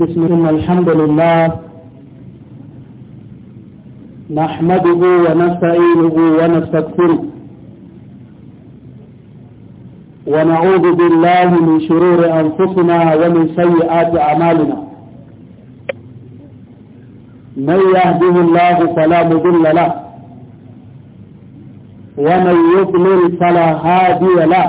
بسم الله الحمد لله نحمده ونستعينه ونستغفره ونعوذ بالله من شرور أنفسنا ومن سيئات أعمالنا من يهده الله فلا مضل له ومن يضلل فلا هادي له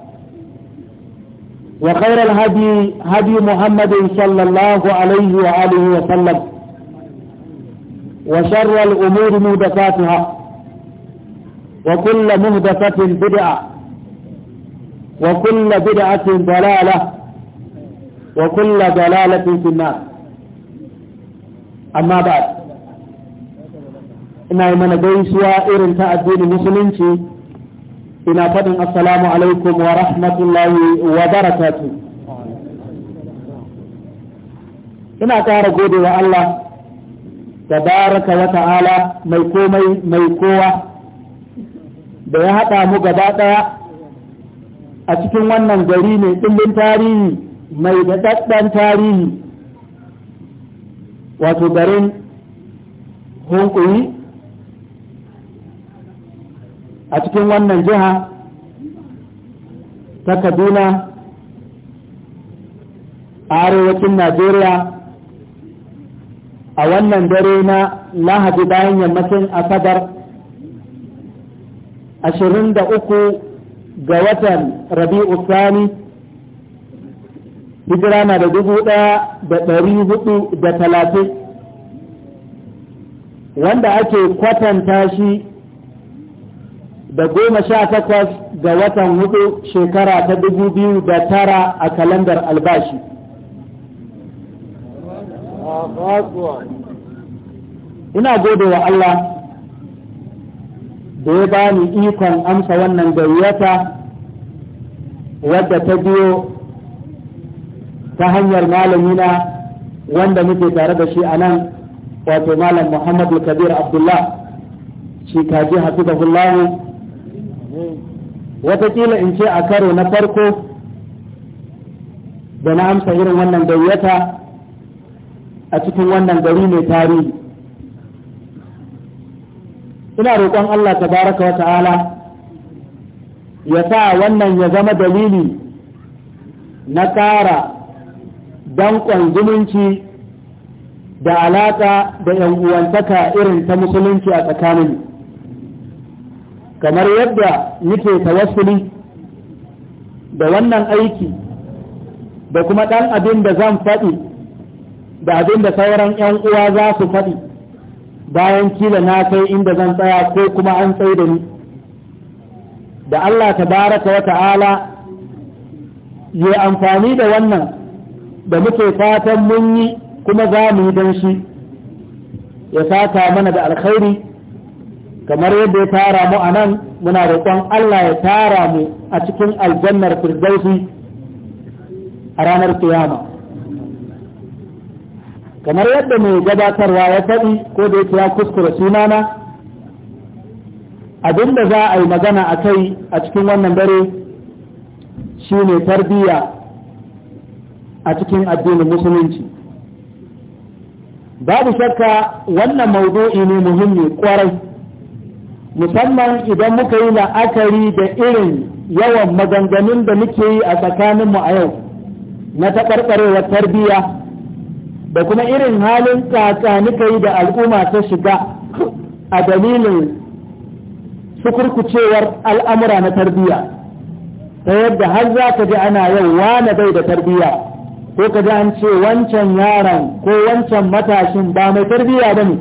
وخير الهدي هدي محمد صلى الله عليه وآله وسلم وشر الأمور مهدفاتها وكل مهدفة بدعة وكل بدعة ضلالة وكل ضلالة في النار أما بعد إنه من جيسوا إرن تأدين المسلمين ina faɗin assalamu alaikum wa rahmatullahi wa barakatu ina ƙara gode wa Allah baraka wa ta'ala mai komai mai kowa da ya haɗa mu gaba ɗaya a cikin wannan gari mai ɗimbin tarihi mai daɗaɗɗen tarihi wato garin hunkuri a cikin wannan jiha ta kaduna a arewacin najeriya a wannan dare na lahadi bayan yammacin asabar ashirin da uku ga watan rabi'u sani hijira na da dubu ɗaya da ɗari hudu da talatin wanda ake kwatanta shi da goma sha takwas ga watan hudu shekara ta dubu biyu da tara a kalandar albashi ina gode wa Allah da ya bani ikon amsa wannan gayyata wadda ta biyo ta hanyar malamina wanda muke tare da shi a nan wato malam muhammadu kabir abdullah shi kaji hafi da watakila in ce a karo na farko da na amsa irin wannan gayyata a cikin wannan gari mai tarihi ina roƙon Allah baraka wa ta'ala ya sa wannan ya zama dalili na ƙara danƙon zumunci da alaƙa da ‘yan uwantaka irin ta musulunci a tsakanin kamar yadda muke tawassuli da wannan aiki da kuma ɗan abin da zan faɗi da abin da sauran 'yan uwa za su faɗi bayan kila na kai inda zan tsaya ko kuma an tsaye da ni da Allah tabaraka wa ta'ala ya amfani da wannan da muke fatan mun yi kuma za mu yi don shi ya saka mana da alkhairi kamar yadda ya tara mu a nan muna roƙon Allah ya tara mu a cikin aljannar firdausi a ranar kiyama kamar yadda mai gabatarwa ya faɗi ko da yake ya kuskura sunana abinda za a yi magana a kai a cikin wannan dare shi ne tarbiyya a cikin addinin musulunci babu shakka wannan maudu'i ne muhimmi ƙwarai musamman idan muka yi la'akari da irin yawan maganganun da muke yi a tsakaninmu a yau na taɓarɓarewar tarbiyya da kuma irin halin muka yi da al'umma ta shiga a dalilin sukurkucewar al'amura na tarbiyya ta yadda har za ka ji ana yau wane bai da tarbiyya ko ka ji an ce wancan yaron ko wancan matashin ba mai tarbiyya ba ne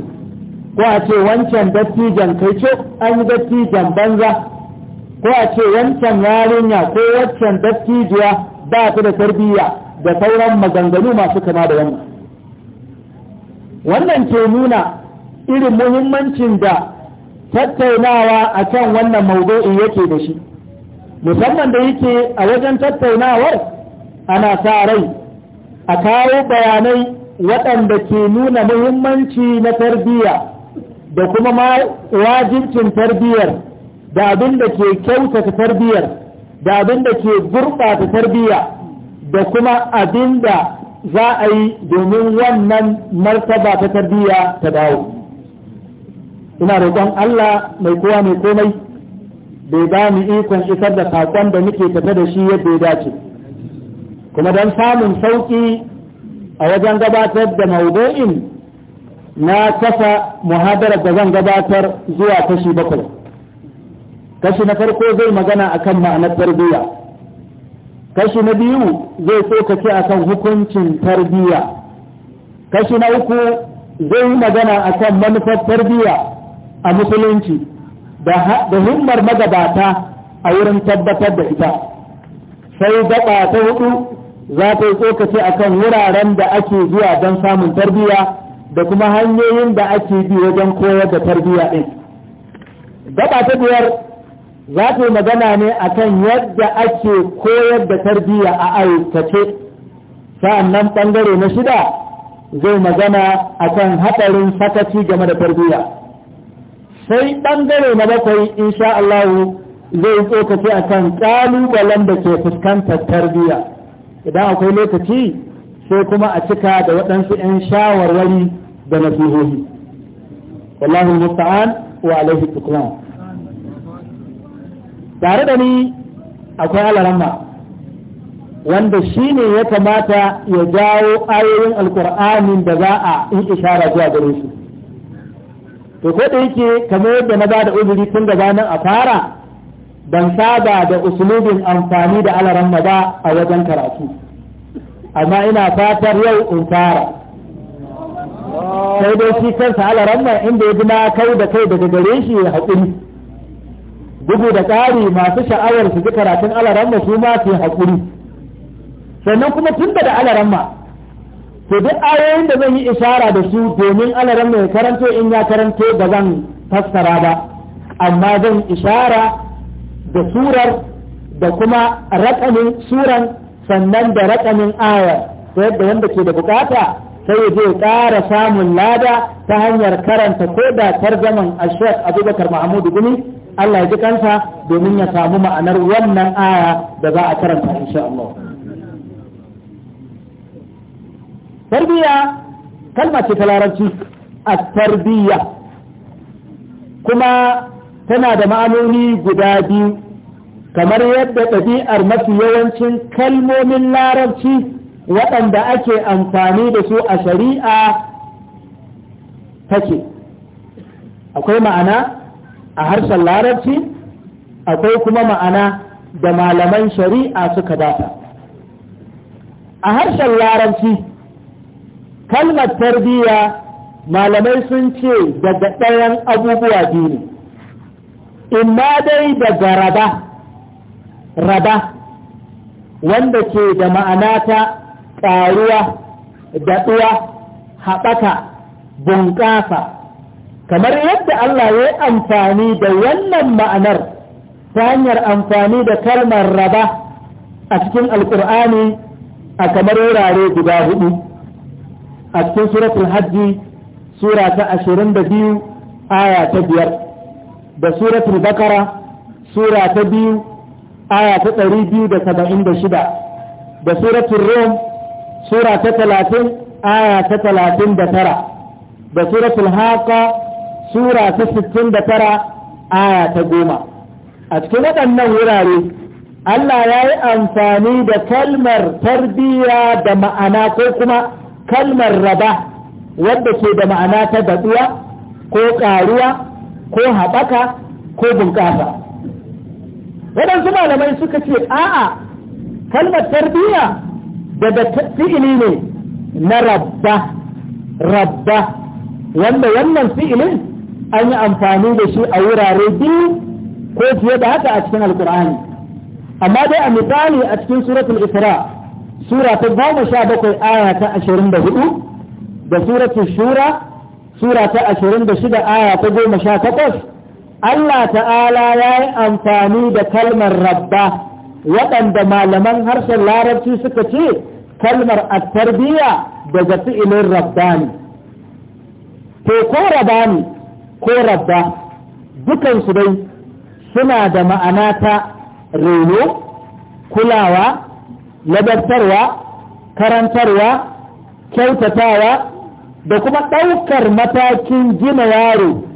ko a ce wancan dattijan kai ce an yi dattijan banza ko a ce wancan yarinya ko waccan dattijiya ba ta da tarbiyya da sauran maganganu masu kama da wannan wannan ke nuna irin muhimmancin da tattaunawa a kan wannan maudu'in yake da shi musamman da yake a wajen tattaunawar ana sa rai a kawo bayanai waɗanda ke nuna muhimmanci na tarbiyya da kuma ma wajibcin tarbiyyar da abin da ke kyautata tarbiyyar da abin da ke gurɓata tarbiyya da kuma abin da za a yi domin wannan martaba ta tarbiyya ta dawo ina roƙon Allah mai kowa mai komai bai ba mu ikon isar da saƙon da muke tafe da shi yadda ya dace kuma don samun sauƙi a wajen gabatar da maudu'in na kasa muhadarar da zan gabatar zuwa kashi bakwai kashi na farko zai magana akan ma'anar tarbiyya kashi na biyu zai tsokace akan hukuncin tarbiyya kashi na uku zai yi magana akan manufar tarbiyya a musulunci da himmar magabata a wurin tabbatar da ita sai gaba ta hudu za ta yi a akan wuraren da ake zuwa don samun tarbiyya da kuma hanyoyin da ake bi wajen koyar da tarbiyya ɗin gaba ta biyar za ta yi magana ne akan yadda ake koyar da tarbiyya a aikace sa'annan ɓangare na shida zai magana akan haɗarin sakaci game da tarbiyya sai ɓangare na bakwai insha Allah zai a akan ƙalubalen da ke fuskantar tarbiyya idan akwai lokaci sai kuma a cika da waɗansu 'yan shawarwari da nasihohi wallahu musta'an wa alaihi tuklan tare da ni akwai alaramma wanda shi ne ya kamata ya jawo ayoyin alkur'anin da za a yi ishara zuwa gare shi. to ko da yake kamar yadda na ba da uzuri tun da ganin a fara ban saba da usulubin amfani da alaramma ba a wajen karatu amma ina fatar yau in fara sai dai shi kansa alaran nan inda ya na kai da kai daga gare shi ya haƙuri bugu da ƙari masu sha'awar su ji karatun alaran ma su ma su haƙuri sannan kuma tun da alaran ma to duk ayoyin da zan yi ishara da su domin alaran ya karanto in ya karanto ba zan fassara ba amma zan ishara da surar da kuma raƙamin suran sannan da raƙamin ayar ta yadda wanda ke da buƙata, sai ya je ƙara samun lada ta hanyar karanta ko da tarjaman a abubakar mahamudu gumi Allah ya ji kansa domin ya samu ma'anar wannan aya da za a karanta insha Allah. Tarbiyya kalma ce ta larabci a tarbiyya kuma tana da ma'anoni guda biyu kamar yadda ɗabi'ar mafi yawancin kalmomin larabci waɗanda ake amfani da su a shari'a take akwai ma'ana a harshen larabci akwai kuma ma'ana da malaman shari'a suka data a harshen larabci kalmar tarbiyya malamai sun ce daga ɗayan abubuwa biyu ne imma dai da garaba raba wanda ke da ma'ana ta ƙaruwa daɗuwa haɓaka bunƙasa kamar yadda Allah ya yi amfani da wannan ma'anar ta hanyar amfani da kalmar raba a cikin alƙur'ani a kamar wurare guda huɗu a cikin suratul hajji sura ta ashirin da biyu aya ta biyar da suratul bakara sura ta biyu aya ta ɗari biyu da saba'in da shida da suratun rom sura ta talatin aya ta talatin da tara da suratul haka sura ta sittin da tara aya ta goma a cikin waɗannan wurare Allah ya yi amfani da kalmar tarbiyya da ma'ana ko kuma kalmar raba wadda ke da ma'ana ta daɗuwa ko ƙaruwa ko haɓaka ko bunƙasa waɗansu malamai suka ce a'a kalmar tarbiyya daga fi'ili ne na rabba rabba wanda wannan fi'ilin an yi amfani da shi a wurare biyu ko fiye da haka a cikin alkur'ani amma dai a misali a cikin suratul isra sura ta goma sha bakwai aya ta ashirin da hudu da suratul shura sura ta ashirin da shida aya ta goma sha takwas Allah ta'ala ya yi amfani da kalmar rabba waɗanda malaman harshen larabci suka ce kalmar attarbiya daga fi'ilin rabba ne to ko rabba ne ko rabba dukansu dai suna da ma'ana ta reno kulawa labartarwa karantarwa kyautatawa da kuma ɗaukar matakin gina yaro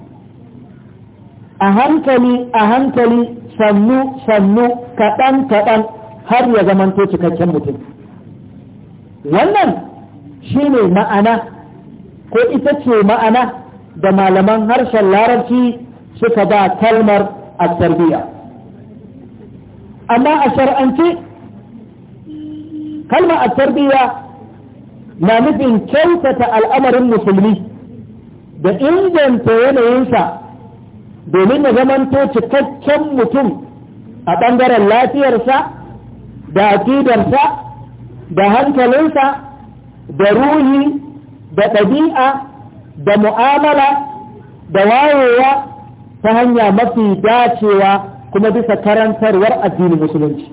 a hankali a hankali sannu sannu kaɗan kaɗan har ya zamanto cikakken mutum wannan shi ne ma'ana ko ita ce ma'ana da malaman harshen larabci suka ba kalmar a tarbiyya amma a shar'ance kalmar a tarbiyya na nufin kyautata al'amarin musulmi da inganta yanayinsa domin ya zamanto cikakken mutum a ɓangaren lafiyarsa da aƙidarsa da hankalinsa da ruhi da ɗabi'a da mu'amala da wayewa ta hanya mafi dacewa kuma bisa karantarwar addinin musulunci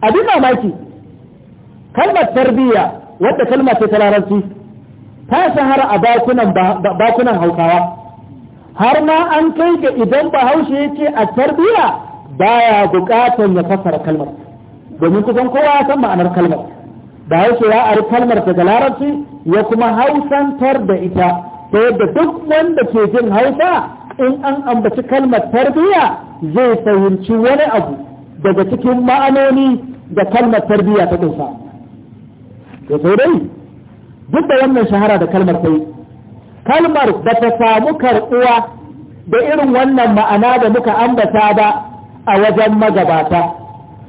abin mamaki kalmar tarbiyya wadda kalmar ce ta larabci ta shahara a bakunan haukawa har ma an kai ga idan bahaushe ya ce a tarbiya baya bukatar ya fassara kalmar domin kusan kowa san ma'anar kalmar bahaushe ya ari kalmar daga larabci ya kuma hausantar da ita ta yadda duk wanda ke jin hausa in an ambaci kalmar tarbiya zai fahimci wani abu daga cikin ma'anoni da kalmar tarbiya ta kusa. duk da wannan shahara da kalmar ta yi kalmar ba ta samu karɓuwa da irin wannan ma'ana da muka ambata ba a wajen magabata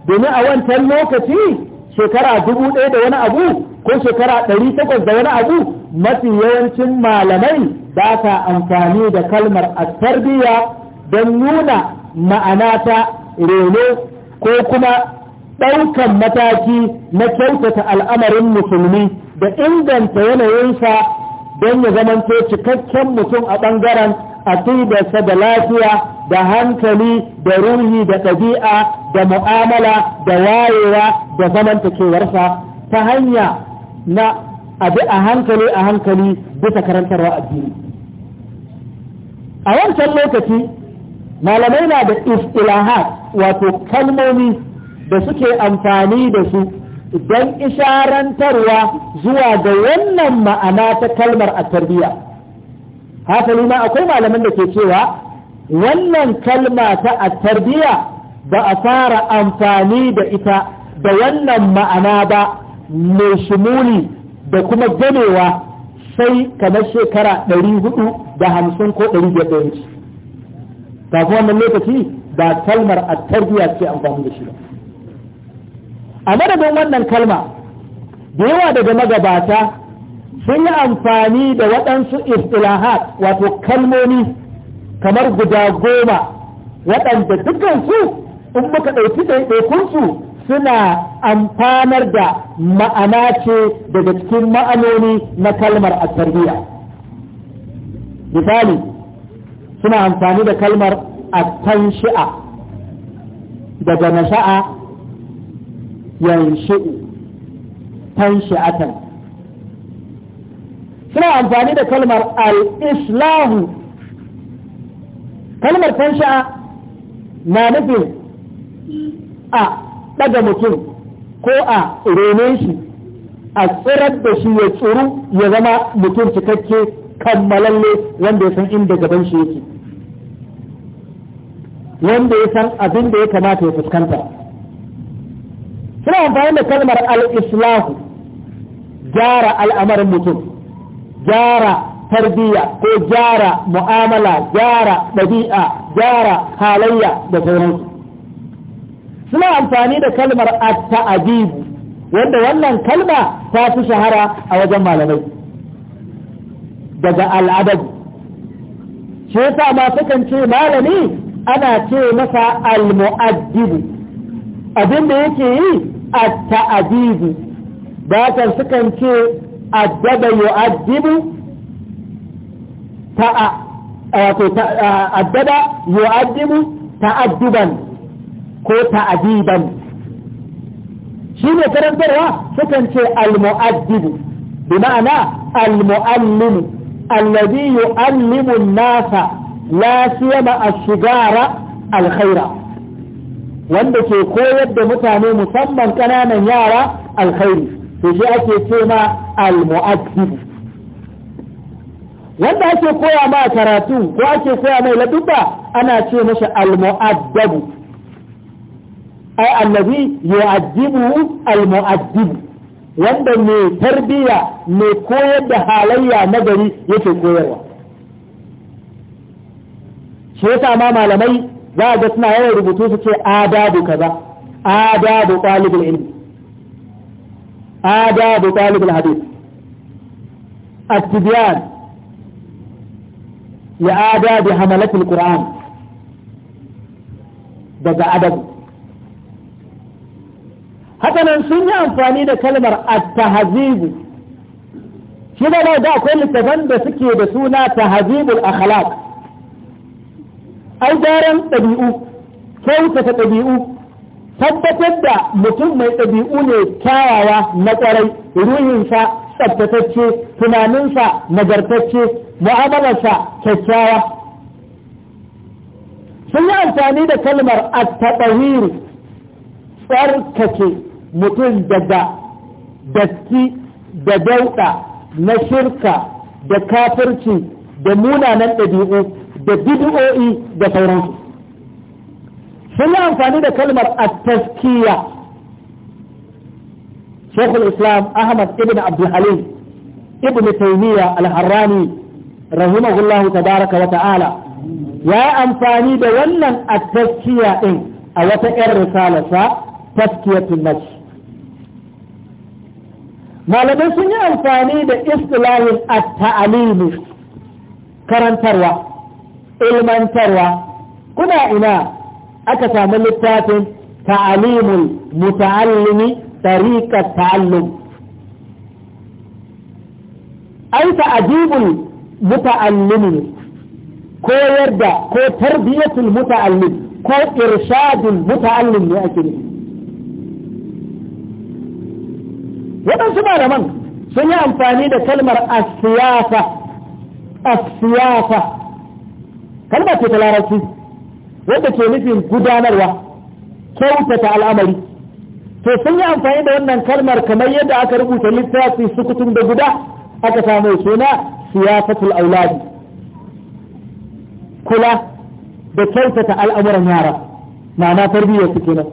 domin a wancan lokaci shekara dubu ɗaya da wani abu ko shekara ɗari takwas da wani abu mafi yawancin malamai ba ta amfani da kalmar attarbiyya don nuna ma'ana ta ko kuma ɗaukan mataki na kyautata al'amarin musulmi da inganta yanayinsa don ya zamanto cikakken mutum a ɓangaren aƙidarsa da lafiya da hankali da ruhi da ɗabi'a da mu'amala da wayewa da zamantakewarsa ta hanya na abi a hankali a hankali bisa karantarwa addini a wancan lokaci malamai na da istilahat wato kalmomi da suke amfani da su don isharantarwa zuwa ga wannan ma'ana ta kalmar a tarbiyya hasali ma akwai malaman da ke cewa wannan kalma ta a tarbiyya ba a fara amfani da ita da wannan ma'ana ba mai shimuli da kuma ganewa sai kamar shekara ɗari hudu da hamsin ko ɗari biyar da wannan lokaci ba kalmar a tarbiyya ce amfani da shi ba a madadin wannan kalma da yawa daga magabata sun yi amfani da waɗansu istilahat wato kalmomi kamar guda goma waɗanda dukansu in muka ɗauki ɗaiɗaikunsu suna amfanar da ma'ana ce daga cikin ma'anoni na kalmar a tarbiyya misali suna amfani da kalmar a shi'a daga nasha'a yanshi'u tanshi'atan suna amfani da kalmar al-islahu kalmar sha'a na nufin a ɗaga mutum ko a rene shi a tsirar da shi ya tsiru ya zama mutum cikakke kammalalle wanda ya san inda gaban shi yake wanda ya san abin da ya kamata ya fuskanta suna amfani da kalmar al-islahu gyara al'amarin mutum gyara tarbiyya ko gyara mu'amala gyara ɗabi'a gyara halayya da sauransu suna amfani da kalmar at-ta'adibu wanda wannan kalma ta fi shahara a wajen malamai daga al'adabu shi yasa ma sukan ce malami ana ce masa al-mu'addibu abin da yake yi التأديب باتر سكن كي الدب يؤذب الدب يؤدب تأدبا كو تأذيبا شين يترم درها سكن كي المؤذب بمعنى المؤلم الذي يؤلم الناس لا سيما الشجار الخيرة wanda ke koyar da mutane musamman ƙananan yara alkhairi to shi ake ce ma almu'addib wanda ake koya ma karatu ko ake koya mai ladubba ana ce masa almu'addabu ai Annabi, yu'addibu almu'addib wanda mai tarbiya mai koyar da halayya nagari yake koyarwa shi yasa ma malamai za a ga suna yawan rubutu su ce adabu kaza adabu talibul ilmi adabu talibul hadith at-tibyan ya adabi hamalatul qur'an daga adabu hakanan sun yi amfani da kalmar at-tahzibu shi da da akwai littafan da suke da suna tahzibul akhlaq ai gyaran ɗabi'u kyautata ɗabi'u tabbatar da mutum mai ɗabi'u ne kyawawa na ƙwarai ruhinsa tsaftatacce tunaninsa nagartacce mu'amalarsa kyakkyawa sun yi amfani da kalmar at-tatawir tsarkake mutum daga datti da dauɗa na shirka da kafirci da munanan ɗabi'u da bid'o'i da sauransu sun yi amfani da kalmar at-taskiya Sheikhul Islam Ahmad ibn Abdul Halim ibn Taymiyyah al-Harrani rahimahullahu tabaraka wa ta'ala ya amfani da wannan at-taskiya din a wata 'yar risalarsa taskiyatun nafs malamai sun yi amfani da istilahin at-ta'alimi karantarwa ilmantarwa kuna ina aka samu littafin ta'alimul muta'allimi tariqat ta'allum ai ta'jibul muta'allimi koyar da ko tarbiyatul muta'allim ko irshadul muta'allim ne ake nufi waɗansu malaman sun yi amfani da kalmar asiyasa asiyasa kalma ce ta larabci wanda ke nufin gudanarwa kyautata al'amari to sun yi amfani da wannan kalmar kamar yadda aka rubuta littafi sukutun da guda aka samu suna siyasatul auladi kula da kyautata al'amuran yara ma'ana tarbiyyar su kenan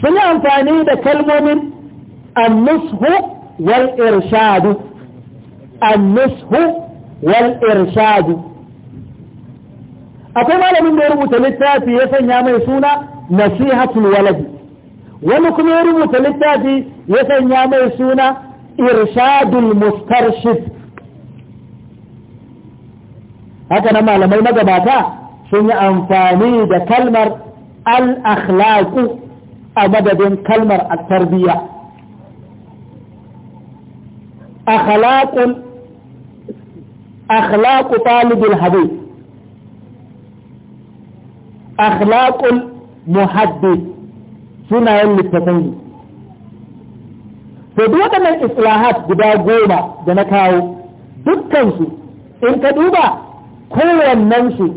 sun yi amfani da kalmomin annushu wal irshadu annushu wal irshadu akwai malamin da ya rubuta littafi ya sanya mai suna nasihatul waladi wani kuma ya rubuta littafi ya sanya mai suna irshadul mustarshid haka na malamai magabata sun yi amfani da kalmar al-akhlaqu a madadin kalmar at-tarbiyya akhlaqul akhlaqu talibul habib akhlaqul muhaddis sunayen littafai ne to duk waɗannan islahat guda goma da na kawo dukkansu in ka duba su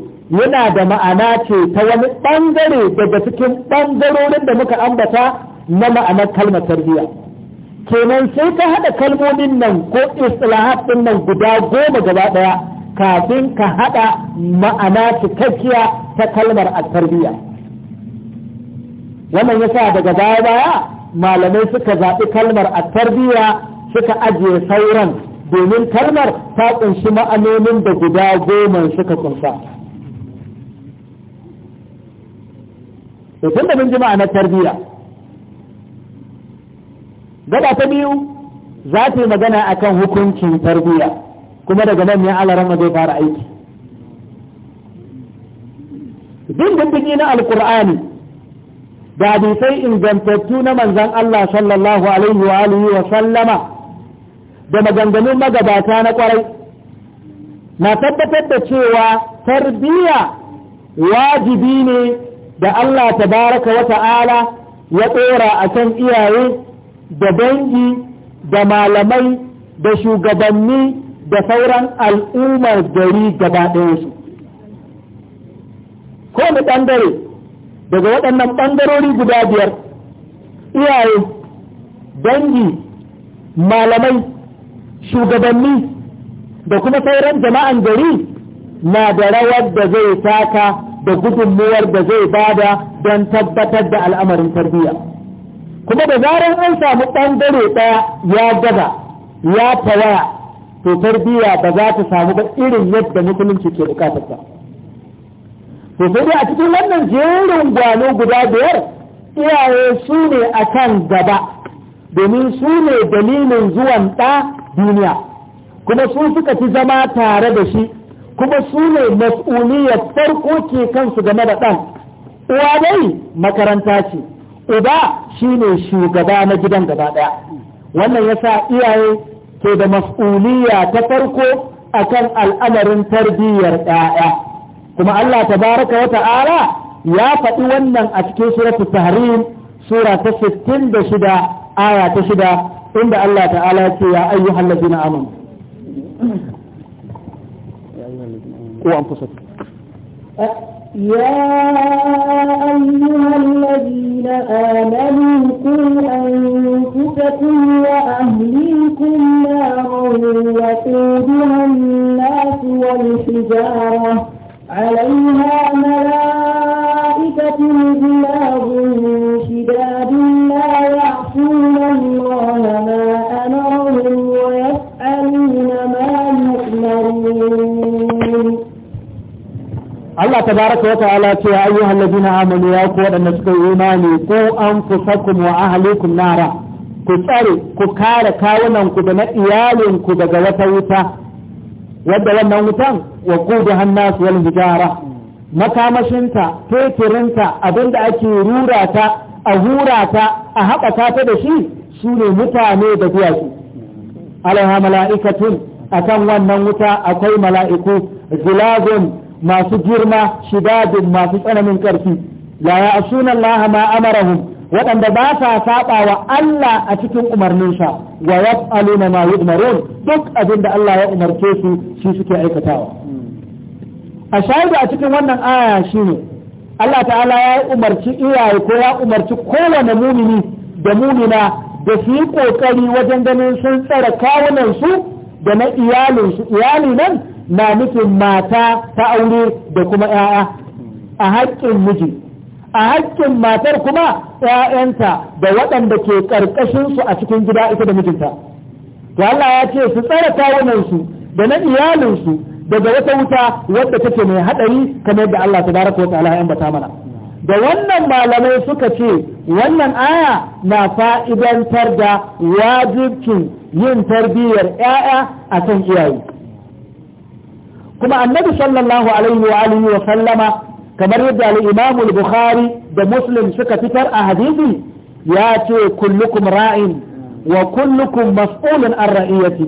yana da ma'ana ce ta wani ɓangare daga cikin ɓangarorin da muka ambata na ma'anar kalmar tarbiyya kenan sai ka haɗa kalmomin nan ko islahat ɗin nan guda goma gaba ɗaya kafin ka haɗa ma'ana cikakkiya ta kalmar a tarbiyya wannan yasa daga baya baya malamai suka zaɓi kalmar at-tarbiyya suka ajiye sauran domin kalmar ta kunshi ma'anonin da guda goma suka kunsa tun da mun ji ma'anar tarbiyya gaba ta biyu za ta yi magana akan hukuncin tarbiyya kuma daga nan ne alaran zai fara aiki bin diddigi na alkur'ani da hadisai ingantattu na manzon Allah sallallahu alaihi wa alihi wa sallama da maganganun magabata na kwarai na tabbatar da cewa tarbiyya wajibi ne da Allah tabaraka wa ta'ala ya tsora a kan iyaye da dangi da malamai da shugabanni da sauran al'ummar gari gaba ɗayansu ko wani ɓangare daga waɗannan ɓangarori guda biyar iyaye dangi malamai shugabanni da kuma sauran jama'an gari na da rawar da zai taka da gudunmuwar da zai bada don tabbatar da al'amarin tarbiyya kuma da zarar an samu ɓangare ɗaya ya gaba, ya tawaya to tarbiyya ba za ta samu ba irin yadda musulunci ke ba to sai dai a cikin wannan jerin gwano guda biyar iyaye su ne a kan gaba domin su ne dalilin zuwan ɗa duniya kuma su suka fi zama tare da shi kuma su ne mas'uliyar farko ke kansu game da ɗan uwa dai makaranta ce uba shi ne shugaba na gidan gaba ɗaya wannan sa iyaye ke da mas'uliya ta farko akan al'amarin tarbiyyar ɗaya kuma Allah tabaraka wa ta'ala ya faɗi wannan a cikin suratul tahrim sura ta 66 aya ta 6 inda Allah ta'ala ya ce ya ayyuhal ladina amanu قوا أنفسكم يا أيها الذين آمنوا قوا أنفسكم وأهليكم نارا وقودها الناس والحجارة عليها ملائكة غلاب شداد لا يعصون الله ما أمرهم ويسألون ما يؤمرون الله تبارك وتعالى يا أيها الذين آمنوا يا أخوة أن تسكوا إيماني قوا أنفسكم وأهلكم نارا ku tsare ku kare kawunanku da na iyalinku daga wata wuta wadda wannan wutan wa kudu su wal hijara makamashinta fetirinta abinda ake rura ta a hura ta a haɓaka ta da shi su ne mutane da duwatsu alaiha mala'ikatun akan wannan wuta akwai mala'iku zilazin masu girma shidadin masu tsananin ƙarfi Yaya ya sunan lahama ma amarahum waɗanda ba sa saba wa Allah a cikin umarninsa wa na ma yu'marun duk abin da Allah ya umarce su shi suke aikatawa a shaida a cikin wannan aya shine Allah ta'ala ya umarci iyaye ko ya umarci kowane mumini da mumina da su yi wajen ganin sun tsare kawunan su da na iyalinsu. iyali nan na nufin mata ta aure da kuma 'ya'ya a haƙƙin miji a hakkin matar kuma ‘ya'yanta da waɗanda ke ƙarƙashinsu a cikin gida ita da mijinta. To Allah ya ce su tsara kawunansu da na iyalinsu daga wata wuta wadda take mai haɗari kamar da Allah ta baraka wata ala bata mana. Da wannan malamai suka ce wannan aya na fa'idantar da wajibcin yin tarbiyyar ‘ya'ya a kan iyaye. Kuma annabi sallallahu alaihi wa alihi wa sallama kamar yadda al bukhari da Muslim suka fitar a hadisi ya ce kullukum ra'in wa kullukum mas'ulin an ra'iyati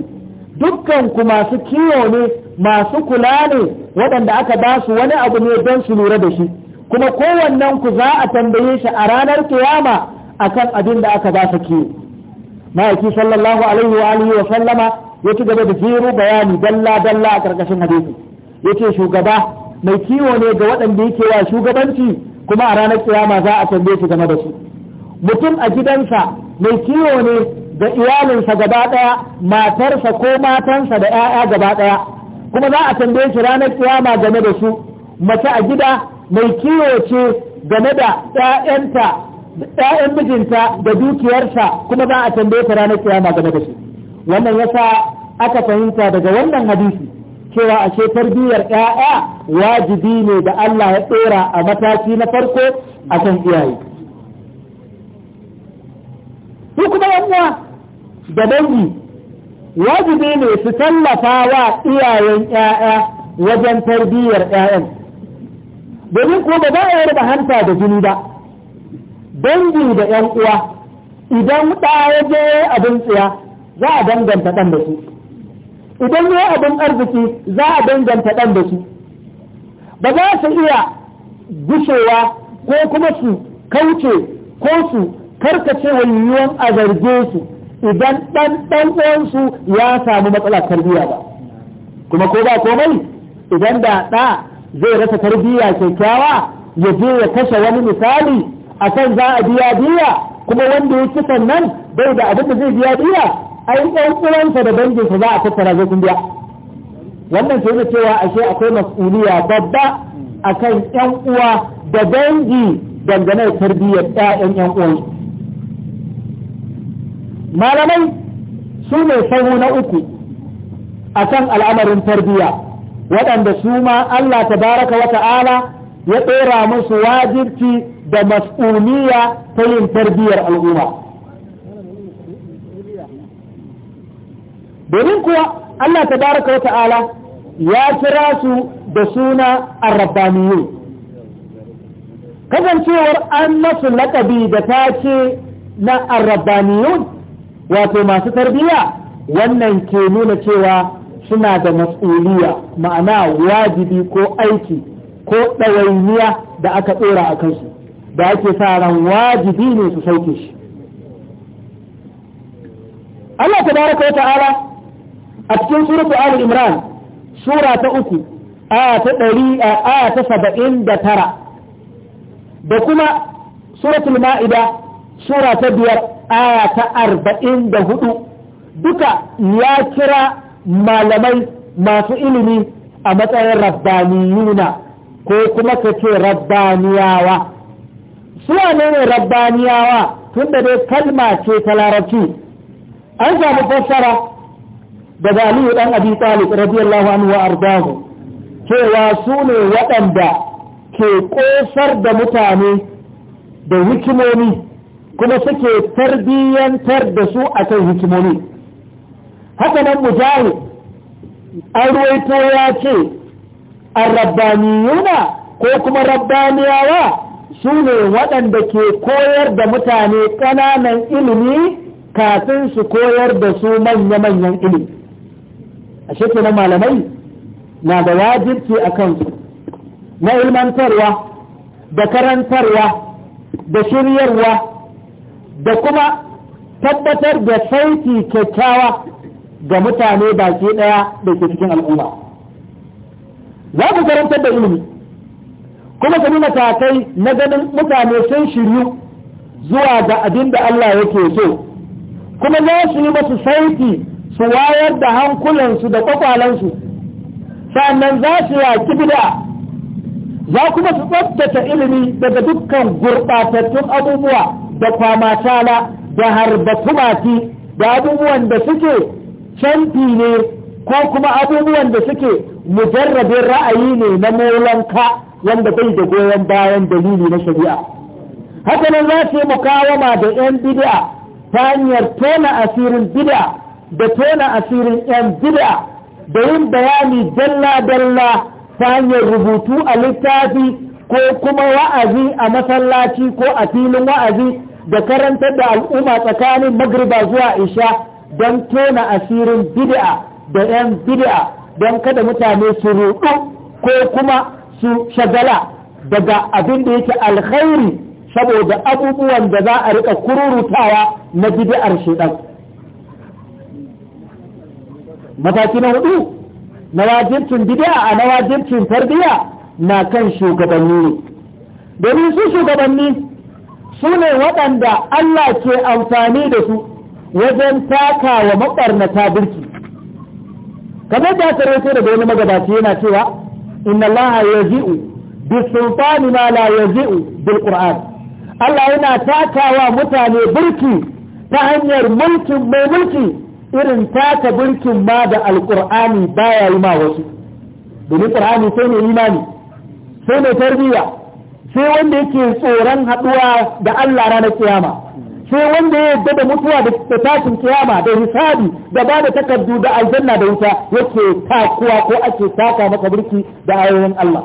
dukkan ku masu kiwo ne masu kula ne waɗanda aka ba su wani abu ne don su lura da shi kuma kowannen ku za a tambaye shi a ranar kiyama akan abin da aka ba su kiwo ma'aiki sallallahu alaihi wa alihi wa sallama ya ci gaba da jero bayani dalla dalla a ƙarƙashin hadisi yace shugaba mai kiwo ne ga waɗanda yake wa shugabanci kuma a ranar kiyama za a tambaye su game da su mutum a gidansa mai kiwo ne ga iyalinsa gaba ɗaya matarsa ko matansa da 'ya'ya gaba ɗaya kuma za a tambaye shi ranar kiyama game da su mace a gida mai kiwo ce game da 'ya'yanta ‘ya'yan mijinta da dukiyarsa kuma za a tambaye ta ranar kiyama game da su wannan yasa aka fahimta daga wannan hadisi cewa ashe tarbiyyar ƴaƴa wajibi ne da Allah ya tsora a mataki na farko a kan iyaye su kuma uwa da dangi wajibi ne su tallafa wa iyayen ƴaƴa wajen tarbiyyar ƴaƴan domin ko ba za a da hanta da jini ba dangi da yan uwa idan ɗaya je abin tsiya za a danganta ɗan da su idan ya abin arziki za a danganta ɗan da su ba za su iya gushewa ko kuma su kauce ko su karkace wa yiwuwan a zarge su idan ɗan ɗan ya samu matsala tarbiyya ba kuma ko ba komai idan da ɗa zai rasa tarbiyya kyakkyawa ya je ya kashe wani misali a kan za a biya biya kuma wanda ya ci nan bai da abin da zai biya biya ai ɗan uwansa da danginsa za a tattara zai kun biya wannan ke nuna cewa ashe akwai mas'uliya babba akan ƴan uwa da dangi dangane da tarbiyyar ƴaƴan ƴan uwansu malamai su ne sahu na uku akan al'amarin tarbiyya waɗanda su ma Allah ta baraka wa ta'ala ya ɗora musu wajibci da mas'uliya ta yin tarbiyyar al'umma domin kuwa Allah baraka wa ta'ala ya kira su da suna arrabbaniyu kasancewar an masu lakabi da ta ce na arrabbaniyun wato masu tarbiyya wannan ke nuna cewa suna da mas'uliya ma'ana wajibi ko aiki ko ɗawainiya da aka ɗora a kansu da ake sa ran wajibi ne su sauke shi Allah baraka wa ta'ala a cikin suratu Ali Imran sura ta uku aya ta ɗari aya ta saba'in da tara da kuma suratul ma'ida sura ta biyar aya ta arba'in da hudu duka ya kira malamai masu ilimi a matsayin rabbaniyuna ko kuma ka ce rabbaniyawa suwa ne ne rabbaniyawa tun da dai kalma ce ta larabci an samu fassara daga aliyu ɗan abi talib radiyallahu anhu wa ardahu cewa su ne waɗanda ke ƙosar da mutane da hikimomi kuma suke tarbiyyantar da su a kan hikimomi haka nan mujahid an ruwaito ya ce arrabbaniyuna ko kuma rabbaniyawa su ne waɗanda ke koyar da mutane ƙananan ilimi kafin su koyar da su manya-manyan ilimi a na malamai na da wajibci a kansu na ilmantarwa da karantarwa da shiryarwa da kuma tabbatar da sauti kyakkyawa ga mutane baki ɗaya da ke cikin al'umma za ku karantar da ilimi kuma ka matakai na ganin mutane sun shiryu zuwa ga abin da Allah yake so kuma za su yi masu sauti su wayar da hankulansu da kwakwalansu sannan za su yaki bida za kuma su tsabtace ilimi daga dukkan gurɓatattun abubuwa da kwamatala da harba tumaki da abubuwan da suke canfi ne ko kuma abubuwan da suke mujarrabin ra'ayi ne na molanka wanda bai da goyon bayan dalili na shari'a haka nan za su yi mukawama da 'yan bid'a ta hanyar tona asirin bid'a da tona asirin yan bid'a da yin bayani dalla-dalla ta hanyar rubutu a littafi ko kuma wa'azi a masallaci ko a filin wa'azi da karantar da al'umma tsakanin magriba zuwa isha don tona asirin bid'a da 'yan bid'a don kada mutane su rudu ko kuma su shagala daga abin da yake alkhairi saboda abubuwan da za a rika kururutawa na bid'ar shidan. mataki na hudu na wajibcin a na wajibcin tarbiyya na kan shugabanni domin su shugabanni su ne waɗanda Allah ke amfani da su wajen taka wa maɓarnata birki kamar da aka rute daga wani magabaci yana cewa inna Allah zi'u, bi sultani ma la bil qur'an Allah yana takawa mutane birki ta hanyar mulkin mai mulki irin taka birkin ma da alƙur'ani baya yi ma wasu domin ƙur'ani sai ne imani sai ne tarbiyya sai wanda yake tsoron haɗuwa da Allah ranar kiyama sai wanda ya yadda da mutuwa da tashin kiyama da hisabi da ba da takardu da aljanna da wuta yake takuwa ko ake taka maka birki da ayoyin Allah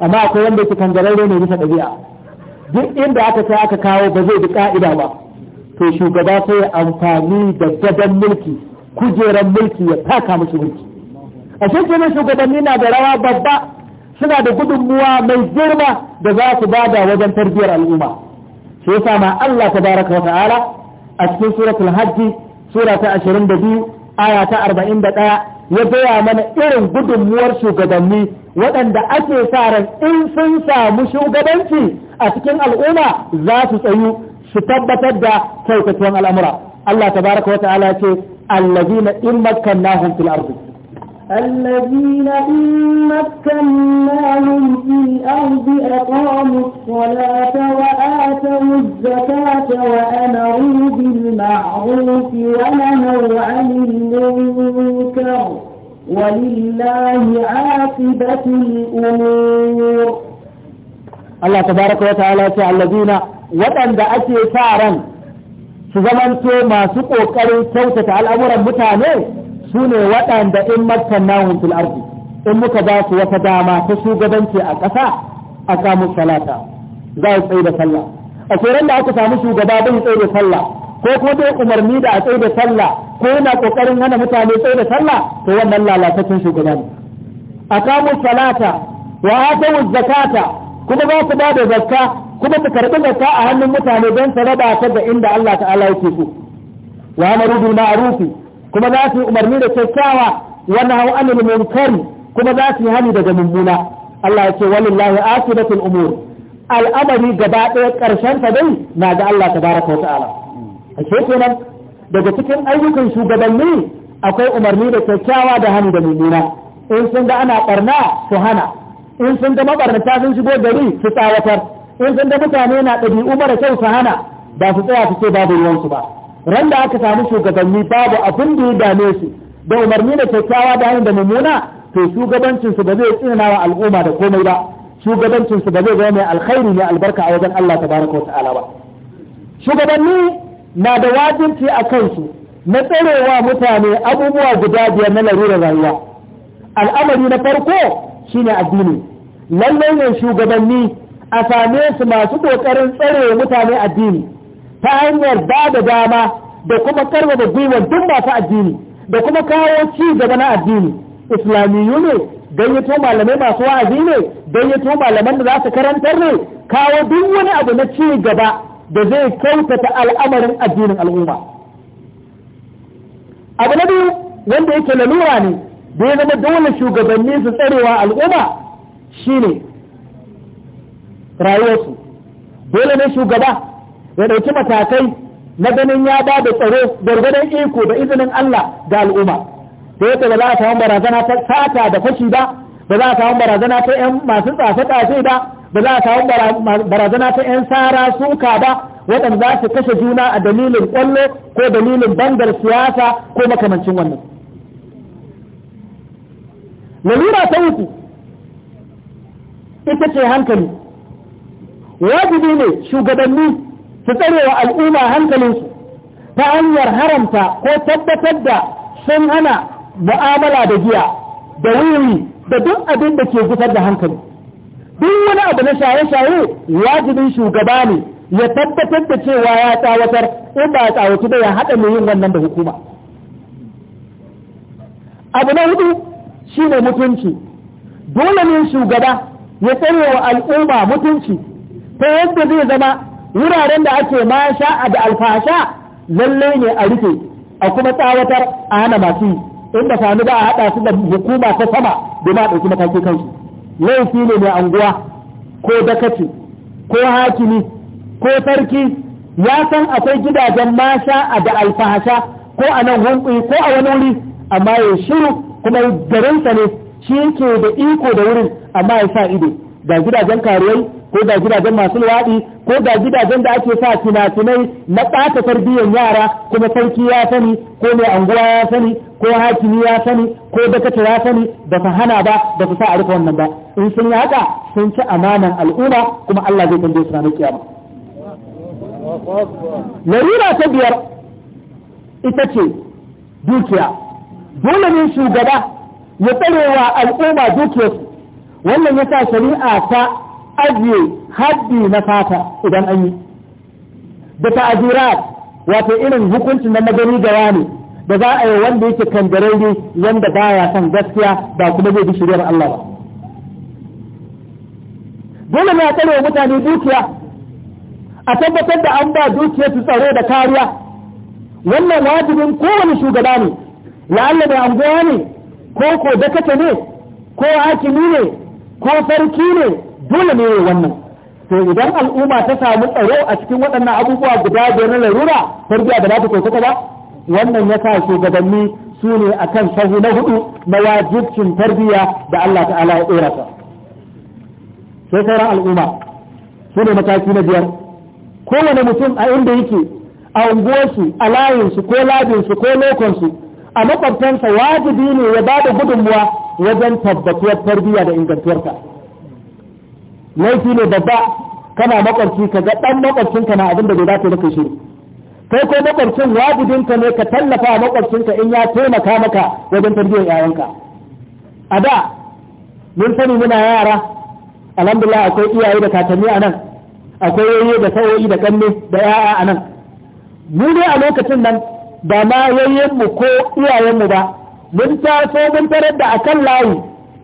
amma akwai wanda yake kangararre ne bisa ɗabi'a duk inda aka sai aka kawo ba zai bi ka'ida ba to shugaba sai ya amfani da gadon mulki kujeran mulki ya taka musu mulki a shekarun shugabanni na da rawa babba suna da gudunmuwa mai girma da za su bada wajen tarbiyyar al'umma shi yasa ma Allah baraka wa ta'ala a cikin suratul hajji sura ta 22 aya ta 41 ya gaya mana irin gudunmuwar shugabanni waɗanda ake sa ran in sun samu shugabanci a cikin al'umma za su tsayu su tabbatar da kyautatuwan al'amura Allah tabaraka wa ta'ala ce allazina in makkannahum fil ardi الذين إن مكناهم في الأرض أقاموا الصلاة وآتوا الزكاة وأمروا بالمعروف ونهوا عن المنكر ولله عاقبة الأمور الله تبارك وتعالى الذين waɗanda ake sa ran su zamanto masu ƙoƙarin kyautata al'amuran mutane su ne waɗanda in makkannahum fil arzi. in muka ba su wata dama ta shugabanci a ƙasa a kamun salata za a tsaye da sallah a tsoron da aka samu shugaba bai tsaye da sallah ko kuma bai umarni da a tsaye da sallah ko yana ƙoƙarin hana mutane tsaye da sallah to wannan lalatacin shugaba ne a kamun salata wa atawu zakata kuma za su ba da zakka kuma su karɓi zakka a hannun mutane don su raba ta ga inda Allah ta'ala yake ku. wa amaru bil ma'ruf kuma za su umarni da kyakkyawa wa nahaw anil munkar kuma za su yi hani daga mummuna Allah ya ce walillahi akibatul umur al'amari gaba ɗaya ƙarshen ta dai na ga Allah tabaraka wa ta'ala kenan daga cikin ayyukan shugabanni akwai umarni da kyakkyawa da hani da mummuna in sun ga ana barna su hana in sun ga mabarnata sun shigo gari su tsawatar in sun ga mutane na ɗabi'u mara kyau su hana ba su tsaya su ce babu ruwansu ba ran da aka samu shugabanni babu abin da ya dame su da umarni da kyakkyawa da da mummuna to shugabancinsu ba zai tsina wa al'umma da komai ba shugabancinsu ba zai zama mai alkhairi ne albarka a wajen Allah tabaraka wa ta'ala ba shugabanni na da wajibci a kansu na tsarewa mutane abubuwa guda biyar na larurar rayuwa al'amari na farko shine addini lallai ne shugabanni a same su masu kokarin tsare mutane addini ta hanyar ba da dama da kuma karfafa gwiwar duk masu addini da kuma kawo ci gaba na addini islamiyu ne gayyato malamai masu wa'azi ne gayyato malaman da za su karantar ne kawo duk wani abu na ci gaba da zai kyautata al'amarin addinin al'umma abu na biyu wanda yake lalura ne da ya zama dole shugabanni su tsarewa al'umma Shi ne rayuwarsu dole ne shugaba ya ɗauki matakai na ganin ya ba da tsaro gwargwadon iko da izinin Allah ga al'umma da yadda ba za a samu barazana ta sata da fashi ba ba za a samu barazana ta 'yan masu tsafe-tsafe ba ba za a samu barazana ta 'yan sara suka ba waɗanda za su kashe juna a dalilin ƙwallo ko dalilin bangar siyasa ko makamancin wannan lalura ta uku ita ce hankali wajibi ne shugabanni su tsare wa al'umma hankalinsu ta hanyar haramta ko tabbatar da sun hana mu'amala da giya da wuri da duk abin da ke fitar da hankali duk wani abu na shaye-shaye wajibin shugaba ne ya tabbatar da cewa ya tsawatar in ba ya tsawatu da ya haɗa mai yin wannan da hukuma abu na hudu shine mutunci dole ne shugaba ya tsaye wa al'umma mutunci ta yadda zai zama wuraren da ake masha da alfasha lalle ne a rufe a kuma tsawatar a hana masu yi inda sami ba a haɗa su da hukuma ta sama domin a ɗauki mataki kansu laifi ne mai anguwa ko dakaci ko hakimi ko sarki ya san akwai gidajen masha da alfasha ko a nan hunkuyi ko a wani wuri amma ya shiru kuma garinsa ne shi yake da iko da wurin amma ya sa ido ga gidajen karuwai ko ga gidajen masu luwaɗi ko ga gidajen da ake sa finafinai na ɓata tarbiyyar yara kuma sarki ya sani ko mai anguwa ya sani ko hakimi ya sani ko dakata ya sani ba su hana ba ba su sa a rufe wannan ba in sun yi haka sun ci amanan al'umma kuma Allah zai tambaye su ranar kiyama. Larura ta biyar ita ce dukiya dole ne shugaba ya tsarewa al'umma dukiyarsu wannan ya sa shari'a ta ajiye haddi na fata idan an yi da ta'azira wato irin hukuncin na magani gawa ne da za a yi wanda yake kangararre wanda baya son gaskiya ba kuma zai bi shiriyar Allah ba dole ne a tsare mutane dukiya a tabbatar da an ba dukiyar su tsaro da kariya wannan wajibin kowane shugaba ne la'alla mai anguwa ne ko ko dakata ne ko hakimi ne ko sarki ne dole ne wannan to idan al'umma ta samu tsaro a cikin waɗannan abubuwa guda biyar na larura tarbiya da za ta kokota ba wannan ya sa shugabanni su ne a kan sahu na hudu na wajibcin tarbiya da Allah ta'ala ya ɗora ta sai sauran al'umma su ne mataki na biyar kowane mutum a inda yake a unguwarsu a layinsu ko labinsu ko lokonsu a makwabtansa wajibi ne ya ba da gudunmuwa wajen tabbatuwar tarbiyya da ingantuwarka laifi ne babba kana makwabci ka ga ɗan makwabcinka na abin da bai dace maka kai ko makwabcin wajibinka ne ka tallafa a makwabcinka in ya taimaka maka wajen tarbiyyar yayanka a da mun sani muna yara alhamdulillah akwai iyaye da kakanni a nan akwai yayye da sawoyi da kanne da yaya a nan mu ne a lokacin nan ba ma mu ko iyayenmu ba mun taso mun tarar da akan layi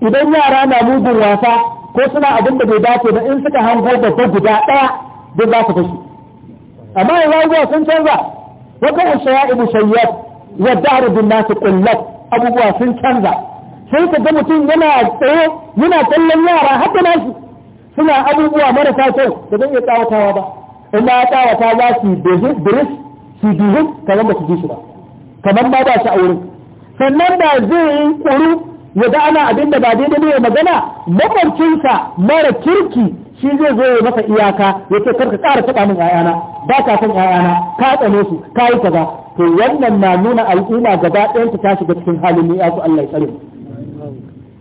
idan yara na mugun wasa ko suna abin da bai dace ba in suka hango babba guda ɗaya duk za su fashi amma yanzu zuwa sun canza wata ushaya ibu shayyar wa dahru bin nasu abubuwa sun canza sai ka ga mutum yana tsaye yana kallon yara har nasu suna abubuwa marasa kyau da zai iya tsawatawa ba in ya tsawata za su yi biris su duhu kamar ba su ji shi ba kamar ba ba shi a wurin sannan ba zai yi kuru ya ga ana abin da ba daidai ne ya magana makwabcinsa mara kirki shi zai zo ya masa iyaka ya ce karka ƙara taɓa min ‘ya'yana ba ka san ‘ya'yana ka tsane su ka yi kaza to wannan na nuna al'umma gaba ɗayanta ta shiga cikin halin ni ku Allah ya tsare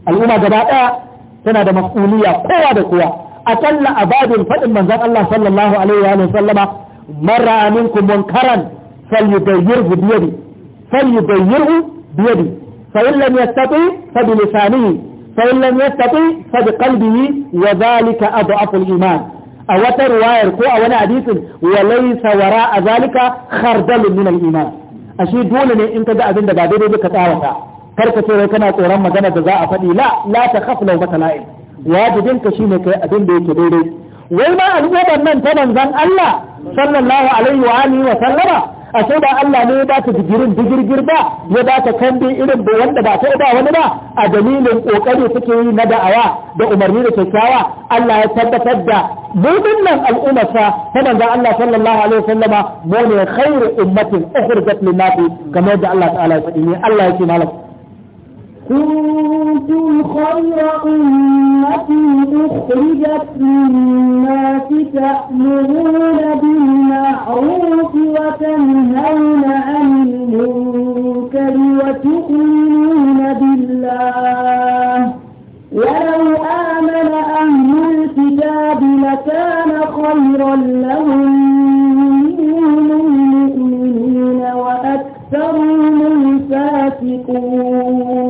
al'umma gaba ɗaya tana da mas'uliya kowa da kowa talla a babin faɗin manzon Allah sallallahu alaihi wa sallama مرى منكم منكرا فليبيره بيدي فليبيره بيدي فإن لم يستطع فبلسانه فإن لم يستطع فبقلبه وذلك أضعف الإيمان أوتر وائركو أولا عديث وليس وراء ذلك خردل من الإيمان أشيء دونني إنك دا أبن دقابير بك تاوتا كركة ويكنا تورم جنة جزاء فدي لا لا تخف لو بتلائي واجبين كشينك أبن بيك بيك wai ma al'ummar nan ta manzan Allah sallallahu alaihi wa alihi wa sallama a sai ba Allah ne ya ba ta digirin digirgir ba ya ba ta kambi irin da wanda ba ta ba wani ba a dalilin kokari suke yi na da'awa da umarni da kyakkyawa Allah ya tabbatar da mutum nan al'ummarsa ta manzan Allah sallallahu alaihi wa sallama mu ne khairu ummatin ukhrijat lin-nasi kamar da Allah ta'ala ya faɗi ne Allah yake malam كنتم خير أمة أخرجت للناس تأمرون بالمعروف وتنهون عن المنكر وتؤمنون بالله ولو آمن أهل الكتاب لكان خيرا لهم منهم المؤمنين وأكثرهم الفاسقون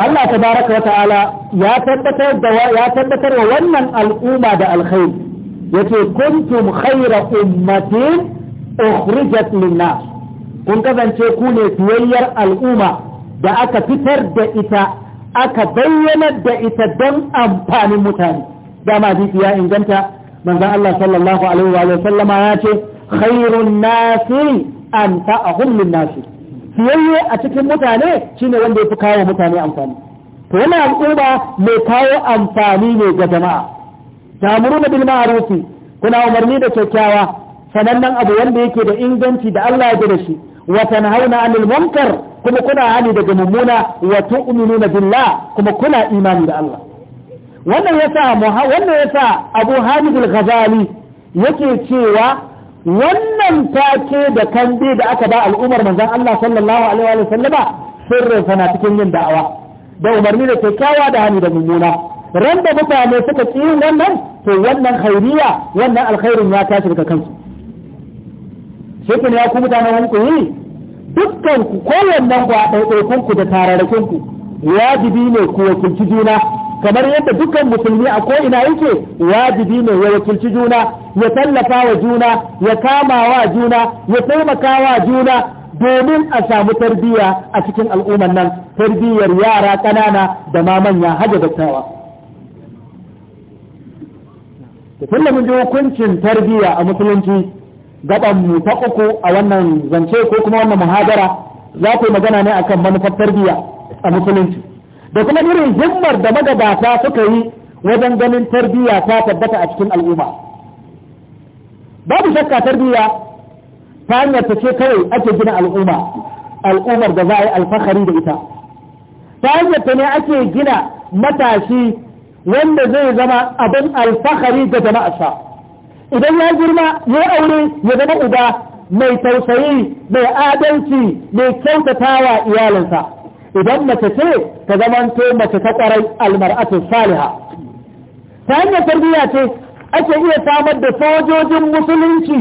Allah ta baraka wa ta'ala ya tabbatar da ya tabbatar wa wannan al'umma da alkhairi yace kuntum khayra ummatin ukhrijat lin-nas kun kasance ku ne fiyayyar al'umma da aka fitar da ita aka bayyanar da ita don amfanin mutane dama hadisi ya inganta manzon Allah sallallahu alaihi wa sallama ya ce khairun nasi an ta'ahum lin-nasi siyayye a cikin mutane shine wanda ya fi kawo mutane amfani to wannan al'umma mai kawo amfani ne ga jama'a bilma a ma'rufi kuna umarni da kyakkyawa sanannen abu wanda yake da inganci da Allah ya da shi wa tanhauna 'anil munkar kuma kuna hani daga mummuna wa tu'minuna billah kuma kuna imani da Allah wannan yasa wannan yasa Abu Hamid al-Ghazali yake cewa wannan take da kambi da aka ba al'ummar manzan Allah sallallahu alaihi wa sallama sirrin sana cikin yin da'awa da umarni da kyakkyawa da hannu da mummuna ran da mutane suka ci wannan to wannan khairiya wannan alkhairin ya tashi daga kansu shekin ya ku mutane wani kuyi dukkan ku kowannen ku a ɗaiɗaikun ku da tararrakin ku wajibi ne ku wakilci juna kamar yadda dukkan musulmi a ko ina yake wajibi ne ya wakilci juna ya tallafa wa juna ya kama wa juna ya taimaka wa juna domin a samu tarbiyya a cikin al'ummar nan tarbiyyar yara ƙanana da ma manya hada dattawa tun da mun ji hukuncin tarbiyya a musulunci gaban mu ta uku a wannan zance ko kuma wannan muhadara za ku yi magana ne akan manufar tarbiyya a musulunci da kuma irin himmar da magabata suka yi wajen ganin tarbiyya ta tabbata a cikin al'umma babu shakka tarbiyya ta hanyar ta ce kawai ake gina al'umma al'ummar da za a yi alfahari da ita ta hanyar ta ne ake gina matashi wanda zai zama abin alfahari da jama'arsa idan ya girma ya aure ya zama uba mai tausayi mai adalci mai kyautatawa iyalinsa idan mace ce ta zamanto mace ta kwarai almar'atu saliha ta hanyar tarbiyya ce ake iya samar da sojojin musulunci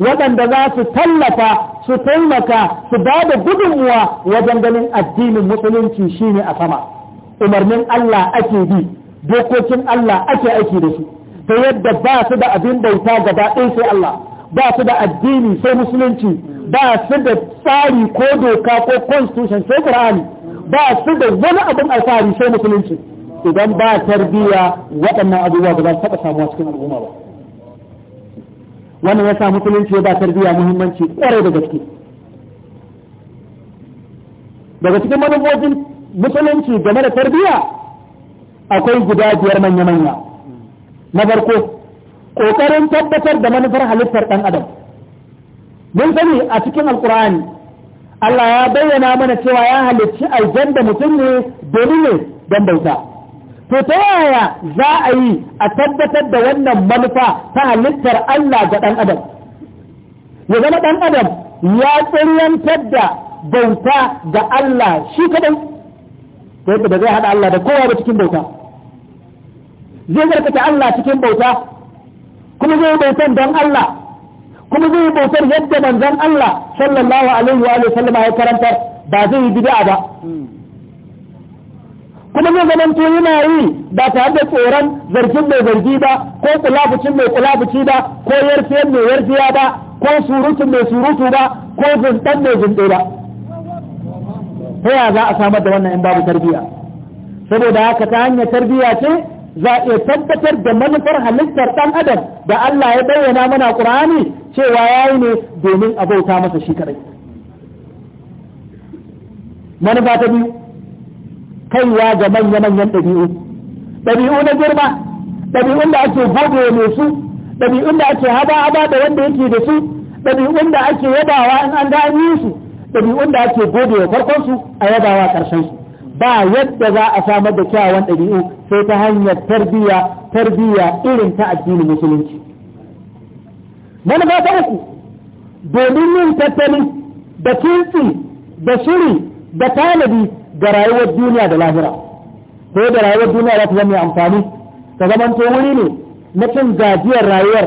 waɗanda za su tallafa su taimaka su ba da gudunmuwa wajen ganin addinin musulunci shine a sama umarnin Allah ake bi dokokin Allah ake aiki da su ta yadda ba su da abin bauta gaba ɗaya sai Allah ba su da addini sai musulunci ba su da tsari ko doka ko constitution sai Qur'ani ba su da wani abin alfahari sai musulunci idan ba tarbiyya waɗannan abubuwa ba za su taɓa samuwa cikin al'umma ba wannan ya sa musulunci ya ba tarbiyya muhimmanci ƙwarai da gaske daga cikin manufofin musulunci game da tarbiyya akwai guda biyar manya-manya na farko ƙoƙarin tabbatar da manufar halittar ɗan adam mun sani a cikin alƙur'ani Allah ya bayyana mana cewa ya halicci aljanda da mutum ne domin ne don bauta to ta yaya za a yi a tabbatar da wannan manufa ta halittar Allah ga ɗan adam ya zama ɗan adam ya tsiryantar da bauta ga Allah shi kaɗai ta yadda da zai haɗa Allah da kowa ba cikin bauta zai zarkata Allah cikin bauta kuma zai yi bautan don Allah kuma zai yi bautar yadda manzon Allah sallallahu alaihi wa sallama ya karantar ba zai yi bid'a ba kuma zai zaman to yana yi ba tare da tsoron zargin mai zargi ba ko kulabucin mai kulabuci ba ko yarfiyar mai yarfiya ba ko surutun mai surutu ba ko zindan mai zinde ba ta yaya za a samar da wannan in babu tarbiyya saboda haka ta hanyar tarbiyya ce za a iya tabbatar da manufar halittar ɗan adam da Allah ya bayyana mana Qur'ani cewa yayi ne domin a bauta masa shi kadai manufa ta biyu kaiwa ga manya-manyan ɗabi'u ɗabi'u na girma ɗabi'un da ake gode ne su ɗabi'un da ake haba-haba da wanda yake da su ɗabi'un da ake yabawa in an da an yi su ɗabi'un da ake gode wa farkon su a yabawa ƙarshen su ba yadda za a samar da kyawun ɗabi'u sai ta hanyar tarbiyya tarbiyya irin ta addinin musulunci manufa ta uku domin yin tattali da kintsi da shiri da tanadi ga rayuwar duniya da lahira ko da rayuwar duniya za ta zama amfani ka zaman to wuri ne na cin gajiyar rayuwar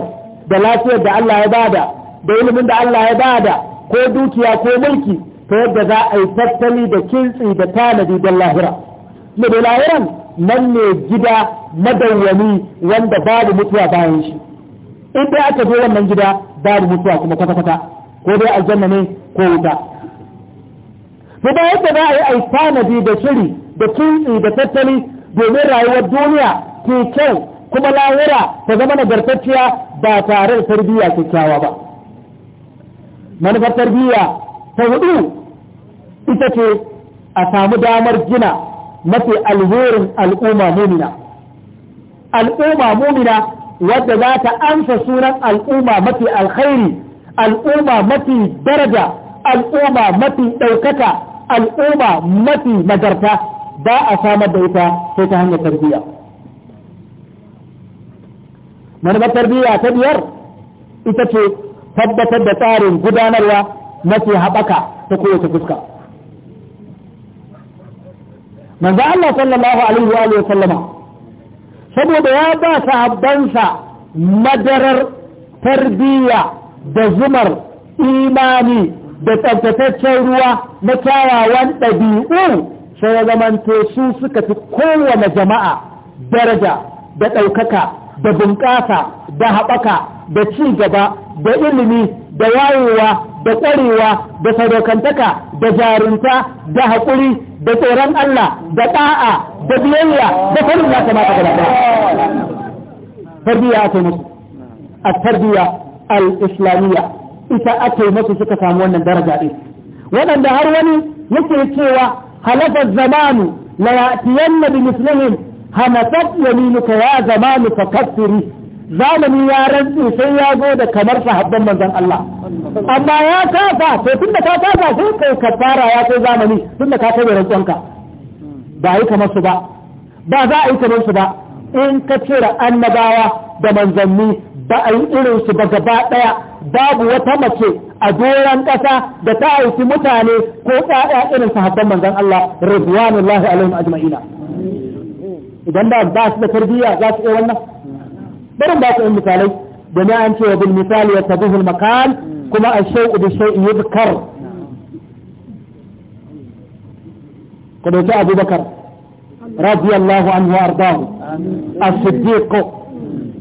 da lafiyar da Allah ya bada da ilimin da Allah ya bada ko dukiya ko mulki ta yadda za a yi tattali da kintsi da tanadi don lahira da lahiran nan ne gida madawwami wanda babu mutuwa bayan shi in dai aka je wannan gida babu mutuwa kuma kwata-kwata ko dai aljanna ne ko wuta to ba yadda za a yi ai tanadi da shiri da kintsi da tattali domin rayuwar duniya ke kyau kuma lahira ta zama nagartacciya ba tare da tarbiyya kyakkyawa ba manufar tarbiyya ta hudu ita ce a samu damar gina mafi alherin al'umma mumina al'umma mumina wadda za ta amsa sunan al'umma mafi alkhairi al'umma mafi daraja al'umma mafi ɗaukaka al'umma mafi nagarta ba a samar da ita sai ta hanyar tarbiyya manufar tarbiyya ta biyar ita ce tabbatar da tsarin gudanarwa mafi haɓaka ta kowace fuska manzo Allah sallallahu alaihi wa sallama saboda ya ba sahabbansa madarar tarbiyya da zumar imani da tsabtataccen ruwa na kyawawan ɗabi'u sai ya zamanto su suka fi kowane jama'a daraja da ɗaukaka da bunƙasa da haɓaka da ci gaba da ilimi da wayewa da ƙwarewa da sadaukantaka da jarunta da haƙuri da tseren Allah da ɗa'a da biyayya da farin ya kamata ga ɗaya. Tarbiyya ake musu. A tarbiyya al-islamiyya ita ake masu suka samu wannan daraja ɗin waɗanda har wani yake cewa halafa zamanu la ya'tiyanna bi mislihim hanafat yaminuka ya zamanu fakaffiri zamani ya rantsi sai ya zo da kamar sahabban manzon Allah amma ya kafa to tunda ka kafa sai kai fara ya kai zamani tunda ka kai rantsuwanka ba yi kamar su ba ba za a yi kamar su ba in ka cire annabawa da manzanni ba a yi irin su ba gaba daya babu wata mace a doran ƙasa da ta aiki mutane ko ƴaƴa irin sahabban manzon Allah radiyallahu alaihi ajma'ina idan ba ba su da tarbiyya za su iya wannan barin ba su yin misalai da na an ce wa bil misali ya tabihu al makan kuma al shayu bi shay'in yudkar ta Abu Bakar radiyallahu anhu wa ardahu as-siddiq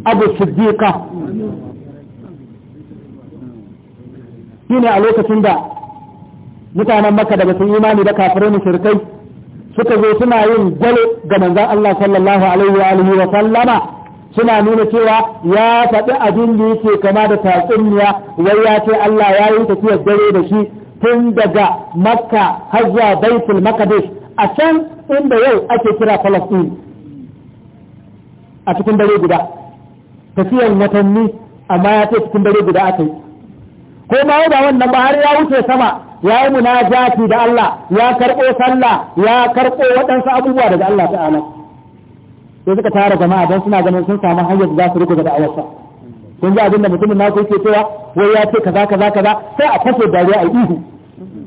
abu Siddiqah shine a lokacin da mutanen makka da basu imani da kafirai mushrikai suka zo suna yin gwal ga manzon Allah sallallahu alaihi wa sallama suna nuna cewa ya faɗi abin da yake kama da tatsuniya wai ya ce Allah ya yi tafiyar dare da shi tun daga makka har zuwa baitul maqdis a can inda yau ake kira Palestine a cikin dare guda tafiyan watanni amma ya ce cikin dare guda aka yi ko ma ba wannan ba har ya wuce sama ya yi munajati da Allah ya karɓo sallah ya karɓo waɗansu abubuwa daga Allah ta'ala sai suka tara jama'a don suna ganin sun samu hanyar za su rukuta da awarsa sun ji abin da mutumin naku yake cewa wai ya ce kaza kaza kaza sai a kashe dariya a ihu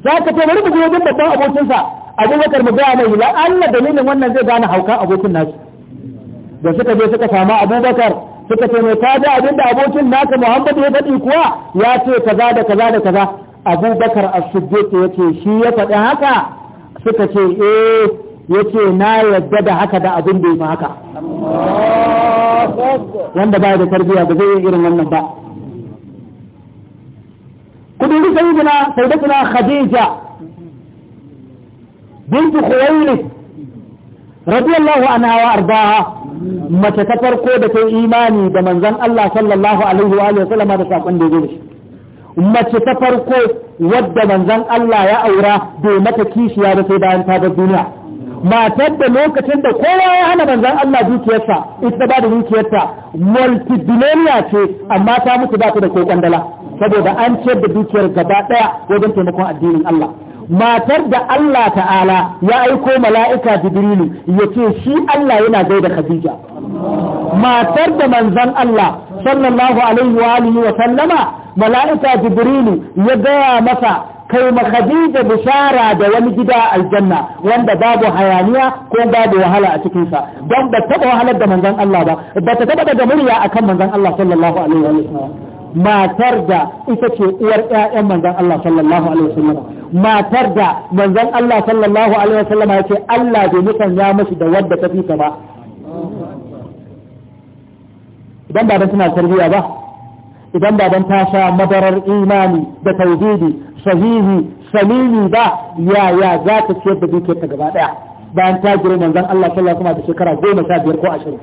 za ka ce bari mu je wajen babban abokinsa abubakar mu gaya mai Allah dalilin wannan zai gane hauka abokin nasu da suka je suka samu abubakar suka ce mai kaji abin da abokin naka Muhammad ya faɗi kuwa ya ce kaza da kaza da kaza Abubakar as ya ce shi ya faɗi haka suka ce eh yace na yadda da haka da abin da ya haka wanda ba da tarbiyya ba zai yi irin wannan ba sai da suna sayyidatuna Khadija bint Khuwailid radiyallahu anha wa ardaha mace ta farko da ta imani da manzon Allah sallallahu alaihi wa alihi wasallam da sakon da yake mace ta farko wadda manzon Allah ya aura bai mata kishiya da sai bayan ta ga duniya matar da lokacin da kowa ya hana manzon Allah dukiyarsa ita ba da dukiyarta multibillionaire ce amma ta mutu ba ta da kokon dala saboda an ciyar da dukiyar gaba daya wajen taimakon addinin Allah matar da Allah ta'ala ya aiko mala'ika jibrilu ya ce shi Allah yana gaida khadija matar da manzan Allah sallallahu alaihi wa alihi wa sallama mala'ika jibrilu ya gaya masa kai ma khadija bishara da wani gida aljanna wanda babu hayaniya ko babu wahala a cikinsa. don ba taɓa wahalar da manzan Allah ba ba ta taɓa da murya akan manzan Allah sallallahu alaihi wa sallam matar da ita ce uwar ƴaƴan manzon Allah sallallahu alaihi wasallam matar da manzon Allah sallallahu alaihi wasallam ya ce Allah bai mutan ya musu da wadda ta fita ba idan ba suna tarbiyya ba idan ba ta sha madarar imani da tauhidi sahihi salimi ba yaya za ta ciyar da ta gaba daya bayan ta girma manzon Allah sallallahu alaihi wasallam da shekara goma sha biyar ko ashirin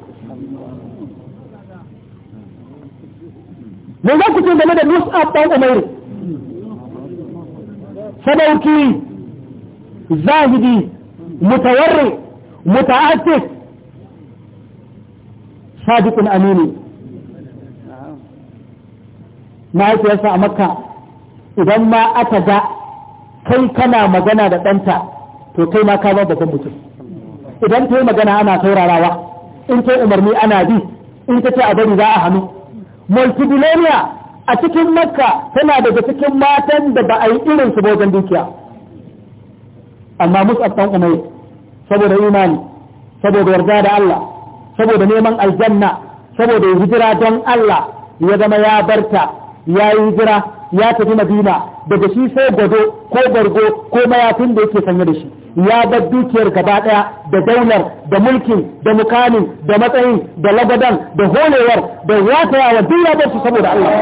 me za ku ce game da mus'ab ɗan umairu sadauki zahidi mutawarri muta'assif sadiqun amini mahaifiyarsa a makka idan ma aka ga kai kana magana da ɗanta to kai ma ka da kan mutum idan ta yi magana ana saurarawa in ta umarni ana bi in ta ce a bari za a hannu multibillionaire a cikin makka tana daga cikin matan da ba a yi irin su wajen dukiya amma mus'ab dan umai saboda imani saboda yarda da Allah saboda neman aljanna saboda hijira don Allah ya zama ya barta ya yi hijira ya tafi madina daga shi sai gado ko bargo ko mayafin da yake sanye da shi ya bar dukiyar gaba daya da daular da mulkin da mukamin da matsayin da lagadan da holewar da watayawa duk ya bar su saboda Allah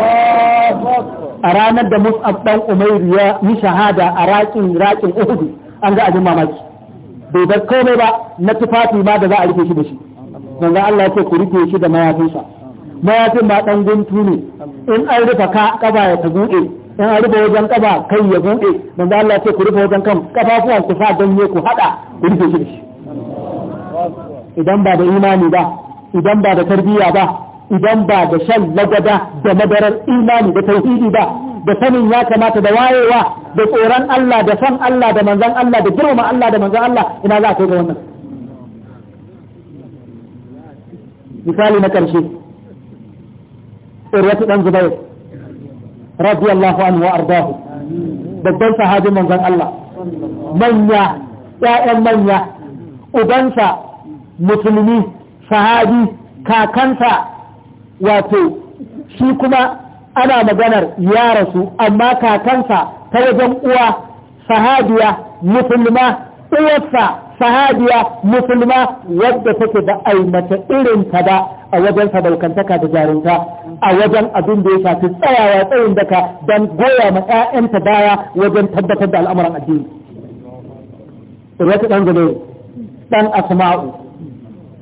a ranar da mus'ab dan umairu ya yi shahada a raƙin raƙin uhud an ga ajin mamaki bai bar komai ba na tufafi ma da za a rufe shi da shi manzo Allah ya ce ku rufe shi da mayafinsa mayafin ma ɗan guntu ne in an rufe ka ƙaba ya ta buɗe in an rufe wajen ƙaba kai ya buɗe manzo Allah ce ku rufe wajen kan kafafuwan ku sa ganye ku haɗa ku rufe shi da idan ba da imani ba idan ba da tarbiyya ba idan ba da shan lagada da madarar imani da tauhidi ba da sanin ya kamata da wayewa da tsoron Allah da san Allah da manzan Allah da girma Allah da manzan Allah ina za a kai ga wannan misali na karshe urwatu dan zubair radiyallahu anhu wa ardahu babban sahabin manzan Allah manya 'ya'yan manya ubansa musulmi sahabi kakansa wato shi kuma ana maganar ya rasu amma kakansa ta wajen uwa sahabiya musulma uwarsa sahabiya musulma wadda take da aimata irin ta ba a wajen sadaukantaka da jarinta a wajen abin da ya shafi tsayawa tsayin daka don goya ma 'ya'yanta baya wajen tabbatar da al'amuran addini wata ɗan gane ɗan asma'u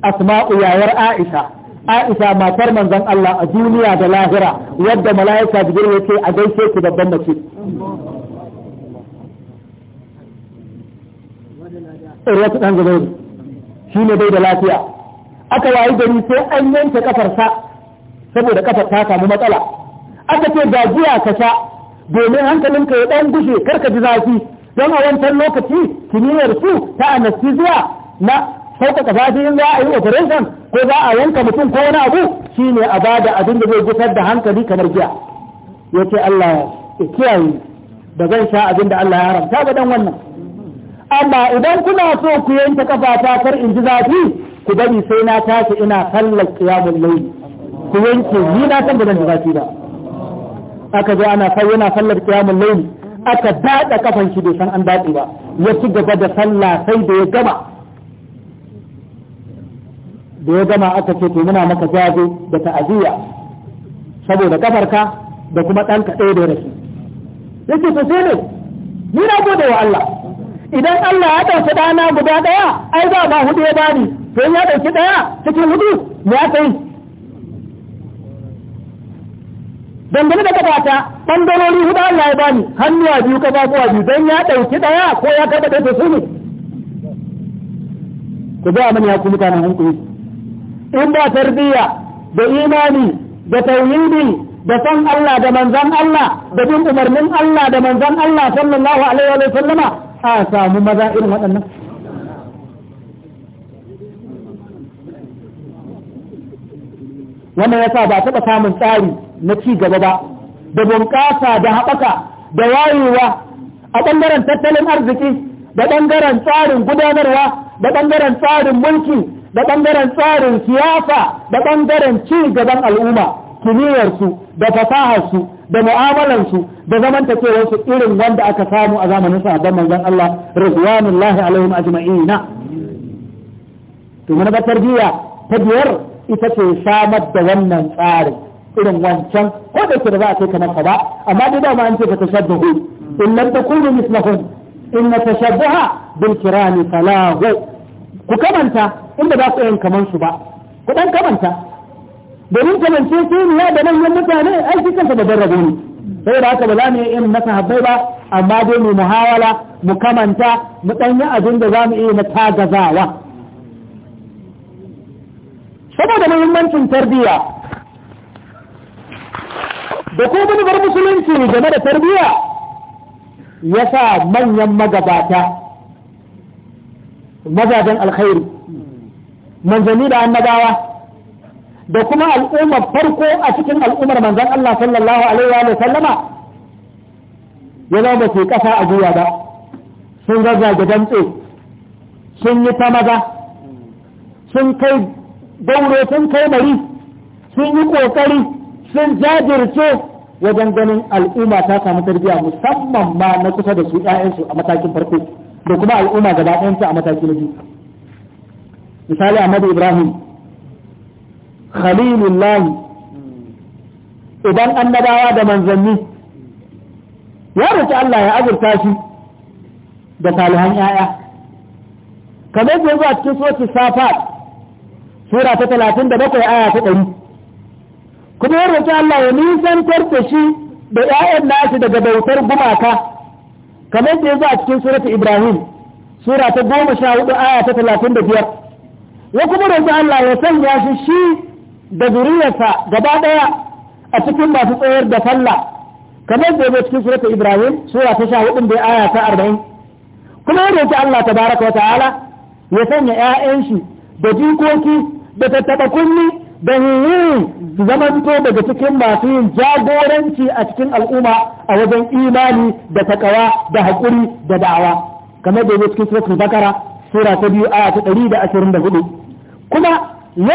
asma'u yayar aisha aisha matar manzon Allah a duniya da lahira wadda mala'ika jibril yake a gaishe ki babban mace wata ɗan gane shi ne bai da lafiya aka wayi gari sai an yanke ƙafarsa. saboda kafar ta samu matsala aka ce ga jiya ka sha domin hankalinka ya dan gushe kar ka ji zafi don a wancan lokaci kimiyyar su ta anesthesia na sauƙaƙa zafi in za a yi operation ko za a yanka mutum ko wani abu shine a da abin da zai gusar da hankali kamar giya ce Allah ya kiyaye da zan sha abin da Allah ya haramta ga dan wannan amma idan kuna so ku yanke kafa ta kar in ji zafi ku bari sai na tashi ina kallon qiyamul layl ku yanke ni na san da zan ji ba aka zo ana sai yana sallar qiyamul layl aka daɗa kafan shi bai san an daɗe ba ya ci gaba da sallah sai da ya gama da ya gama aka ce to muna maka jazo da ta'aziyya saboda kafarka da kuma ɗanka ɗaya da rashi yake to sai ne ni na gode wa Allah idan Allah ya ɗauki ɗana guda ɗaya ai ba ba hudu ya bani to ya ɗauki ɗaya cikin hudu ya kai dangane da kafata ɓangarori hudu Allah ya bani hannuwa biyu kafafuwa biyu don ya ɗauki ɗaya ko ya karɓa ɗaya su ne ku ga mani ya kuma mutanen hankali in ba tarbiyya da imani da tauhidi da san Allah da manzan Allah da bin umarnin Allah da manzan Allah sallallahu alaihi wa sallama a samu maza irin waɗannan wannan yasa ba taɓa samun tsari na ci gaba ba da bunƙasa da haɓaka da wayewa a ɓangaren tattalin arziki da ɓangaren tsarin gudanarwa da ɓangaren tsarin mulki da ɓangaren tsarin siyasa da ɓangaren ci gaban al'umma kimiyyarsu da fasaharsu da mu'amalansu, da zamantakewarsu irin wanda aka samu a zamanin sahabban manzon Allah rizwanullahi alaihim ajma'ina to mana ba tarbiyya ta biyar ita ce samar da wannan tsarin irin wancan ko da ke da za a kai kamar ba amma dai ma an ce ka tashabbuhu in lam takunu mislahum in tashabbaha bil kirami falahu ku kamanta inda ba ku yin kamar su ba ku dan kamanta domin kamance su ne da manyan mutane ai shi kansa da darrabe ne sai da haka ba za mu yi irin na sahabbai ba amma dai mu muhawala mu kamanta mu dan yi abin da za mu iya na tagazawa saboda muhimmancin tarbiyya da ko manufar musulunci game da tarbiyya ya sa manyan magabata mazajen alkhairi manzanni da annabawa da kuma al'ummar farko a cikin al'ummar manzan Allah sallallahu alaihi wa sallama ya zama su kasa a guya ba sun zazzage damtse sun yi ta maza sun kai dauro sun kai mari sun yi kokari sun jajirce wajen ganin al'umma ta samu tarbiyya musamman ma na kusa da su ƴaƴansu a matakin farko da kuma al'umma gaba ɗayanta a mataki na biyu misali Ahmadu Ibrahim khalilullah idan annabawa da manzanni ya roki Allah ya azurta shi da salihan ƴaƴa kamar da zuwa cikin sosai safa sura ta talatin da bakwai aya ta ɗari kuma ya roƙi Allah ya nisan da shi da ‘ya'yan nashi daga bautar gumaka kamar da ya zo a cikin surata Ibrahim sura ta goma sha hudu aya ta talatin da biyar ya kuma roƙi Allah ya sanya shi shi da zuriyarsa gaba ɗaya a cikin masu tsayar da sallah kamar da ya cikin surata Ibrahim sura ta sha hudu da aya ta arba'in kuma ya roƙi Allah tabaraka wa ta'ala ya sanya ‘ya'yan shi da jikoki da tattaɓa kunni da yin zamanto daga cikin masu yin jagoranci a cikin al'umma a wajen imani da takawa da haƙuri da da'awa kamar da yake cikin suratul bakara sura ta biyu aya ta ɗari da ashirin da hudu kuma ya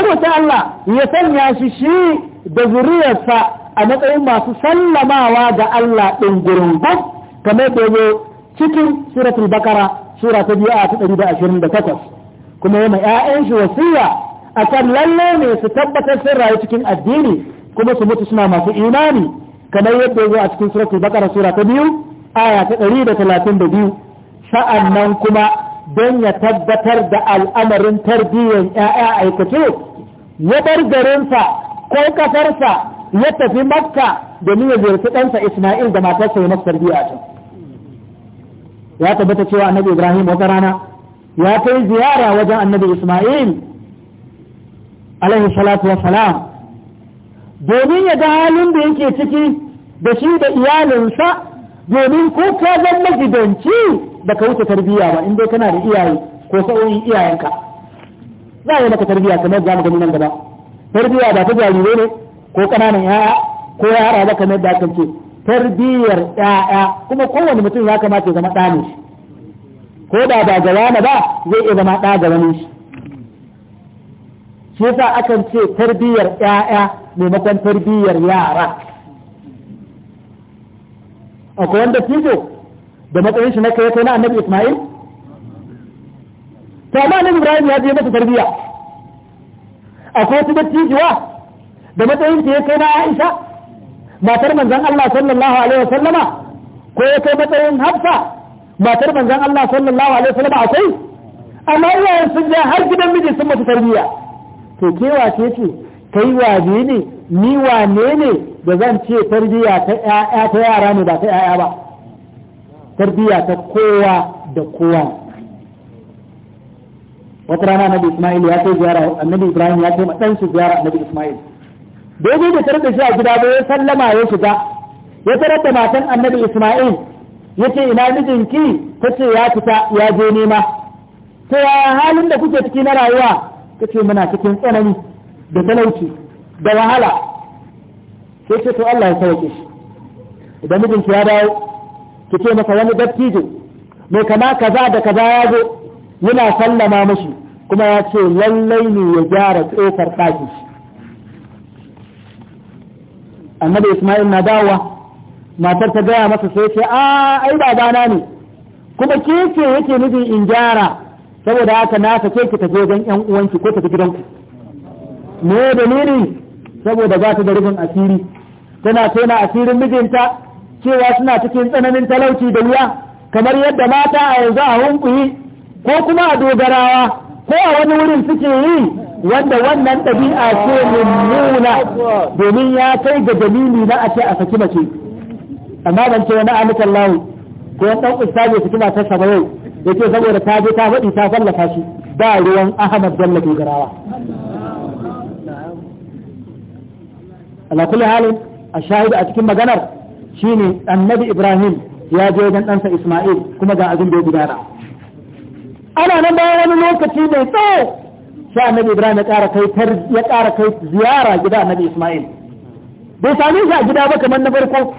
roƙi Allah ya sanya shi shi da zuriyarsa a matsayin masu sallamawa ga Allah ɗin gurungun kamar da yake cikin suratul bakara sura ta biyu aya ta ɗari da ashirin da takwas kuma yana ‘ya'yan shi wasiya a kan lalle ne su tabbatar sun rayu cikin addini kuma su mutu suna masu imani kamar yadda zo a cikin suratul bakara sura ta biyu aya ta ɗari da talatin da biyu sa'annan kuma don ya tabbatar da al'amarin tarbiyyar ‘ya'ya aikace ya bar garinsa ko kasarsa ya tafi makka domin ya ziyarci ɗansa isma'il da matarsa ya masa tarbiyya a can ya tabbata cewa annabi ibrahim wata rana ya kai ziyara wajen annabi isma'il alaihi salatu wa salam domin ya ga halin da yake ciki da shi da iyalinsa domin ko ka zan magidanci da ka wuce tarbiyya ba in dai kana da iyaye ko sa'o'in iyayenka za a yi maka tarbiyya kamar za mu gani nan gaba tarbiyya ba ta jarirai ne ko ƙananan yaya ko yara ba kamar da kan ce tarbiyyar yaya kuma kowane mutum ya kamata ya zama ɗa ne ko da ba gaba na ba zai iya zama ɗa ga wani shi shi yasa akan ce tarbiyyar ƴaƴa maimakon tarbiyyar yara akwai wanda fito da matsayin shi na kai kai na annabi Ismail to amma annabi Ibrahim ya je masa tarbiyya akwai wata dattijuwa da matsayin shi ya kai na Aisha matar manzon Allah sallallahu alaihi wasallama ko ya kai matsayin Hafsa matar manzon Allah sallallahu alaihi wasallama akwai amma iyayen sun je har gidan miji sun masu tarbiyya to ke wace ce kai waje ne ni wane ne da zan ce tarbiyya ta ƴaƴa ta yara ne ba ta ƴaƴa ba tarbiyya ta kowa da kowa wata rana annabi Isma'il ya ce ziyara annabi Ibrahim ya ce ma dan shi ziyara annabi Isma'il daidai da tarbe shi a gida ba ya sallama ya shiga ya tarar da matan annabi Isma'il ya ce ina mijinki ta ce ya fita ya je nema ta halin da kuke ciki na rayuwa ta ce muna cikin tsanani da talauci da wahala sai ce to Allah ya sauke shi idan mijinki ya dawo ki ce masa wani dattijo mai kama kaza da kaza ya zo yana sallama mashi kuma ya ce lallai ne ya gyara tsofar ɗakin shi annabi Ismail na dawowa matar ta gaya masa sai ce a ah, ai babana ne kuma ke ce yake nufin in gyara saboda haka na sake ki tafi wajen yan uwanki ko ta gidanku me dalili saboda za ta da rufin asiri tana tona asirin mijinta cewa suna cikin tsananin talauci da wuya kamar yadda mata a yanzu a hunkuyi ko kuma a dogarawa ko a wani wurin suke yi wanda wannan ɗabi'a ce mummuna domin ya kai ga dalili na a ce a saki mace amma ban ce wani amikan lahu ko ɗan ustaz ya saki matarsa ba yau yake saboda ta je ta faɗi ta sallaka shi ba ruwan Ahmad Bello Dogarawa ala kulli halin a shahida a cikin maganar shine annabi Ibrahim ya je wajen ɗansa Ismail kuma ga abin da ya gudana ana nan bayan wani lokaci mai tsawo sai annabi Ibrahim ya ƙara kai ya ƙara kai ziyara gida annabi Ismail bai same shi a gida ba kamar na farko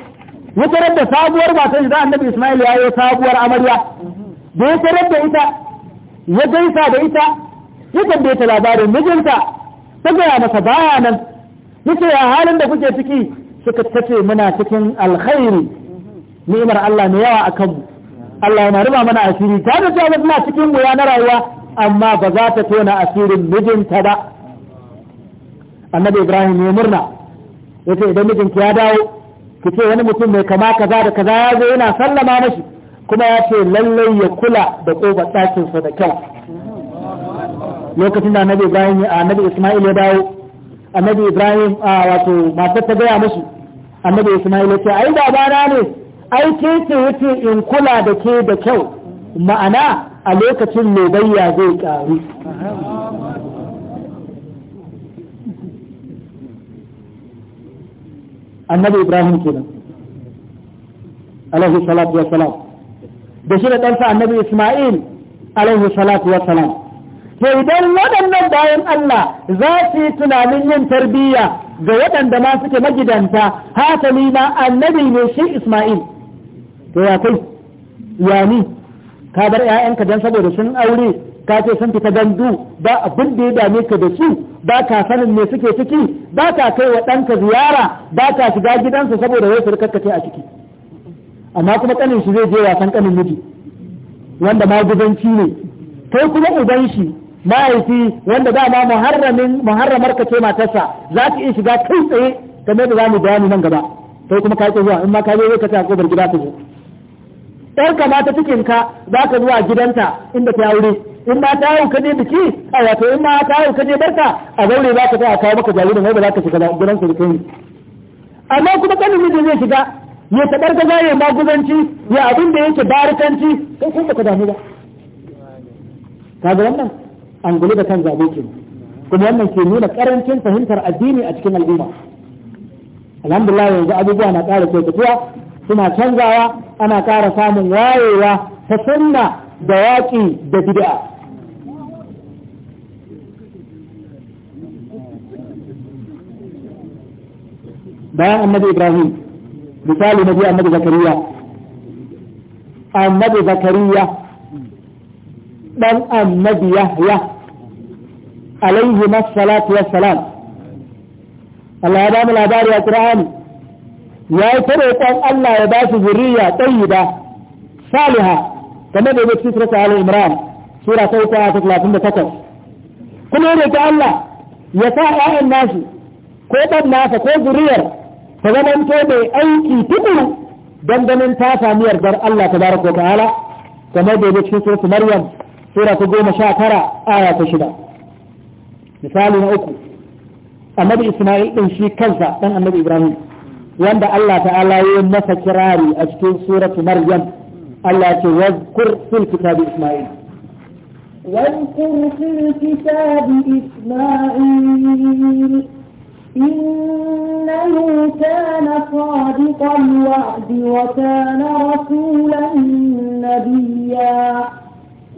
ya tarar da sabuwar matan da annabi Ismail ya yi sabuwar amarya da ya sanar da ita ya gaisa da ita ya tambaye ta labarin mijinta ta gaya masa baya nan yace a halin da kuke ciki suka tace muna cikin alkhairi ni'imar Allah ne yawa akan mu Allah yana riba mana asiri ta da cewa muna cikin wuya na rayuwa amma ba za ta tona asirin mijinta ba annabi Ibrahim ya murna yace idan mijinki ya dawo ki ce wani mutum mai kama kaza da kaza ya zo yana sallama mashi kuma ya ce lallai ya kula da ƙofar ɗakinsa da kyau lokacin da annabi ibrahim a annabi isma'il ya dawo annabi ibrahim a wato matar ta gaya musu annabi isma'il ya ce ai da bana ne ai ke ce yace in kula da ke da kyau ma'ana a lokacin lobayya zai ƙaru annabi ibrahim kenan alaihi salatu wa salam da shi da ɗansa annabi Ismail alaihi salatu wa salam. to idan waɗannan bayan Allah za su yi tunanin yin tarbiyya ga waɗanda ma suke magidanta ni ma annabi ne shi Ismail to ya kai ya ni ka bar ƴaƴanka dan saboda sun aure ka ce sun fita gandu ba abin da ya dame ka da su ba ka sanin me suke ciki ba ka kai wa ɗanka ziyara ba ka shiga gidansa saboda wai su a ciki amma kuma kanin shi zai je wasan kanin miji wanda gudanci ne kai kuma uban shi mahaifi wanda dama muharramin muharramar ka ce matarsa za ki iya shiga kai tsaye kamar da za mu bayani nan gaba kai kuma ka yi zuwa in ma ka zo ka ta kobar gida ka zo ɗan kamata cikin ka za ka zuwa gidanta inda ta aure in ma ta yau kaje biki a wato in ma ta yau kaje barka a zaure za ka ta kawo maka jaririn wanda za ka shiga gidan su da kai amma kuma kanin miji zai shiga ya tabar da zai maguzanci ya abin da yake barikanci kai kun ka damu ba kaga wannan an gulu da kan zabe ke kuma wannan ke nuna karancin fahimtar addini a cikin al'umma alhamdulillah yanzu abubuwa na ƙara kyautatuwa suna canzawa ana ƙara samun wayewa ta sunna da waƙi da bid'a bayan annabi ibrahim misali na biyu annabi zakariya annabi zakariya dan annabi yahya alaihi masallatu wassalam Allah ya ba mu labari a Qur'ani ya yi ta roƙon Allah ya ba su zuriya tayyiba saliha kamar da yake cikin sura Al-Imran sura ta 38 kuma ya roƙi Allah ya sa ƴaƴan nasu ko ɗan nasa ko zuriyar ta zamanto mai aiki tukuru don ganin ta sami yardar Allah ta baraka ta'ala kamar da yake cikin suratul Maryam sura ta goma sha tara aya ta shida misali na uku annabi Isma'il din shi kansa dan annabi Ibrahim wanda Allah ta'ala ya masa kirari a cikin suratul Maryam Allah ce wazkur fil kitabi Isma'il واذكر في الكتاب Isma'il. إنه كان صادق الوعد وكان رسولا نبيا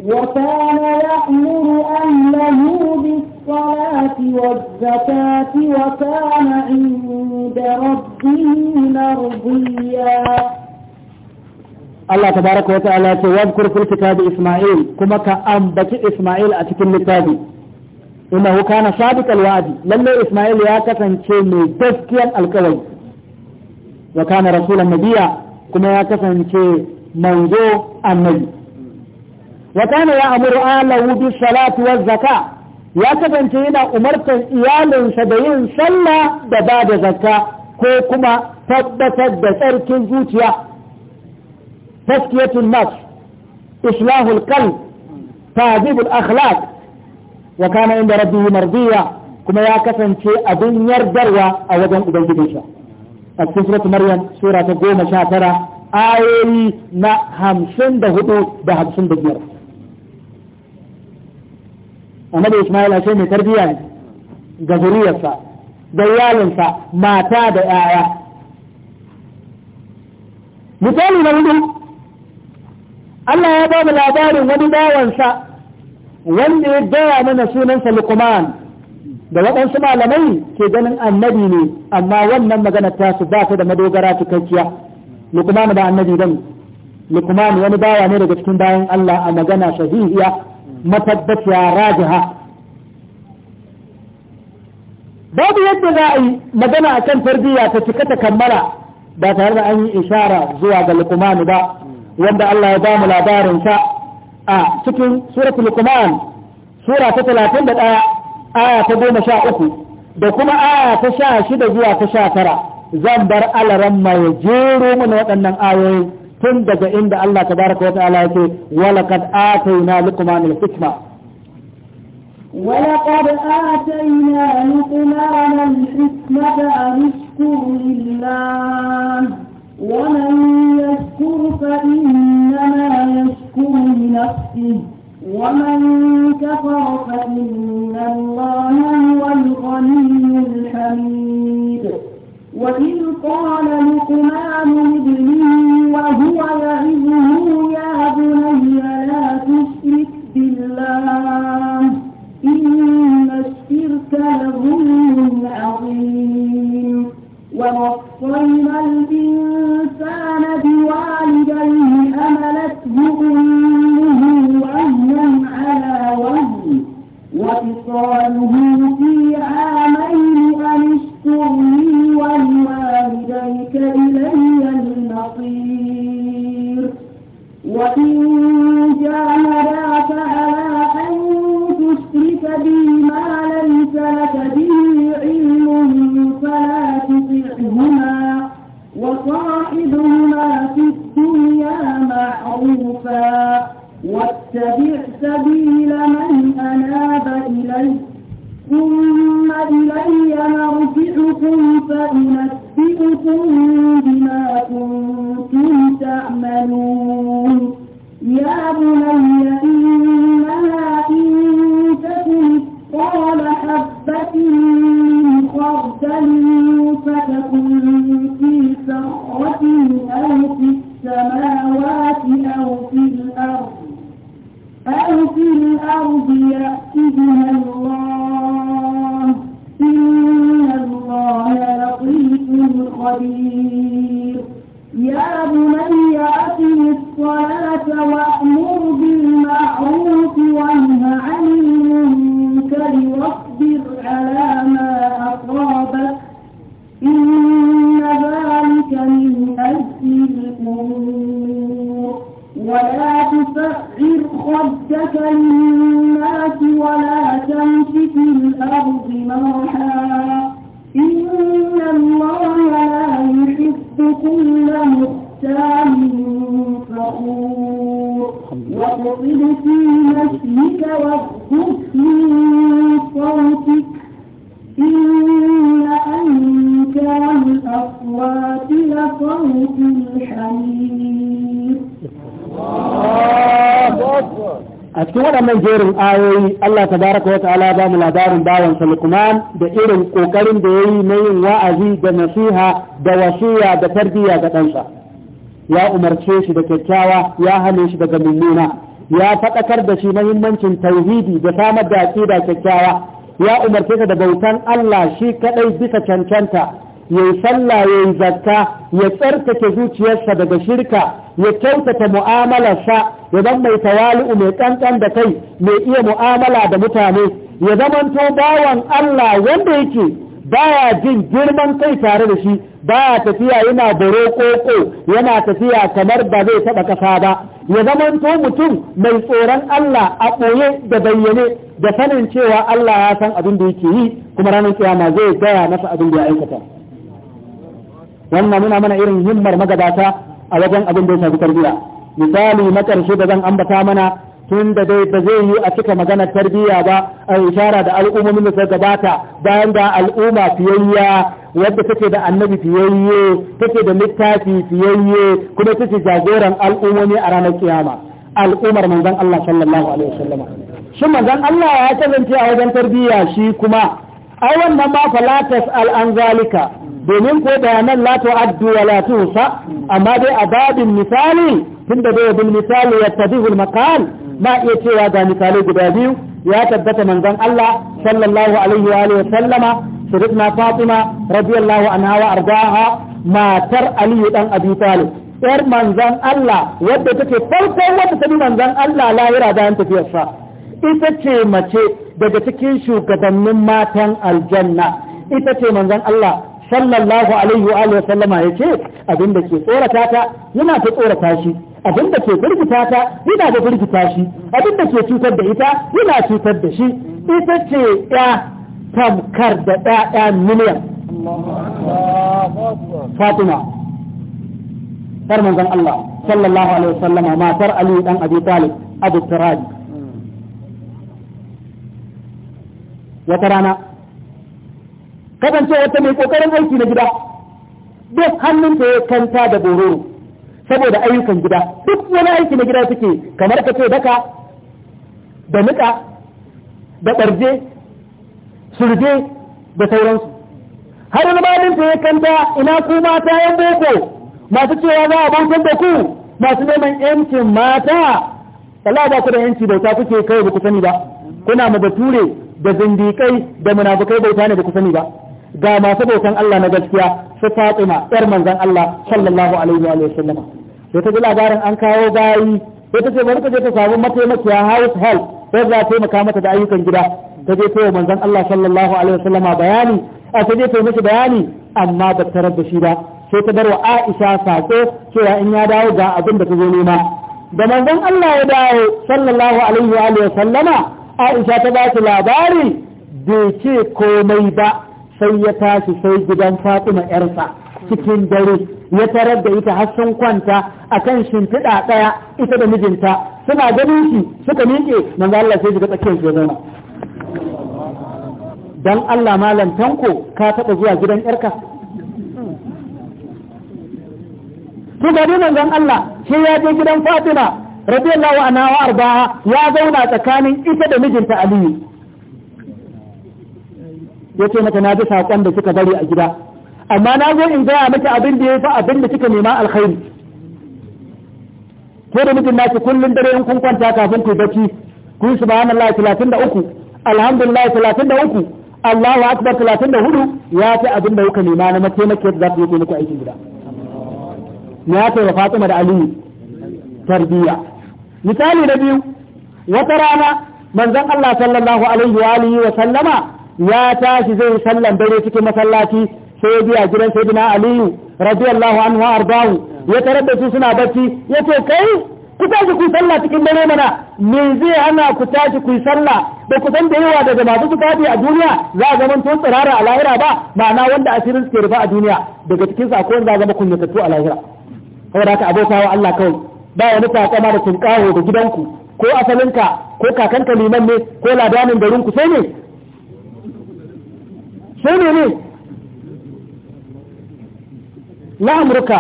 وكان يأمر أهله بالصلاة والزكاة وكان عند ربه مرضيا الله تبارك وتعالى واذكر في الكتاب إسماعيل كما كأنبت إسماعيل أتكلم الكتاب innahu kana sadiqal wa'di lallai isma'il ya kasance mai gaskiyar alƙawari wa kana rasulan kuma ya kasance manzo annabi wa ya amuru alahu bis salati waz ya kasance yana umartar iyalinsa da yin sallah da ba da zakka ko kuma tabbatar da tsarkin zuciya taskiyatul nafs islahul qalb tazibul akhlaq wa kana inda rabbihi mardiya kuma ya kasance abin yardarwa a wajen sa a cikin suratul maryam sura ta goma sha tara ayoyi na hamsin da hudu da hamsin da biyar annabi ismail ashe mai tarbiyya ne ga zuriyarsa da iyalinsa mata da yaya misali na hudu Allah ya ba mu labarin wani bawansa wanda ya gaya mana sunansa lukuman da waɗansu malamai ke ganin annabi ne amma wannan magana ta su ba ta da madogara cikakkiya luqman ba annabi bane luqman wani bawa ne daga cikin bayan Allah a magana sahihiya matabbaciya rajiha babu yadda za a yi magana a kan tarbiyya ta cika ta kammala ba tare da an yi ishara zuwa ga lukumanu ba wanda Allah ya bamu labarinsa a cikin suratul Luqman sura ta 31 aya ta 13 da kuma aya ta 16 zuwa ta 19 zan bar alaran mai jero mana waɗannan ayoyi tun daga inda Allah ta baraka wa ta'ala yake walaqad atayna luqman al-hikma ولقد آتينا لقمان الحكمة أن اشكر لله ومن يشكر فإنما يشكر يحكم لنفسه ومن كفر فإن الله هو الغني الحميد وإذ قال لقمان ابنه وهو يعظه يا بني لا تشرك بالله إن الشرك لظلم عظيم ووصينا الإنسان بوالده وإصاله في عامين أن اشكر لي ولوالديك إلي المصير وإن ಸಂಗ್ರಹ وأذن في نفسك واغضب من صوتك إن أنكر الأصوات لصوت الحمير a cikin waɗannan jerin ayoyi Allah ta baraka wa ta'ala ba mu labarin bawan Sulaiman da irin ƙoƙarin da yayi na yin wa'azi da nasiha da wasiya da tarbiyya ga ɗansa ya umarce shi da kyakkyawa ya hane shi daga mummuna ya faɗakar da shi mahimmancin tauhidi da samar da aƙida kyakkyawa ya umarce ka da bautan Allah shi kaɗai bisa cancanta ya sallah ya yi zakka ya tsarkake zuciyarsa daga shirka ya kyautata mu'amalarsa ya zama mai tawali'u mai ɗanɗan da kai mai iya mu'amala da mutane ya zamanto bawan Allah wanda yake baya jin girman kai tare da shi ba tafiya yana da koko yana tafiya kamar ba zai taɓa kasa ba ya zama to mutum mai tsoron Allah a ɓoye da bayyane da sanin cewa Allah ya san abin da yake yi kuma ranar kiyama zai gaya masa abin da ya aikata wannan muna mana irin himmar magabata a wajen abin da ya shafi tarbiyya misali na karshe da zan ambata mana tun da dai ba zai yi a cika maganar tarbiyya ba a ishara da al'ummomin da suka gabata bayan da al'umma fiyayya wadda take da annabi fiyayye take da littafi fiyayye kuma take jagoran al'ummomi a ranar kiyama al'ummar manzon Allah sallallahu alaihi wasallam shin manzon Allah ya kasance a wajen tarbiyya shi kuma ai wannan ma falatas al'anzalika domin ko bayanan la tu'addu wa la amma dai a babin misali tunda dai bil misali yattabihu al maqal ma iya cewa ga misalai guda biyu ya tabbata manzon Allah sallallahu alaihi wa alihi sallama sayyidina Fatima radiyallahu anha wa ardaha matar Ali dan Abi Talib yar manzon Allah wadda take farkon wadda ta bi manzon Allah lahira bayan tafiyarsa ita ce mace daga cikin shugabannin matan aljanna ita ce manzon Allah sallallahu alaihi wa alihi sallama yace abin da ke tsorata ta yana ta tsorata shi abin da ke firgita ta yana da firgita shi abin da ke cutar da ita yana cutar da shi ita ce ya tamkar da ɗaya miliyan Fatima tar manzon Allah sallallahu alaihi sallama matar Aliyu dan Abi Talib Abu Turabi wata rana kasance wata mai kokarin aiki na gida duk hannunta ya kanta da bororo saboda ayyukan gida duk wani aiki na gida suke kamar ka ce daka da nika da ɓarje surje da sauransu har wani malinta ya kanta ina ku mata yan boko masu cewa za a bautar da ku masu neman yancin mata Allah ba ku da yanci bauta kuke kai ba ku sani ba kuna ma bature da zindikai da munafukai bauta ne da ku sani ba ga masu bautan Allah na gaskiya su Fatima yar manzon Allah sallallahu alaihi wa sallam sai ta ji labarin an kawo bayi sai ta ce bari ta je ta samu mataimakiya house help sai za ta taimaka mata da ayyukan gida ta je ta manzon Allah sallallahu alaihi wa sallama bayani a ta je ta mishi bayani amma ba ta rabu shi ba sai ta bar wa Aisha sako cewa in ya dawo ga abin da ta zo nema da manzon Allah ya dawo sallallahu alaihi wa sallama Aisha ta ba ta labari bai ce komai ba sai ya tashi sai gidan fatima yarsa cikin dare ya tarar da ita har sun kwanta akan shimfiɗa ɗaya ita da mijinta suna ganin shi suka miƙe ga Allah sai shiga tsakiyar su zama. Don Allah malam tanko ka taɓa zuwa gidan yarka to ga dai manzon Allah shi ya je gidan Fatima radiyallahu anha wa arba'a ya zauna tsakanin ita da mijinta Aliyu ya ce mata na ji saƙon da kika bari a gida amma na zo in gaya miki abin da ya fi abin da kika nema alkhairi ko da mijin naki kullum dare in kun kwanta kafin ku bacci ku yi subhanallah talatin da uku alhamdulillah talatin da allahu akbar talatin da hudu ya fi abin da kuka nema na mataimakiyar za ku yi muku aikin gida ya kai wa fatima da aliyu tarbiyya misali na biyu wata rana manzon allah sallallahu alaihi wa alihi wa sallama ya tashi zai sallan dare cikin masallaci sai biya gidan sayyidina aliyu radiyallahu anhu ardahu ya tarar da su suna bacci ya ce kai ku tashi ku sallah cikin dare mana me zai hana ku tashi ku sallah da ku san da yawa daga masu su fadi a duniya za a zama tun tsirara a lahira ba ma'ana wanda asirin suke rufa a duniya daga cikin sako za a zama kunyatattu a lahira da abotawa abota wa Allah kawai ba wani takama da tunkaho da gidanku ko asalinka ko kakanka liman ne ko ladanin garin sai ne sai ne ne na amurka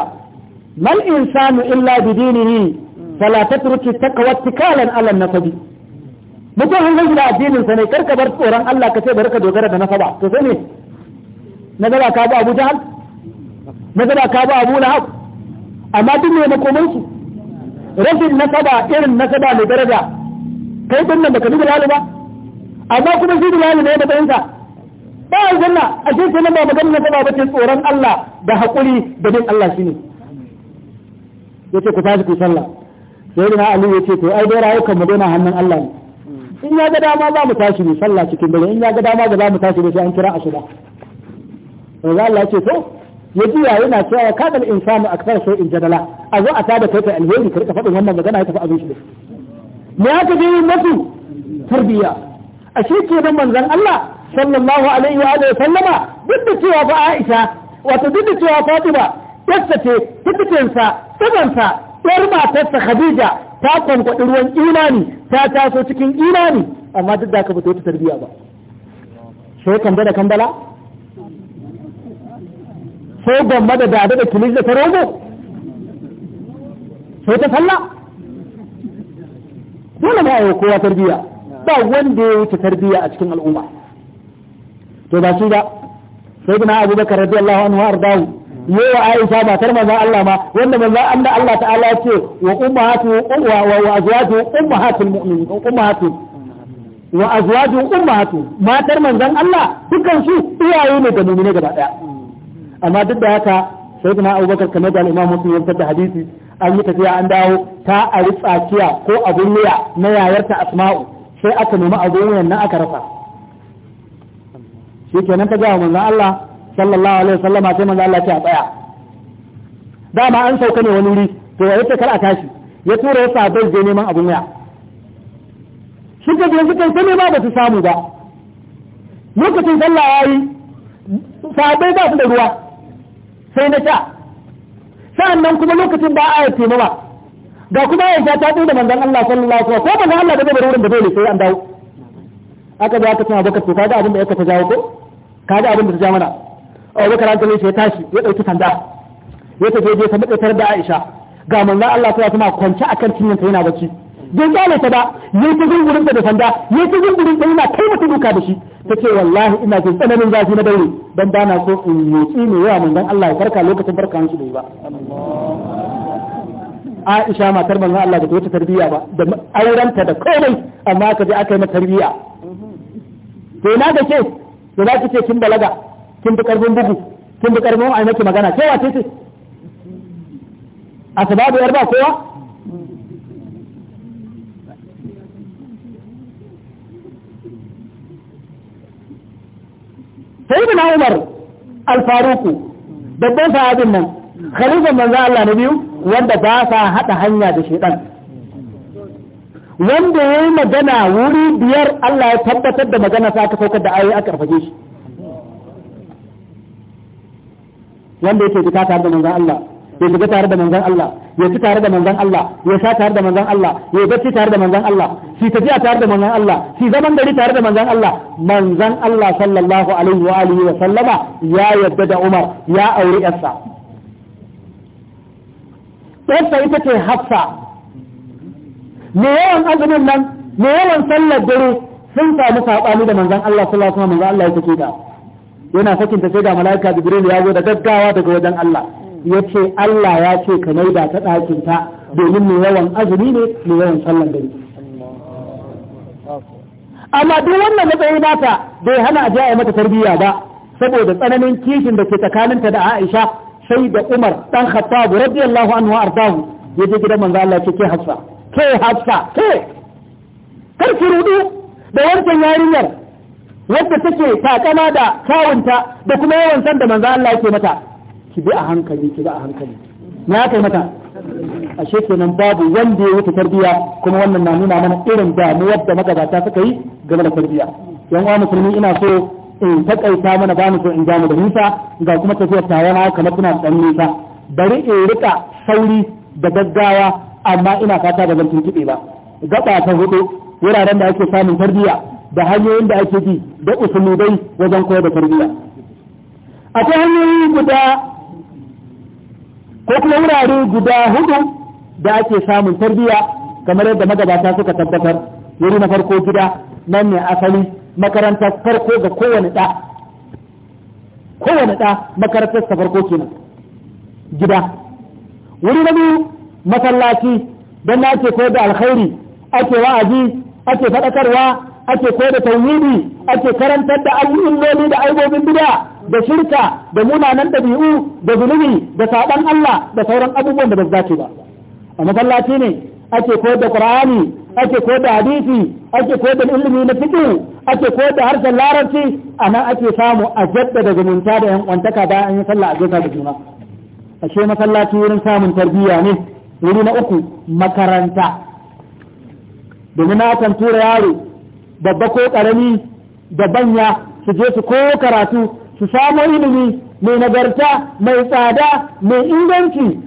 mal insanu illa bi dinihi fala tatruki taqwa tikalan ala nasabi mutum an gaji da addinin sa ne karka bar tsoron Allah ka ce bari ka dogara da nasaba to sai ne na gaba ka ba Abu Jahal na gaba ka ba Abu Lahab amma duk ne makoman su rashin nasaba irin nasaba mai daraja kai din nan baka duba lalu ba amma kuma shi da lalu ne da bayansa ba aljanna a shi kenan ba magana na saba bace tsoron Allah da haƙuri da bin Allah ne. Ya ce ku tashi ku sallah sai da Ali ce to ai dai rayukan mu daina hannun Allah ne in ya ga dama za mu tashi mu sallah cikin dare in ya ga dama za mu tashi da sai an kira asuba manzo Allah ya ce to ya jiya yana cewa kada al-insanu akthar shay'in jadala a zo a tada kai kai alheri ka rika faɗin wannan magana ya tafi abin shi da me aka je masu tarbiya a shi kenan manzon Allah sallallahu alaihi wa alihi sallama duk da cewa ba Aisha wato duk da cewa Fatima yasta ce tikitinsa sabansa yar matarsa Khadija ta kwankwaɗi ruwan imani ta taso cikin imani amma duk da aka fito ta tarbiyya ba sai kanda da kandala sai gwamma da dada da kilis da ta rogo sai ta sallah dole ma a kowa tarbiyya ba wanda ya wuce tarbiyya a cikin al'umma to ba su ba sai kuma Abu Bakar radiyallahu anhu ardahu yawa Aisha matar manzon Allah ma wanda manzon anda Allah ta'ala ya ce wa ummahatu wa wa azwaju ummahatul mu'minin ummahatu wa azwaju ummahatu matar manzon Allah dukan su iyaye ne da mu'mine gaba daya amma duk da haka sai kuma Abu Bakar kamar da Imam Muslim ya fitar hadisi an yi tafiya an dawo ta a tsakiya ko abun wuya na yayarta Asma'u sai aka nemi abun wuyan nan aka rasa nan ta gaya manzan Allah sallallahu alaihi wasallama sai manzan Allah a tsaya dama an sauka ne wani wuri to ya ta kar a tashi ya tura ya sabai zai neman abun waya suka je suka ta ne ba su samu ba lokacin sallah yayi sabai ba su da ruwa sai na sha nan kuma lokacin ba a yake taimama ga kuma ya sha ta da manzan Allah sallallahu alaihi wasallam ko manzan Allah da zai bar wurin da dole sai an dawo aka zo aka tana bakar to kaga abin da ya ka jawo ko kaga abin da ta ja mana Abu Bakar hankalin shi ya tashi ya dauki sanda ya tafi je ta matsayar da Aisha ga manzon Allah ta kuma kwanci akan cinyin ta yana bacci don zale ta ba ya ta zungurin da sanda ya ta zungurin da yana kai mata duka da shi ta ce wallahi ina jin tsananin zafi na daure don ba na so in motsi ne yawa manzon Allah ya farka lokacin farka shi bai ba Aisha matar manzon Allah da wata tarbiyya ba da aurenta da komai amma ka je aka yi mata tarbiyya to na da ke da za ki ce kin balaga kin bi karfin bugu kin bi karfin ai maki magana ke wace ce a sababu yar ba kowa sai na Umar al-Faruku babban sahabin nan khalifan manzo Allah na biyu wanda ba sa hada hanya da shedan wanda ya yi magana wuri biyar Allah ya tabbatar da magana sa aka saukar da ayoyi a karfafe shi wanda yake fita tare da manzon Allah ya shiga tare da manzon Allah ya ci tare da manzon Allah ya sha tare da manzon Allah ya bacci tare da manzon Allah shi tafiya tare da manzon Allah shi zaman gari tare da manzon Allah manzon Allah sallallahu alaihi wa alihi wa sallama ya yadda da Umar ya aure yarsa yarsa ita ce Hafsa me yawan azumin nan me yawan sallar dare sun samu saɓani da manzon Allah sallallahu alaihi wasallam Allah ya take da yana sakin ta sai da malaika Jibril ya zo da gaggawa daga wajen Allah yace Allah ya ce ka maida ta ɗakin ta domin me yawan azumi ne me yawan sallar dare amma duk wannan matsayi nata bai hana a jiya mata tarbiyya ba saboda tsananin kishin da ke tsakaninta da Aisha sai da Umar dan Khattab radiyallahu anhu ardahu yaje gidan manzo Allah ce ke hafsa ke hafsa ke kar rudu da wancan yarinyar wadda take takama da kawunta da kuma yawan san da manzo Allah yake mata ki bi a hankali ki bi a hankali na kai mata ashe kenan babu wanda ya wuce tarbiya kuma wannan na nuna mana irin damuwar da magabata suka yi game da tarbiya yan uwa musulmi ina so in takaita mana ba mu so in mu da nisa ga kuma tafiyar na kamar kuna da nisa bari in rika sauri da gaggawa amma ina fata da zan tuntuɓe ba gaba ta hudu wuraren da ake samun tarbiyya da hanyoyin da ake bi da usulubai wajen koyar da tarbiyya akwai hanyoyi guda ko kuma wurare guda hudu da ake samun tarbiyya kamar yadda magabata suka tabbatar wuri na farko gida nan ne asali makarantar farko ga kowane ɗa kowane ɗa makarantar farko kenan gida wuri na biyu masallaci don na ake koyar da alkhairi ake wa'azi ake faɗakarwa ake koyar da tauhidi ake karantar da al'ummoli da aibobin bid'a da shirka da munanan ɗabi'u da zunubi da saɓan Allah da sauran abubuwan da ba zace ba a masallaci ne ake koyar da Qur'ani ake koyar da hadisi ake koyar da ilimi na fiqh ake koyar da harshen larabci anan ake samu a jaddada zumunta da yan kwantaka bayan an yi sallah a gaisa da juna ashe masallaci wurin samun tarbiyya ne wuri na uku makaranta domin na kan tura yaro babba ko ƙarami da banya su je su koyo karatu su samu ilimi mai nagarta mai tsada mai inganci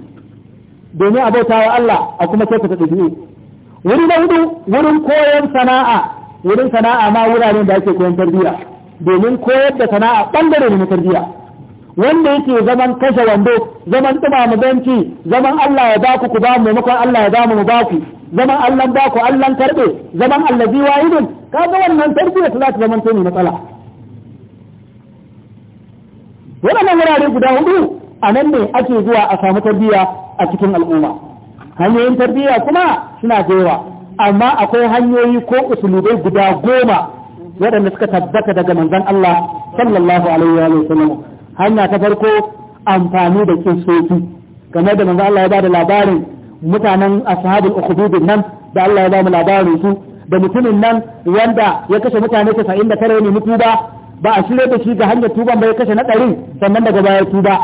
domin a bautawa Allah a kuma kyautata ɗabi'u wuri na hudu wurin koyon sana'a wurin sana'a ma wuraren da ake koyon tarbiyya domin koyar da sana'a ɓangare ne na tarbiyya wanda yake zaman kashe wando zaman tuma mu zaman Allah ya baku ku ba mu maimakon Allah ya ba mu baku zaman Allah baku Allah karbe zaman allazi wahidun kaga wannan tarbiyya ta za ta zama ne matsala wannan wurare guda hudu a nan ne ake zuwa a samu tarbiyya a cikin al'umma hanyoyin tarbiyya kuma suna da yawa amma akwai hanyoyi ko usulubai guda goma waɗanda suka tabbata daga manzon Allah sallallahu alaihi wa sallam hanya ta farko amfani da kisoki kamar da manzo Allah ya bada labarin mutanen ashabul ukhdud nan da Allah ya ba mu labarin su da mutumin nan wanda ya kashe mutane 99 ne mutu ba ba a shirye da shi ga hanyar tuban ba ya kashe na ɗari sannan daga baya tuba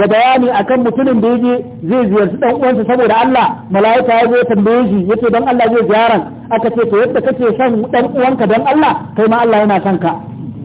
da bayani akan mutumin da yaje zai ziyarci dan uwansa saboda Allah malaika ya zo tambaye shi yace dan Allah zai ziyaran aka ce to yadda kake son dan uwanka dan Allah kai ma Allah yana son ka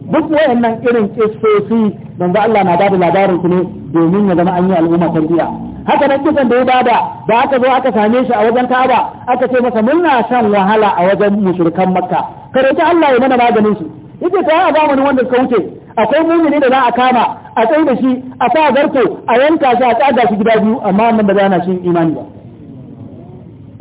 duk wayannan irin kisosi manzo Allah na bada labarin su ne domin ya zama an yi al'umma tarbiya haka nan kisan da ya bada da aka zo aka same shi a wajen Ka'aba aka ce masa muna shan wahala a wajen mushrikan Makka karanta Allah ya mana maganin su yake ta a zamanin wanda suka wuce akwai mumini da za a kama a tsaye da shi a sa garko a yanka shi a tsaga shi gida biyu amma nan ba za na shi imani ba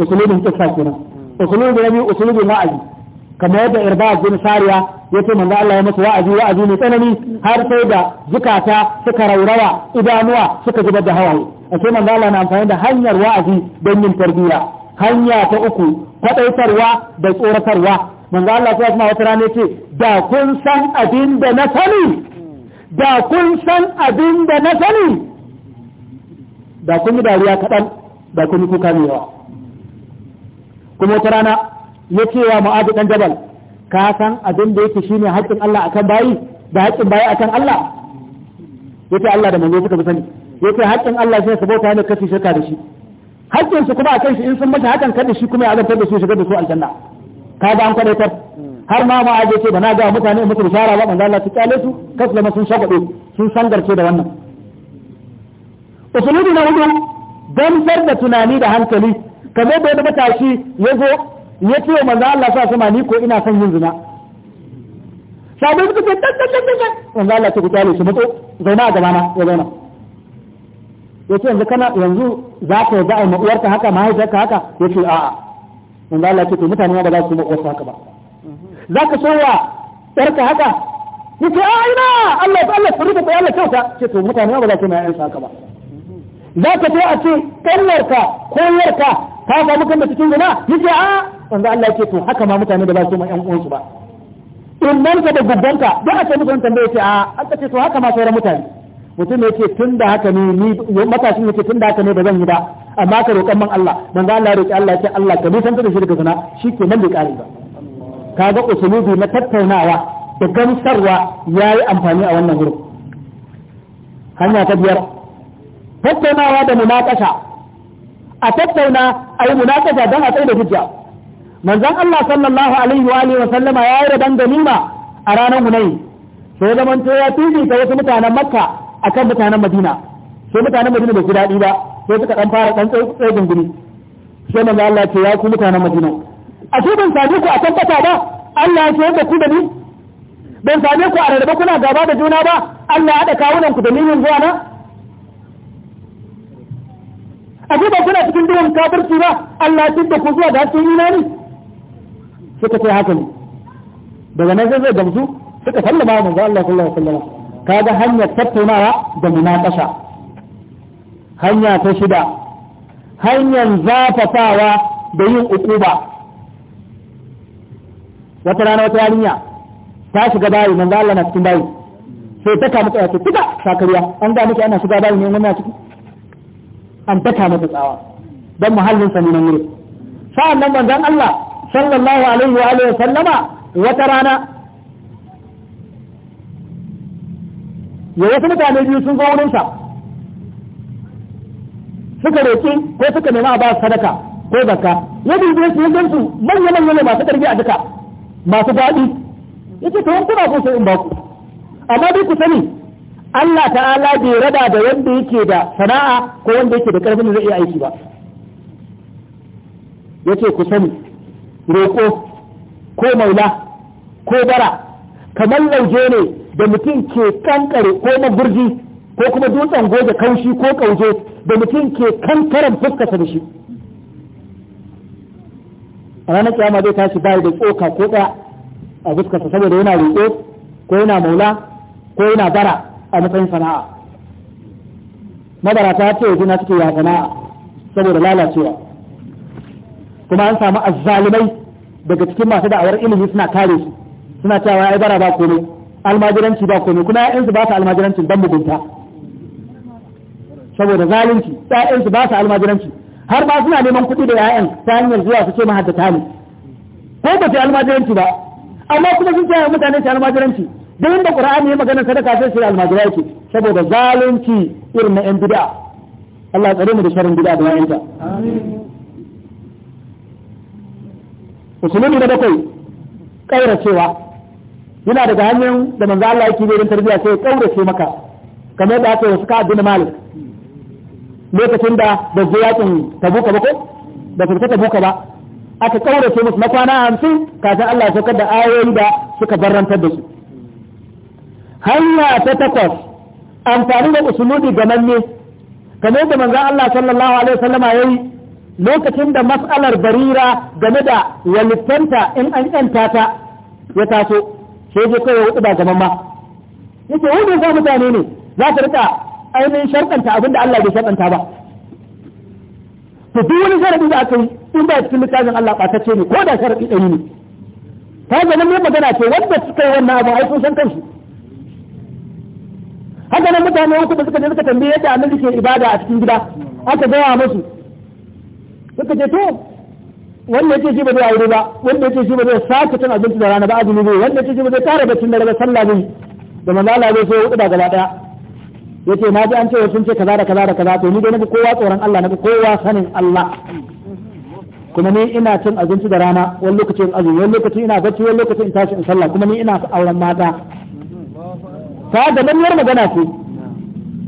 usulubin kisa kenan usulubin rabi usulubin wa'azi kamar yadda irba a bin sariya ya ce manzo Allah ya masa wa'azi wa'azi mai tsanani har sai da zukata suka raurawa idanuwa suka zubar da hawaye a ce manzo Allah na amfani da hanyar wa'azi don yin tarbiyya hanya ta uku kwadaitarwa da tsoratarwa manzo Allah ya kuma wata rana ce da kun san abin da na sani da kun san abin da na sani da kun yi dariya kaɗan da kun yi kuka mai yawa kuma wata rana ya ce wa mu'adu dan jabal ka san abin da yake shine haƙƙin Allah akan bayi da haƙƙin bayi akan Allah ya yace Allah da manzo suka fi sani ya yace haƙƙin Allah shi ne sabota ne kashi shirka da shi haƙƙin su kuma akan shi in sun mata hakan kada shi kuma ya azantar da su shiga da su aljanna ka ga an kwadaitar har ma ma ce da na ga mutane musu bishara ba manzo Allah ta kyale su kaslama sun shagado sun sangarce da wannan usulubi na hudu gamsar da tunani da hankali kamar da wani matashi ya zo ya ce wa manzo Allah sa sama ni ko ina son yin zina sabai suka ce dan dan dan dan manzo Allah ce ku tale shi matso zauna a gaba na ya zauna ce yanzu kana yanzu za ka yarda ai uwarka haka mahaifiyarka haka Ya ce a'a manzo Allah ce to mutane ba za su yi uwarka haka ba za ka so wa yarka haka ce a ina Allah Allah ku rubuta Allah kyauta ce to mutane ba za su yi ma'ayansa haka ba za ka so a ce kallarka ko yarka ta samu kan da cikin gina ce a'a wanda Allah yake to haka ma mutane da ba su ma uwansu ba In nan ka da gubbanka da aka musu wani tambaya ce a aka ce to haka ma sauran mutane mutum yake tun da haka ne ni matashin yake tun da haka ne ba zan yi ba amma ka roƙan man Allah manzo Allah ya roƙi Allah ya ce Allah ka nisan da shi daga zina shi ke nan bai ƙari ba Ka kaga usulubi na tattaunawa da gamsarwa yi amfani a wannan wurin. hanya ta biyar tattaunawa da munakasha a tattauna a yi munakasha don a tsaye da hujja manzon Allah sallallahu alaihi wa alihi wa sallama ya yi raban ganima a ranar Hunayn sai zaman to ya fifita wasu mutanen Makka akan mutanen Madina sai mutanen Madina ba su daɗi ba sai suka ɗan fara dan tsogin guri sai manzo Allah ce ya ku mutanen Madina a ce ban sami ku a tabbata ba Allah ya ce da ku da ni ban sami ku a rarraba kuna gaba da juna ba Allah ya haɗa kawunan ku da nimin zuwa na a ce ba kuna cikin duwan kafirci ba Allah ya tidda ku zuwa ga cikin imani suka ce haka ne daga nan zai gamsu suka sallama wa manzo Allah sallallahu alaihi wasallam kaga hanyar tattaunawa da munakasha hanya ta shida hanyar zafafawa da yin ukuba wata rana wata yarinya ta shiga bayi manzo Allah na cikin bayi sai ta kama tsaya ce tuka sakariya an ga miki ana shiga bayi ne mun na ciki an ta kama tsawa dan muhallin sa ne nan wurin sa'an nan manzon Allah sallallahu alaihi wa alihi sallama wata rana ya wasu mutane biyu sun zo wurinsa suka roƙi ko suka nema a ba sadaka ko zakka ya dubi su yin su manya manya ne masu karfi a duka masu daɗi yace to kuna ko sai in ba ku amma dai ku sani Allah ta'ala bai rada da wanda yake da sana'a ko wanda yake da karfin da zai iya aiki ba yace ku sani roƙo ko maula ko bara kamar lauje ne da mutum ke kankare ko magurji ko kuma dutsen goge kaushi ko kauje da mutum ke kankaren fuskata da shi a ranar kiyama zai tashi bayi da tsoka ko ɗaya a fuskarsa saboda yana roƙo ko yana maula ko yana bara a matsayin sana'a mabarata ce na suke ya sana'a saboda lalacewa kuma an samu azzalimai daga cikin masu da'awar ilimi suna kare su suna cewa ya bara ba komai almajiranci ba komai kuma ƴaƴansu ba su almajiranci dan mugunta saboda zalunci ƴaƴansu ba su almajiranci har ba suna neman kuɗi da 'ya'yan ta hanyar zuwa su ce mahaddata ne ko ba su almajiranci ba amma kuma sun tsaya mutane su almajiranci duk inda qur'ani ya magana sadaka sai su almajirai yake saboda zalunci irin na 'yan bid'a Allah ya tsare mu da sharrin bid'a da ƴaƴanta amin musulmi na bakwai kauracewa yana daga hanyar da manzo Allah yake bayin tarbiyya sai ya kaurace maka kamar da aka wasu ka bin malik lokacin da da zo yakin tabuka ba ko da ta tabuka ba aka kaurace musu na kwana hamsin kafin Allah ya saukar da ayoyi da suka barrantar da su hanya ta takwas amfani da usulubi ga manne kamar da manzo Allah sallallahu alaihi wasallama yayi lokacin da mas'alar barira game da walittanta in an yanta ta ya taso sai zai kawai hudu ba gaban ma yake wani za mutane ne za ta rika ainihin sharkanta abin da Allah bai sharkanta ba to duk wani sharadi da aka yi in ba cikin littafin Allah ɓatacce ne ko da sharadi ɗari ne ta zama mai magana ce wanda suka yi wannan abu ai sun san kansu haka nan mutane wasu da suka je suka tambaye yadda annabi ke ibada a cikin gida aka gaya musu suka ce to wanda yake shi ba zai aure ba wanda yake shi ba zai sake cin abinci da rana ba azumi ne wanda yake shi ba zai kare baccin da rana sallah ne da manzo Allah zai so uku da gaba daya yace na ji an ce sun ce kaza da kaza da kaza to ni dai naga kowa tsoron Allah naga kowa sanin Allah kuma ni ina cin abinci da rana wani lokacin azumi wani lokacin ina bacci wani lokacin in tashi in sallah kuma ni ina auren mata ta da manyan magana ce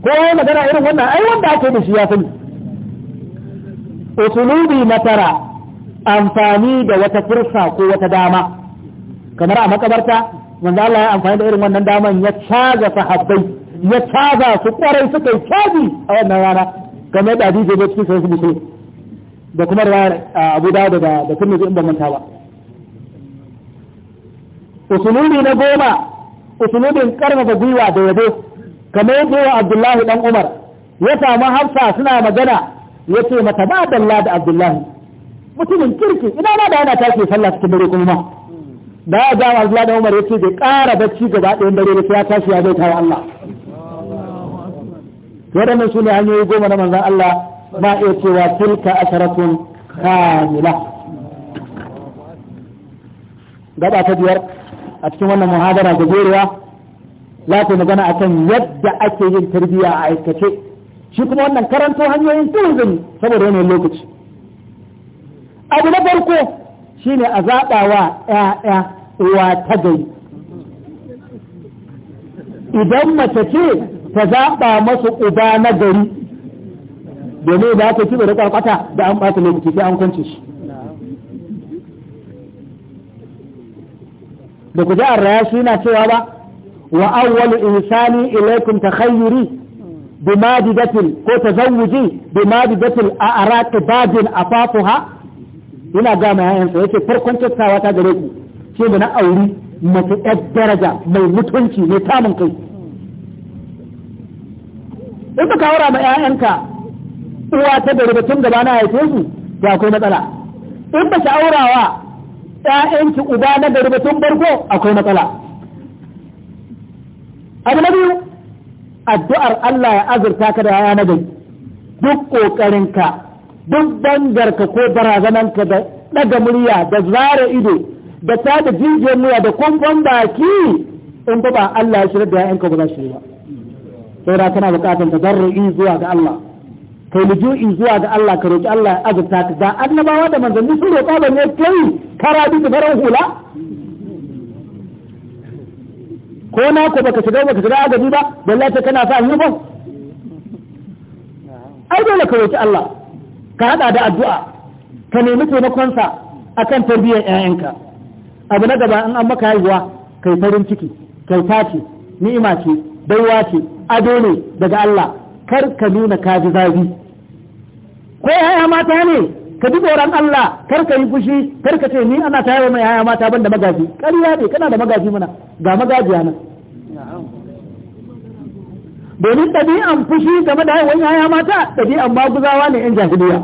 kowa magana irin wannan ai wanda ake da shi ya sani usulubi na tara amfani da wata fursa ko wata dama kamar a makabarta wanda Allah ya amfani da irin wannan daman ya caza sahabbai ya caza su kwarai suka yi caji a wannan rana kamar da hadisi da cikin sai musu da kuma riwayar Abu Dawud da da kuma in ba manta ba usulubi na goma usulubin karfafa gwiwa da yabo kamar yadda Abdullahi dan Umar ya samu hafsa suna magana ya ce mata ba dalla da abdullahi mutumin kirki ina ma da yana tashi sallah cikin dare kuma da ya jawo abdullahi da umar ya ce bai ƙara bacci gaba ɗayan dare da ya tashi ya baita wa allah waɗannan su ne hanyoyi goma na manzan allah ba iya cewa tilka asharatun kamila gaba ta biyar a cikin wannan muhadara gajeriya za ta magana akan yadda ake yin tarbiyya a aikace shi kuma wannan karanto hanyoyin sun saboda wani lokaci abu na farko shine a zaɓa wa ‘ya'ya uwa ta gai idan mace ce ta zaɓa masu uba na gari domin ba ta kiɓe da ƙwaƙwata da an ɓata lokaci sai an kwance shi da ku ji an raya shi na cewa ba wa awwalu insani ilaikum takhayyuri bimadidatil ko tazawuji bimadidatil a araki bajin afafuha yana ga mai hayansa yake farkon tattawa ta gare ku ce mu na auri mace yar daraja mai mutunci mai tamun kai in ka aura ma 'ya'yanka uwa ta gari da tun gaba na haife su to akwai matsala in ba ki aurawa ‘ya'yanki uba na da tun barko akwai matsala abu na biyu addu'ar Allah ya azurta ka da yana da duk ƙoƙarinka duk bangarka ko barazananka da ɗaga murya da zara ido da ta da jijiyar murya da kumfan baki in ba Allah ya shirya da yayanka guda shi ba saboda kana buƙatar tadarru'i zuwa ga Allah kai in zuwa ga Allah ka roƙi Allah ya azurta ka da annabawa da manzanni sun roƙa ba ne kai kara duk farar hula ko na ko baka shiga baka shiga agaji ba wallahi kana sa ba ai dole ka roki Allah ka hada da addu'a ka nemi sa akan tarbiyyar ƴaƴanka abu na gaba in an maka haihuwa kai farin ciki kai ce ni'ima ce baiwa ce ado ne daga Allah kar ka nuna ka ji zafi ko yaya mata ne ka ji tsoron Allah kar ka yi fushi kar ka ce ni ana tayar mai yaya mata ban da magaji ƙarya ne kana da magaji mana ga magajiya nan domin ɗabi'an fushi game da haihuwar yaya mata ɗabi'an maguzawa ne yan jahiliya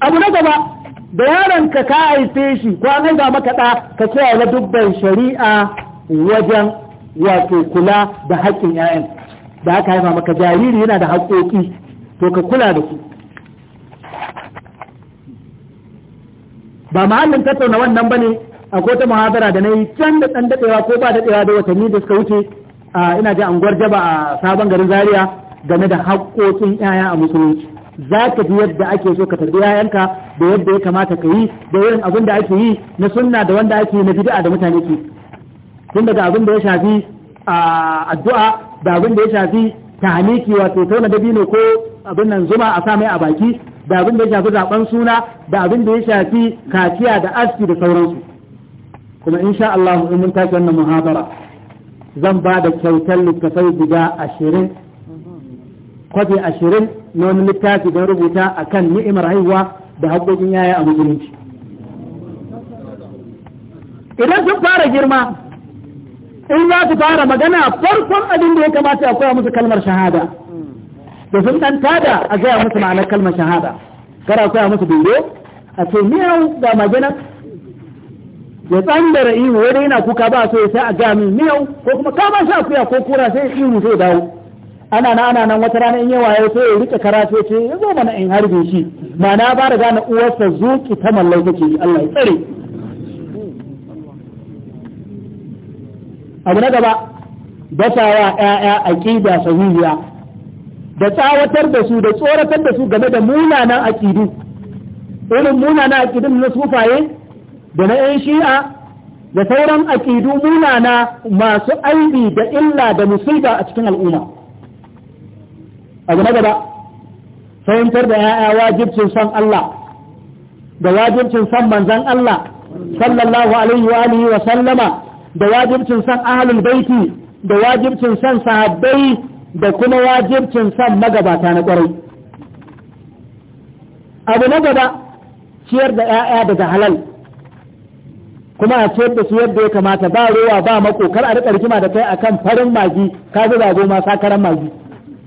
abu na gaba da yaron ka ka haife shi ko an haifa maka ɗa ka ce wa dubban shari'a wajen wato kula da haƙƙin 'ya'yan da aka haifa maka jariri yana da haƙƙoƙi to ka kula da su ba muhallin tattauna wannan bane akwai ta muhazara da na yi can da ɗan daɗewa ko ba daɗewa da watanni da suka wuce ina ji anguwar jaba a sabon garin zaria game da haƙƙoƙin 'ya'ya a musulunci za ka bi yadda ake so ka tarbi 'ya'yanka da yadda ya kamata ka yi da irin abin da ake yi na sunna da wanda ake yi na bid'a da mutane ke tun daga abin da ya shafi addu'a da abin da ya shafi tahniki wato tauna dabino ko abin nan zuma a sa mai a baki da abin da ya shafi zaben suna da abin da ya shafi kaciya da aski da sauransu kuma sha Allah in mun take wannan muhabara zan ba da kyautar littafai guda ashirin kwafi ashirin na wani littafi don rubuta a kan ni'imar haihuwa da haƙoƙin yaya a musulunci idan sun fara girma in za su fara magana farkon abin da ya kamata a koya musu kalmar shahada da sun ɗan tada a gaya musu ma'anar kalmar shahada kada koya musu dole a ce miyau ga magana ya tsandara ihu wani yana kuka ba so ya sai a gami miyau ko kuma kama shi akuya ko kura sai ihu sai dawo ana na ana nan wata rana in yawa ya sai ya rika karatu ce ya zo mana in harbe shi ma'ana ba da gane uwarsa zuki ta mallau take yi Allah ya tsare abu na gaba dasawa ƴaƴa aqida sahihiya da tsawatar da su da tsoratar da su game da munanan aqidu irin munanan aqidun na sufaye da na 'yan shi'a da sauran aƙidu munana masu aibi da illa da musiba a cikin al'umma abu na gaba fahimtar da ya'ya wajibcin son Allah da wajibcin son manzan Allah sallallahu alaihi wa wa sallama da wajibcin son ahlul baiti da wajibcin son sahabbai da kuma wajibcin son magabata na ƙwarai abu na gaba ciyar da 'ya'ya daga halal kuma a ciyar da su yadda ya kamata ba rowa ba mako kar a rika rigima da kai akan farin magi ka ji zago ma sakaran magi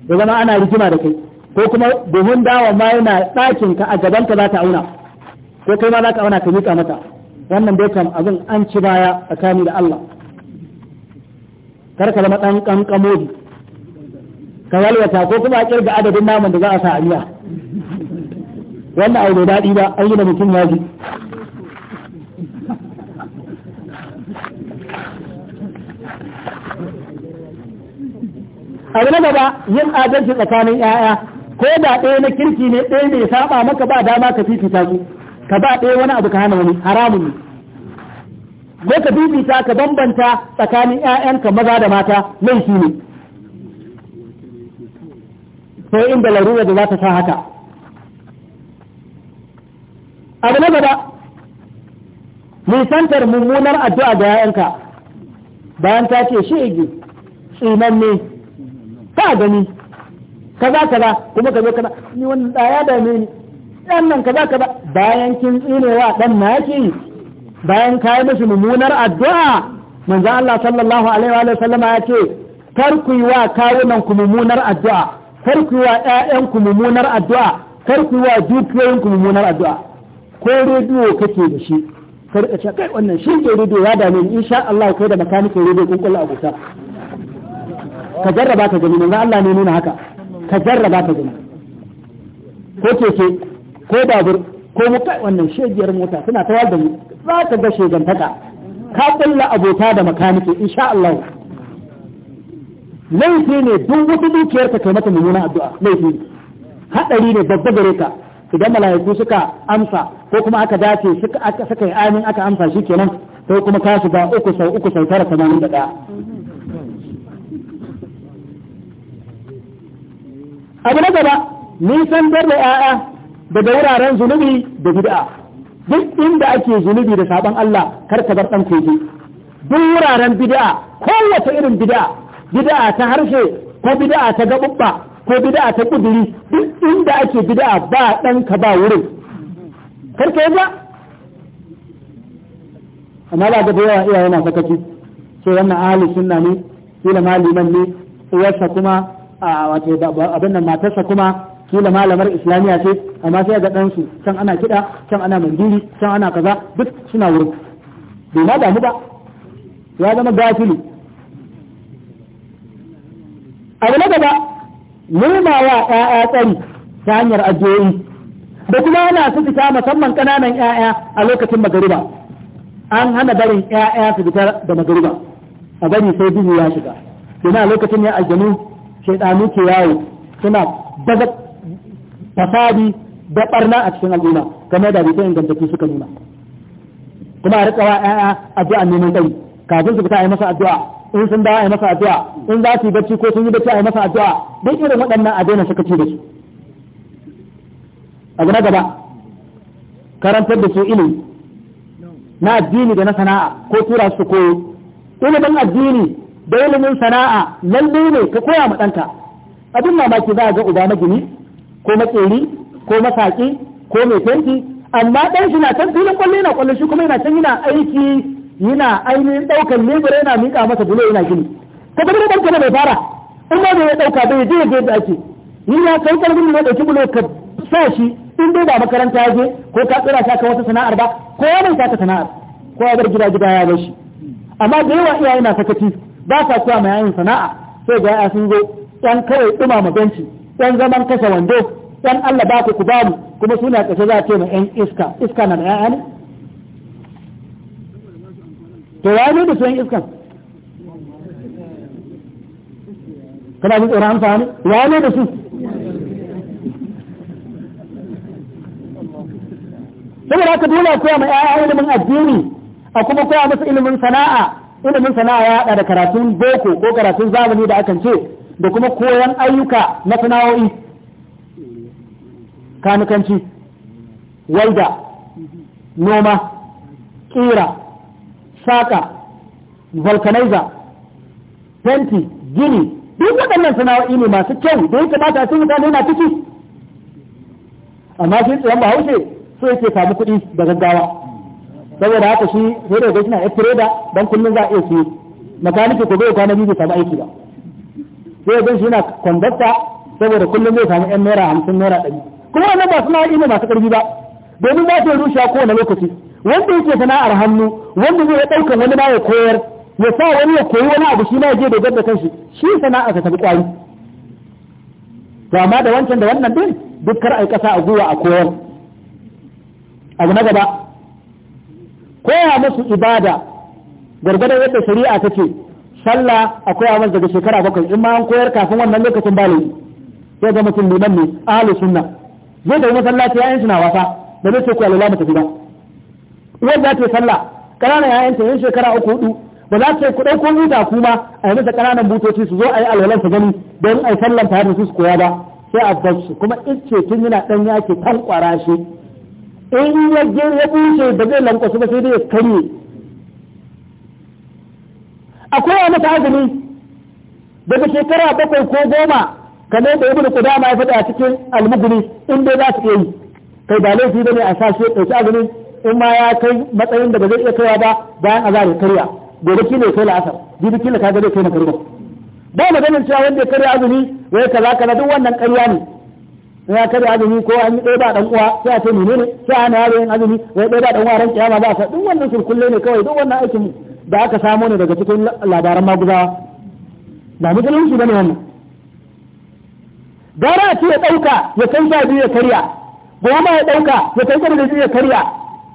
da zama ana rigima da kai ko kuma domin dawa ma yana ɗakin ka a gaban ka za ta auna ko kai ma za ka auna ka miƙa mata wannan dai kam abin an ci baya tsakani da Allah kar ka zama ɗan ƙanƙamo ka walwata ko kuma a kirga adadin naman da za a sa a miya wannan abu bai daɗi ba an yi da mutum yaji abu na gaba yin adalci tsakanin 'ya'ya ko da ɗaya na kirki ne ɗaya mai saba maka ba dama ka fifita su ka ba ɗaya wani abu ka hana wani haramun ne ko ka fifita ka bambanta tsakanin 'ya'yanka maza da mata laifi ne sai inda larura da za ta sa haka abu na gaba nisantar mummunar addu'a ga 'ya'yanka bayan ta ce shi igi tsinan ne a gani kaza kaza kuma kaza kaza ni wannan da ya dame ni dan nan kaza kaza bayan kin tsinewa dan naki bayan kai mishi mummunar addu'a manzo Allah sallallahu alaihi wa sallama ya ce kar ku yi wa kawunan ku mummunar addu'a kar ku yi wa ƴaƴan ku mummunar addu'a kar ku yi wa dukiyoyin ku mummunar addu'a ko rediyo kake da shi kar ka ce kai wannan shi ke rediyo ya dame ni insha Allah kai da makanikin rediyo kun kula abota ka jarraba ka gani manzo Allah ne nuna haka ka jarraba ka gani ko keke ko babur ko muka wannan shegiyar mota suna ta da mu za ka ga taka ka kulla abota da makaniki insha Allah laifi ne duk wata dukiyar ka kai mata mummuna addu'a laifi ne hadari ne babba gare ka idan mala'iku suka amsa ko kuma aka dace suka aka saka amin aka amsa shi kenan sai kuma ka shiga uku sau uku sau tara tamanin da daya abu na gaba nisan da ya'ya daga wuraren zunubi da bid'a duk inda ake zunubi da sabon Allah kar ka bar dan kogi duk wuraren bid'a kowace irin bid'a bid'a ta harshe ko bid'a ta gabubba ko bid'a ta kuduri duk inda ake bid'a ba dan ka ba wurin kar ka ba amma ba ga yawa iyaye na sakaci sai wannan ahli sunna ne kila maliman ne uwarsa kuma a wato abin nan matarsa kuma kila malamar islamiya ce amma sai ga ɗansu can ana kiɗa can ana mandiri can ana kaza duk suna wurin bai ma damu ba ya zama gafili abu na gaba nema wa ƴaƴa tsari ta hanyar ajiyoyi da kuma ana su fita musamman ƙananan ƴaƴa a lokacin magariba an hana barin ƴaƴa su fita da magariba a bari sai duhu ya shiga domin a lokacin ya aljanu shaidanu ke yawo suna daga fasadi da barna a cikin al'umma kamar da bitan ingantattu suka nuna kuma a wa ƴaƴa addu'a neman tsayi kafin su fita a yi masa addu'a in sun dawo a yi masa addu'a in za su yi bacci ko sun yi bacci a yi masa addu'a duk irin waɗannan a daina suka ci da su abu na gaba karantar da su ilimi na addini da na sana'a ko tura su koyo ilimin addini da ilimin sana'a lalle ne ka koya ma ɗanka abin mamaki za a ga uba magini ko matseri ko masaki ko mai fenti amma ɗan shi na can filin kwallo yana kwallo shi kuma yana can yana aiki yana ainihin ɗaukar lebura yana miƙa masa bulo yana gini ka ga da ɗanka bai fara in ma bai ɗauka bai je ya da ake yi ya kai ne da ɗauki bulo ka sa shi in dai ba makaranta ya je ko ka tsira ta ka wata sana'ar ba ko ya bai ta sana'ar ko ya bar gida gida ya bar shi amma da yawa iyaye na sakaci ba sa cewa mai yayin sana'a sai ga ya sun zo ɗan kawai ɗumama maganci ɗan zaman kashe wando ɗan Allah ba ku ku ba mu kuma suna kashe za a ce mai ‘yan iska iska na da ‘ya'ya ne to ya ne da su ‘yan iskan kana ji tsoron amsa ne ya ne da su saboda haka dole a koya mai ‘ya'ya ilimin addini a kuma koya masa ilimin sana'a ilimin sana'a ya haɗa da karatun boko ko karatun zamani da akan ce da kuma koyon ayyuka na sana'o'i kanukanci walda noma ƙira saka, vulcanizer fenti gini duk waɗannan sana'o'i ne masu kyau da ya kamata a cikin na ciki amma shi tsayan bahaushe so yake samu kuɗi da gaggawa saboda haka shi sai da gashi na ya trader don kullun za a iya su makaniki ko bai kwana biyu bai samu aiki ba sai dan shi yana conductor saboda kullum zai samu yan naira hamsin naira ɗari kuma wannan ba suna ne masu ƙarfi ba domin ba su rushe a kowane lokaci wanda yake sana'ar hannu wanda zai ya ɗaukan wani ma ya koyar ya sa wani ya koyi wani abu shi ma ya je dogar da kanshi shi sana'a ta tafi ƙwari to amma da wancan da wannan din duk kar a yi ƙasa a guwa a koyar abu na gaba koya musu ibada gwargwadon yadda shari'a take ce sallah a koya musu daga shekara bakwai in ma an koyar kafin wannan lokacin ba laifi sai ga mutum liman ne ahlu sunna zai tafi masallaci yayin suna wasa da zai ce ku alala mu tafi ba uwar za ta sallah ƙananan yayin ta yin shekara uku hudu ba za ta yi ku ko buta kuma a yi masa ƙananan butoci su zo a yi alwalan su gani don a yi sallan tare da su su koya ba sai a bar kuma ice tun yana ɗan yake kan ƙwara shi in ya je ya bushe ba zai lankwasu ba sai dai ya karye akwai wani mata azumi daga shekara bakwai ko goma kamar da ibnu qudama ya faɗa cikin almuguni in dai za su yi kai ba laifi bane a sa shi ɗauki azumi in ma ya kai matsayin da ba zai iya kaiwa ba bayan azhar karya gobe ne kai la'asar jibi kila ga zai kai na karya ba maganin cewa wanda ya karya azumi wai kaza kaza duk wannan karya ne ya karya azumi ko an yi ɗaya ba ɗan uwa sai a ce menene sai ana yaro yin azumi wai ɗaya ba ɗan uwa ran kiyama ba sa duk wannan surkulle ne kawai duk wannan aikin da aka samo ne daga cikin labaran maguzawa ba shi bane wannan gara ce ya ɗauka ya kai sha biyu ya karya goma ya ɗauka ya kai sha biyu ya karya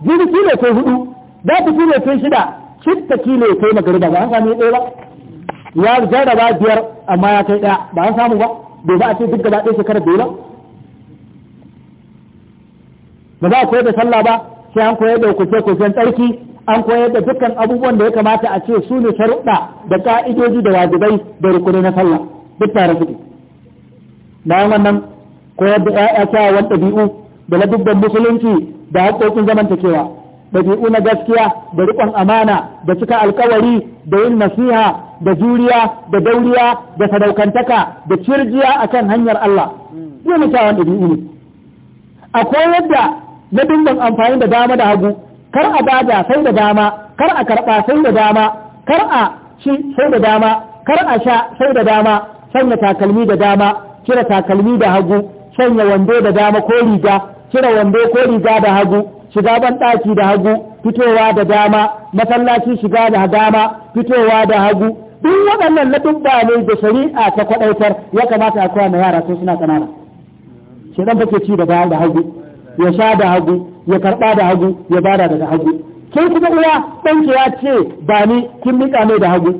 biyu kilo kai hudu za ta kilo kai shida shidda kilo ya kai magariba ba an sami ɗaya ba ya jarraba biyar amma ya kai ɗaya ba an samu ba bai ba a ce duk gaba ɗaya shekarar biyu ba ba za a koyar da sallah ba sai an koyar da kuce hukuncen tsarki an koyar da dukkan abubuwan da ya kamata a ce su ne sharuɗa da ka'idoji da wajibai da rukunai na sallah duk tare suke bayan wannan koyar da ƴaƴa wani ɗabi'u da na dubban musulunci da haƙoƙin zamantakewa ɗabi'u na gaskiya da riƙon amana da cika alƙawari da yin nasiha da juriya da dauriya da sadaukantaka da cirjiya akan hanyar Allah duk mutawan ɗabi'u ne akwai yadda na dingan amfani da dama da hagu kar a bada sai da dama kar a karɓa sai da dama kar a ci sai da dama kar a sha sai da dama sanya takalmi da dama cire takalmi da hagu sanya wando da dama ko riga cire wando ko riga da hagu shiga ban da hagu fitowa da dama masallaci shiga da dama fitowa da hagu duk waɗannan ladubba ne da shari'a ta kwaɗaitar ya kamata a koya ma yara sun suna ƙanana shedan take ci da da hagu ya sha da hagu ya karɓa da hagu ya bada daga hagu ke kuma uwa ɗanki ya ce ba ni kin mika mai da hagu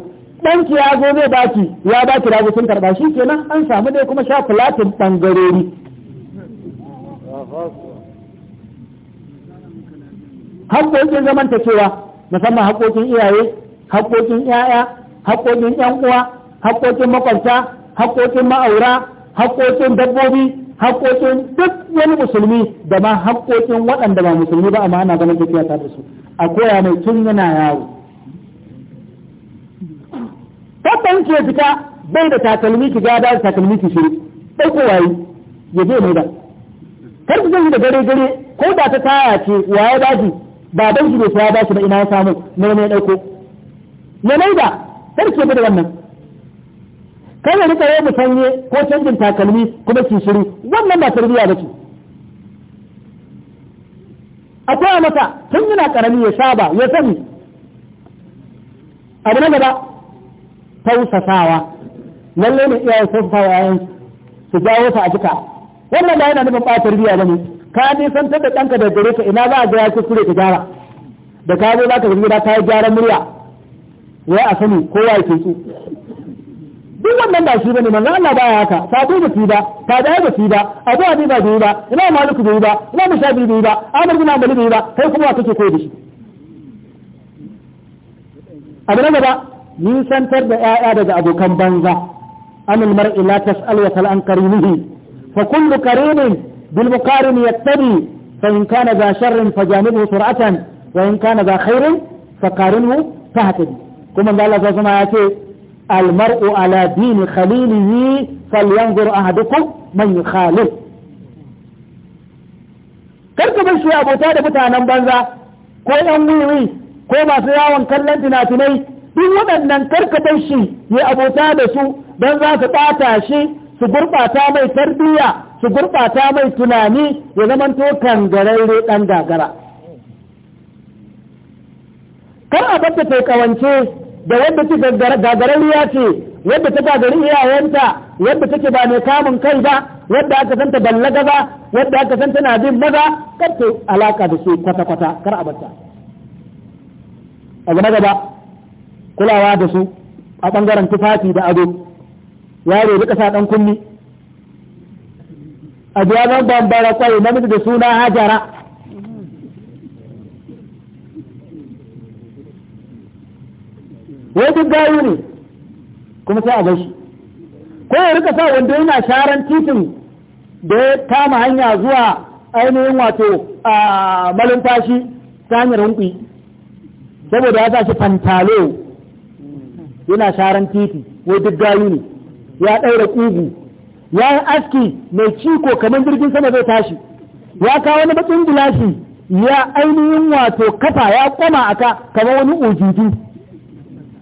ɗanki ya zo zai baki ya baki hagu sun karɓa shi kenan an samu dai kuma sha fulatin ɓangarori haƙoƙin cewa musamman haƙoƙin iyaye haƙoƙin 'ya'ya haƙoƙin 'yan uwa haƙoƙin makwabta haƙoƙin ma'aura haƙoƙin dabbobi haƙoƙin duk wani musulmi da ma haƙoƙin waɗanda ba musulmi ba amma ana ganin tafiya ta da su a koya mai tun yana yawo babban ke fita bai da takalmi ki gada da takalmi ki shiru ɗauko waye ya je mai ba kar ki zai da gare gare ko da ta taya ce waye ba shi baban shi bai saya ba shi ba ina ya samu ne mai ɗauko ya mai da kar ke bi da wannan kada rika yau mu sanye ko canjin takalmi kuma ki shiru wannan ba tarbiya bace akwai masa tun yana karami ya saba ya sani abu na gaba tausasawa lalle ne iyayen tausasawa yayin su jawo sa a jika wannan ba yana nufin ba tarbiya bane ka ne san da ɗanka da gare ka ina za a ga ya kure ka gyara da ka zo za ka gida ka yi gyaran murya wai a sani kowa ya ke duk wannan ba shi bane manzo Allah baya haka sabai da fi ba tabi'a da fi ba abu abi ba da ba ina maliku da ba ina mushabi da ba amir bin amali da ba kai kuma wa kake koyi da shi abu na gaba nisantar da 'ya'ya daga abokan banza anil mar'i la tas'al wa sal an karimihi fa kullu karimin bil muqarin yattabi fa in kana za sharrin fajanibhu sur'atan wa in kana za khairin fa qarinhu fahtadi kuma manzo Allah ya ce المرء على دين خليله فلينظر أحدكم من يخالف karka bar shi abota da mutanen banza ko yan wiwi ko masu yawon kallon tunatunai duk waɗannan karka bar shi ya abota da su don za su ɓata shi su gurɓata mai tarbiyya su gurɓata mai tunani ya zamanto kangararre ɗan gagara kar a bata kawance da wanda ta gagararriya ce wadda ta gagari iyayenta wadda take ba mai kamun kai ba wadda aka santa ballaga ba wadda aka san tana bin maza kar ta alaka da su kwata kwata kar a bata a gaba gaba kulawa da su a bangaren tufafi da ado yaro duka sa dan kunni a biya ban bambara kwai namiji da suna hajara wai duk gayu ne kuma sai a gashi ko ya rika sa wanda yana sharan titin da ya kama hanya zuwa ainihin wato a malumfashi ta hanyar hunkwi saboda ya sa shi fantalo yana sharan titi wai duk gayu ne ya ɗaura ƙugu ya yi aski mai ciko kamar jirgin sama zai tashi ya kawo wani bakin gilashi ya ainihin wato kafa ya kwama aka kamar wani ojiji.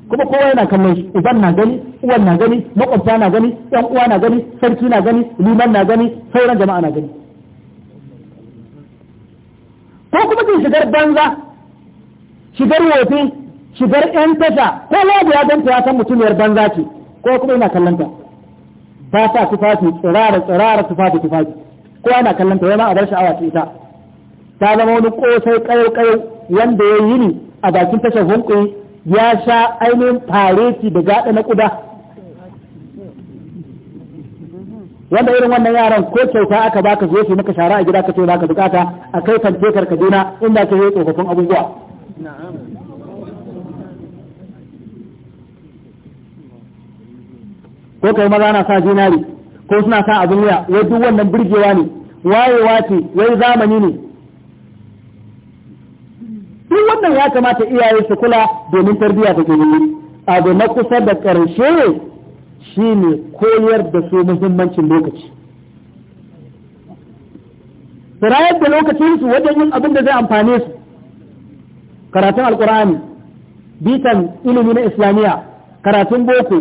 kuma kowa yana kallon shi uban na gani uwan na gani makwabta na gani yan uwa na gani sarki na gani liman na gani sauran jama'a na gani ko kuma ke shigar banza shigar wofi shigar yan tasha ko labu ya danta ya san 'yar banza ce ko kuma yana kallon ta ba sa tufafi tsirara tsirara tufafi tufafi ko yana kallon ta yana a bar sha'awa ce ita ta zama wani kosai kayo kayo wanda ya yi ni a bakin tashar hunkuyi ya sha ainihin fareti da gaɗa na ƙuda wanda irin wannan yaran ko kyauta aka baka zo shi maka shara a gida ka ce za ka bukata a kai kan tekar kaduna inda ka yi tsofaffin abubuwa ko kai maza na sa zinari ko suna sa abin wuya wai duk wannan birgewa ne wayewa ce wai zamani ne duk wannan ya kamata iyaye su kula domin tarbiyya ta gini abu na kusa da ƙarshe shi ne koyar da su muhimmancin lokaci su rayar lokacin lokacinsu wajen yin abin da zai amfane su karatun alkur'ani bitan ilimi na islamiyya karatun boko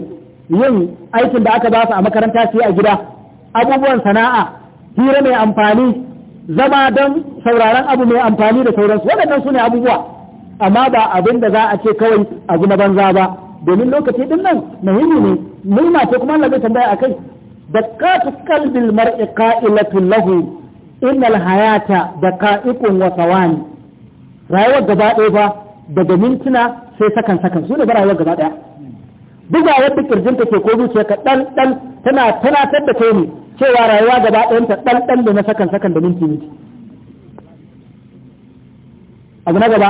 yin aikin da aka ba su a makaranta su yi a gida abubuwan sana'a hira mai amfani zama don sauraron abu mai amfani da sauransu waɗannan su ne abubuwa amma ba abin da za a ce kawai abu na banza ba domin lokaci din nan muhimmi ne nima ce kuma Allah zai tambaya akai dakatu kalbin mar'i qa'ilatun lahu innal hayata da daqa'iqun wa wani. rayuwar gaba ɗaya ba daga mintuna sai sakan sakan su ne ba rayuwar gaba ɗaya buga wata kirjinta ke ko zuciya ka ɗan ɗan tana tana da ne cewa rayuwa gaba ɗayanta ɗanɗan da na sakan sakan da minti minti abu na gaba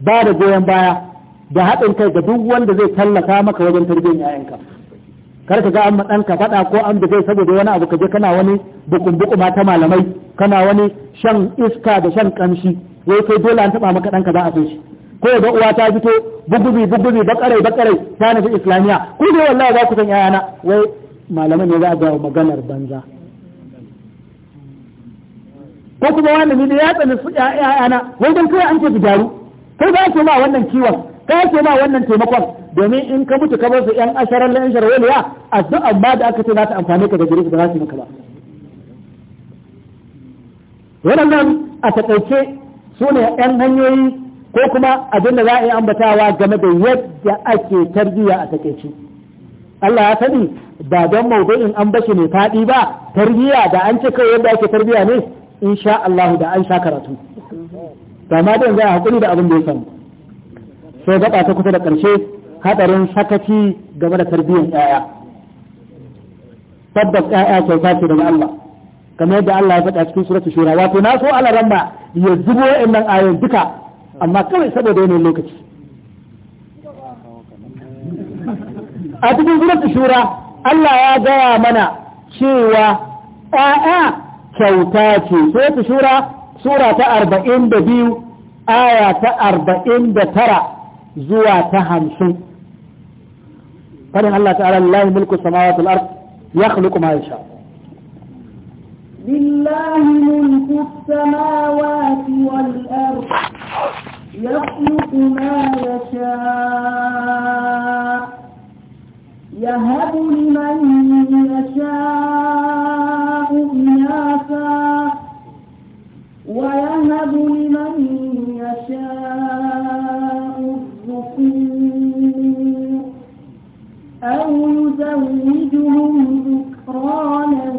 ba da goyon baya da haɗin kai ga duk wanda zai tallata maka wajen tarbiyyar yayanka kar ka ga an ɗanka faɗa ko an da zai saboda wani abu ka je kana wani bukun ma ta malamai kana wani shan iska da shan ƙamshi wai kai dole an taɓa maka ɗanka za a so shi ko da uwa ta fito bugubi bugubi bakarai bakarai ta nufi islamiya ku ne wallahi za ku san yayana wai malaman ne za a gawo maganar banza ko kuma wani ne ya tsani su ƴaƴana wai kai an ce ki daru kai ba ce ma wannan kiwon kai ce ma wannan taimakon domin in ka mutu ka bar su ƴan asharar lan sharwaliya addu'an ba da aka ce za ta amfani ka da gari ba za su maka ba waɗannan a taƙaice su ne ƴan hanyoyi ko kuma abin da za a yi ambatawa game da yadda ake tarbiyya a taƙaice. Allah ya sani ba don maudu'in an bashi ne faɗi ba tarbiyya da an ce kawai yadda ake tarbiyya ne insha Allah da an sha karatu ba ma dan zai hakuri da abin da ya samu sai gaba ta kusa da ƙarshe hadarin sakaci game da tarbiyyar yaya tabbas yaya kyauta sace daga Allah kamar yadda Allah ya faɗa cikin suratul shura wato na so Allah ramma ya zubo wa'annan ayoyin duka amma kawai saboda yanayin lokaci a cikin suratul shura Allah ya gaya mana cewa a'a kyauta ce suratul shura sura ta 42 aya ta 49 zuwa ta 50 fadin Allah ta'ala lillahi mulku samawati wal ard yakhluqu ma yasha لله ملك السماوات والأرض يخلق ما يشاء يهب لمن يشاء إناثا ويهب لمن يشاء الذكور أو يزوجهم ذكرانا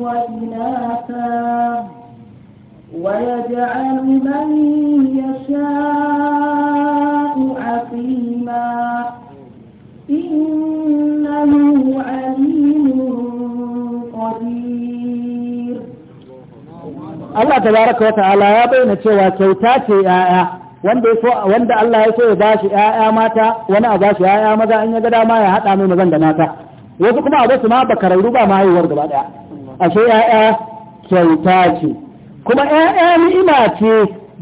وإناثا ويجعل من يشاء Allah ta baraka wa ta'ala ya bayyana cewa kyauta ce ya'ya wanda wanda Allah ya so ya ba shi ya'ya mata wani a shi ya'ya maza an ya ga dama ya haɗa mai mazan da mata wasu kuma a su ma bakararru ba mahaihuwar gaba ɗaya ashe ya'ya kyauta ce kuma ya'ya ni'ima ce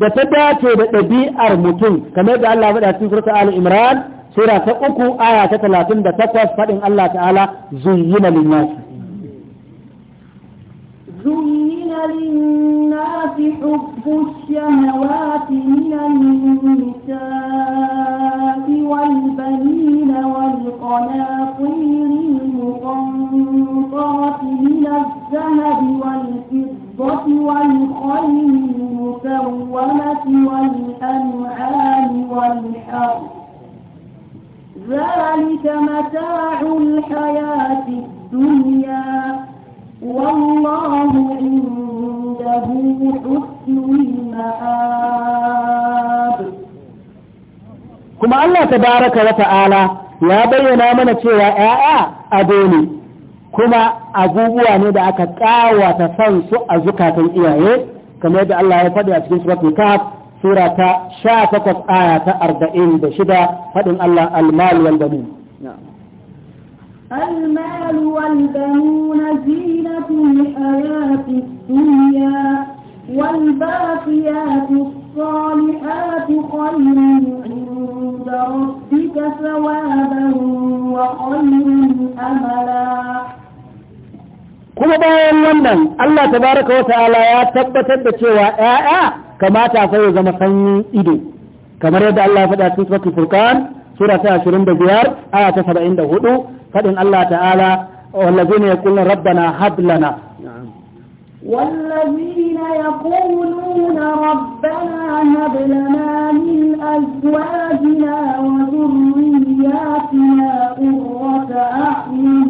da ta dace da ɗabi'ar mutum kamar da Allah faɗa cikin surata al-Imran sura ta uku aya ta talatin da takwas faɗin Allah ta'ala zuyyina lin zuyyina حب الشهوات من النساء والبنين والقناطير المقنطرة من الذهب والفضة والخيل المسومة والأنعام والحرث ذلك متاع الحياة الدنيا والله عنده kuma Allah ta baraka wa ta'ala ya bayyana mana cewa ‘ya’ya a ne kuma abubuwa ne da aka kawo ta su a zukatan iyaye kamar yadda Allah ya faɗi a cikin suratul kaf sura ta sha takwas aya ta arba'in da shida faɗin Allah almalu wal banu almalu wal banu na zinatun hayatik الدنيا والباقيات الصالحات خير عند ربك ثوابا وخير أملا kuma bayan wannan Allah ta baraka wa ta'ala ya tabbatar da cewa ‘ya'ya kamata sai ya zama sanyi ido kamar yadda Allah ya faɗa cikin suratul furqan sura ta 25 aya ta 74 fadin Allah ta'ala wallazina yaquluna rabbana hab lana والذين يقولون ربنا هب لنا من أزواجنا وذرياتنا قرة أعين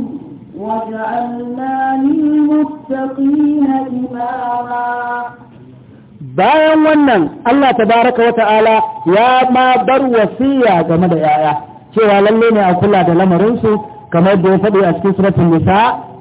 واجعلنا للمتقين إماما bayan wannan Allah tabaraka wa ta'ala ya ma bar wasiya game da yaya cewa lalle ne a kula da lamarinsu kamar da ya faɗi a cikin suratul nisa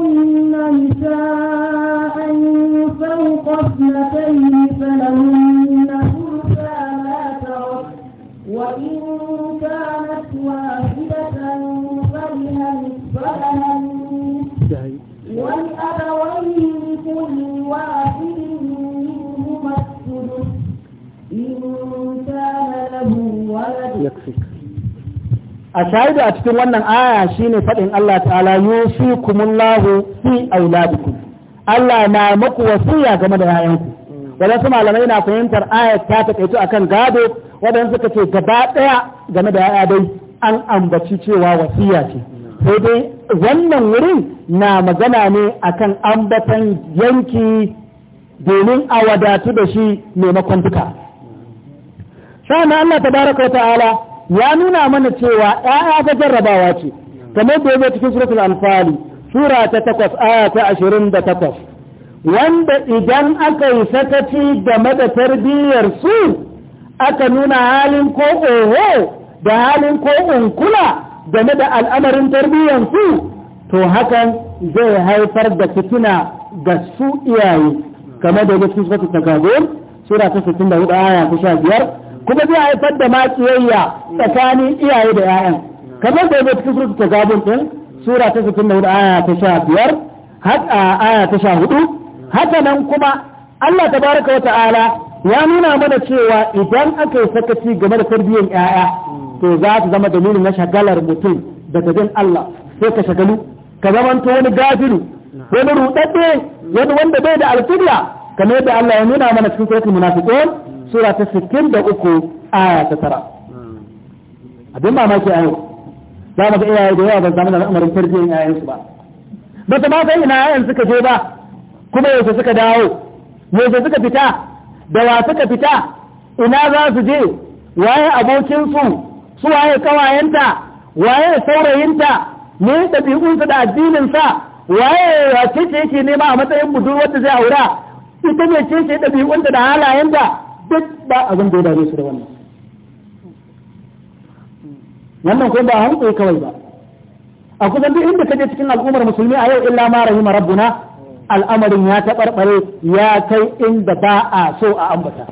كن نساء فوق اثنتين فلهن ثلثا ما ترك وإن كانت واحدة فلها النصف ولأبويه لكل واحد منهما السدس إن كان له ولد يكفيك a shaidu a cikin wannan aya shine faɗin Allah ta'ala yusikumullahu fi auladikum Allah na maku wasiya game da yayanku wadansu malamai na fahimtar aya ta a akan gado wadansu suka ce gaba ɗaya game da yaya dai an ambaci cewa wasiya ce sai dai wannan wurin na magana ne akan ambatan yanki domin a wadatu da shi maimakon duka. Sa'an Allah tabaraka wa ta'ala ya nuna mana cewa ɗaya ta jarrabawa ce kamar da yake cikin suratul anfali sura ta takwas aya ta ashirin da takwas wanda idan aka yi sakaci game da tarbiyyar su aka nuna halin ko oho da halin ko unkula game da al'amarin tarbiyyar su to hakan zai haifar da fitina ga su iyaye kamar da yake cikin suratul takabbur sura ta 64 aya ta 15 kuma zai haifar da makiyayya tsakanin iyaye da 'ya'yan kamar da yadda cikin surutu tagabun din sura ta sittin da hudu aya ta sha biyar aya ta sha hudu haka nan kuma Allah ta baraka wa ta'ala ya nuna mana cewa idan aka yi sakaci game da tarbiyyar 'ya'ya to za su zama dalilin na shagalar mutum daga jin Allah sai ka shagalu ka zamanto wani gafiru wani rudadde wani wanda bai da alƙibla kamar yadda Allah ya nuna mana cikin suratul munafiqun sura ta da uku aya ta tara abin mamaki mace ayo za mu ga iyaye da yawa ban samu da al'amarin tarbiyyar yayansu ba ba ta ma yi ina yayan suka je ba kuma yaushe suka dawo yaushe suka fita da wa suka fita ina za su je waye abokinsu su waye kawayenta waye saurayinta ne ɗabi'unsa da addininsa waye ya ce yake nema a matsayin budurwar da zai aura ita ne ce ce ɗabi'unta da halayenta duk ba abin da ya dame su da wannan wannan ko ba hanko kawai ba a kusan duk inda kaje cikin al'ummar musulmi a yau illa ma rahima rabbuna al'amarin ya taɓarɓare ya kai inda ba a so a ambata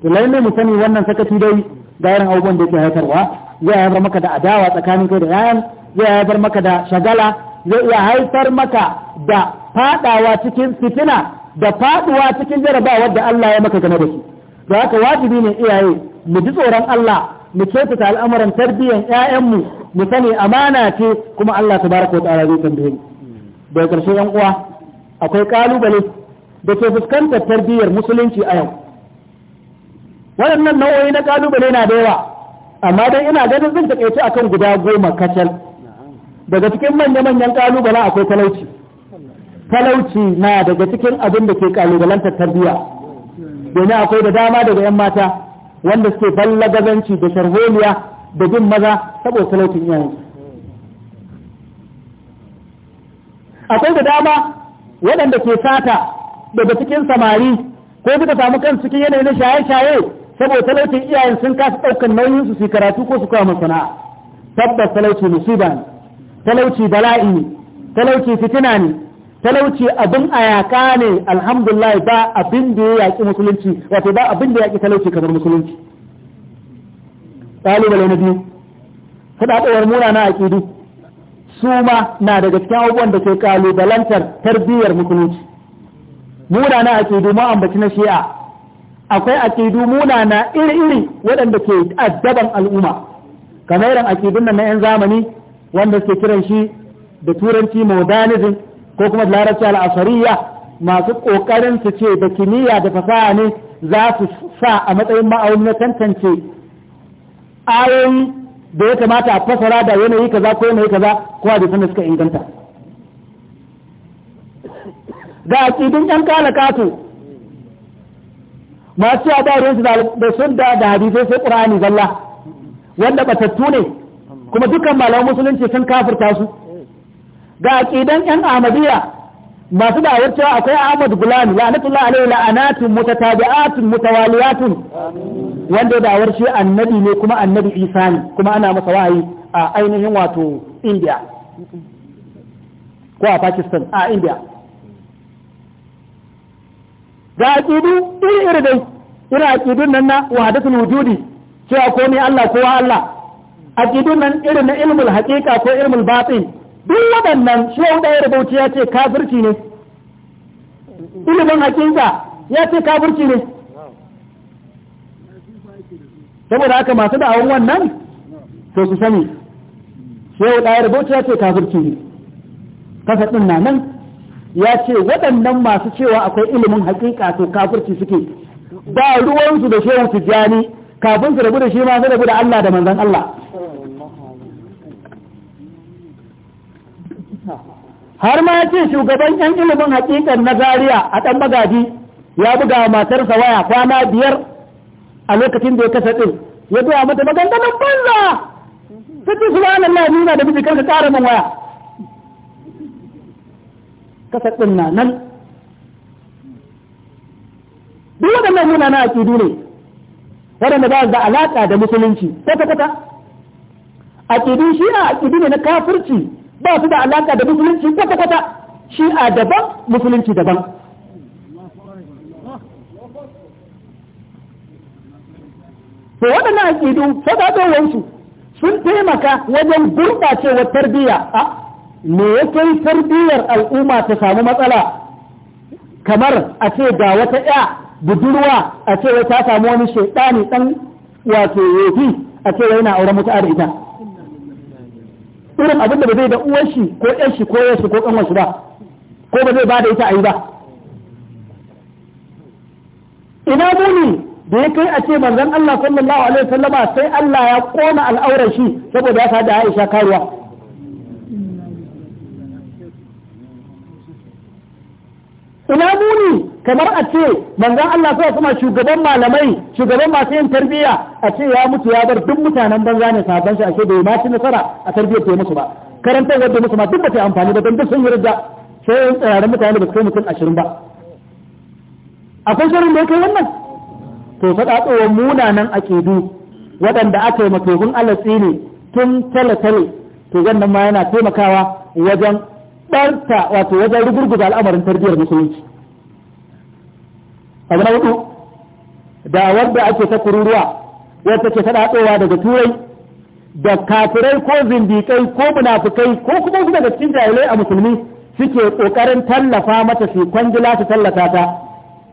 to lalle mu sani wannan sakaci dai ga irin abubuwan da yake haifarwa zai haifar maka da adawa tsakanin kai da yayan zai haifar maka da shagala zai iya haifar maka da fadawa cikin fitina da faduwa cikin jarabawa wadda Allah ya maka game da shi da haka wajibi ne iyaye mu ji tsoron Allah mu kyautata al'amuran tarbiyyar ƴaƴanmu mu sani amana ce kuma Allah tabaraka wa ta'ala zai tambaye mu daga karshe yan uwa akwai kalubale da ke fuskantar tarbiyyar musulunci a yau waɗannan nau'o'i na kalubale na da yawa amma dai ina ganin zan takaice akan guda goma kacal daga cikin manya-manyan kalubale akwai talauci talauci na daga cikin abin da ke kalubalantar tarbiyya domin akwai da dama daga 'yan mata wanda suke ballagazanci da sharholiya da bin maza saboda talaucin iyayen akwai da dama waɗanda ke sata daga cikin samari ko suka samu kan cikin yanayi na shaye-shaye saboda talaucin iyayen sun kasa ɗaukar nauyin su su karatu ko su kawo masana'a tabbas talauci musiba ne talauci bala'i ne talauci fitina ne talauci abin ayaka ne alhamdulillah ba abin da ya yaki musulunci wato ba abin da ya yaki talauci kamar musulunci ɗalibale na biyu faɗaɗawar muna na aƙidu su ma na daga cikin abubuwan da ke ƙalubalantar tarbiyyar musulunci muna na aƙidu ma ambaci na shi'a akwai aƙidu muna na iri-iri waɗanda ke addaban al'umma kamar irin aƙidun nan na 'yan zamani wanda suke kiran shi da turanci modernism ko kuma larabci al'asariya masu kokarin su ce da kimiyya da fasaha ne za su sa a matsayin ma'auni na tantance ayoyi da ya kamata a fasara da yanayi kaza ko yanayi kaza ko a da suka inganta ga aƙidin ƴan kala kato masu yawa ba ruwansu da sun da da hadisai sai ƙura'ani zalla wanda batattu ne kuma dukkan malamai musulunci sun kafirta su ga aqidan yan ahmadiyya masu da'awar cewa akwai ahmad gulam la'natullah alaihi la'anatun mutatabi'atun mutawaliyatun wanda da'awar shi annabi ne kuma annabi isa ne kuma ana masa wahayi a ainihin wato india ko a pakistan a india ga aqidu iri-iri dai ina aqidun nan na wahadatul wujudi cewa ko ne Allah kowa Allah aqidun nan irin na ilmul haqiqa ko ilmul batin duk waɗannan wanda ɗaya rubuci ya ce kafirci ne ilimin hakinka ya ce kafirci ne saboda haka masu da'awun wannan to su sani wanda ɗaya rubuci ya ce kafirci ne kasa ɗin na nan ya ce waɗannan masu cewa akwai ilimin hakika to kafirci suke ba ruwansu da shewansu jani kafin su rabu da shi ma su rabu da Allah da manzan Allah har ma ce shugaban yan ilimin hakikan na Zariya a ɗan magaji ya buga matarsa waya kwana biyar a lokacin da ya kasa ɗin ya zuwa mata maganganun banza ta ce na nuna da miji ka ƙara min waya kasa ɗin na nan duk waɗannan muna na aƙidu ne waɗanda ba da alaƙa da musulunci ta kwata aƙidu shi a ƙidu ne na kafirci ba su da alaka da musulunci kwata-kwata a daban musulunci daban to waɗannan aƙidu sadadowansu sun taimaka wajen gurɓacewar tarbiyya a me ya kai tarbiyyar al'umma ta samu matsala kamar a ce ga wata ya budurwa a ce ta samu wani shaidani ɗan wato yofi a ce yana auren mutu'ar ita irin abin da ba zai da uwan shi ko ɗan shi ko yar ko kanwar shi ba ko ba zai bada ita a yi ba ina muni da ya kai a ce manzon Allah sallallahu alaihi wasallama sai Allah ya ƙona al'aurar shi saboda ya sada Aisha karuwa ina muni kamar a ce manzon Allah sai kuma shugaban malamai shugaban masu yin tarbiyya a ce ya mutu ya bar duk mutanen banza ne sabon shi ake bai ma ci nasara a tarbiyyar ta musu ba karantar wadda musu ma duk ba ta amfani ba don duk sun yi rida sai yin tsararren mutane ba su kai mutum ashirin ba akwai shirin da ya kai wannan to tsohon munanan aƙidu waɗanda aka yi matogun Allah tsini tun tale to wannan ma yana taimakawa wajen ɓarta wato wajen rugurguza al'amarin tarbiyyar musulunci abu na hudu da wadda ake ta kururuwa wadda ke faɗaɗowa daga turai da kafirai ko zindikai ko munafukai ko kuma kuma daga cikin jahilai a musulmi suke ƙoƙarin tallafa mata su kwangila su tallata ta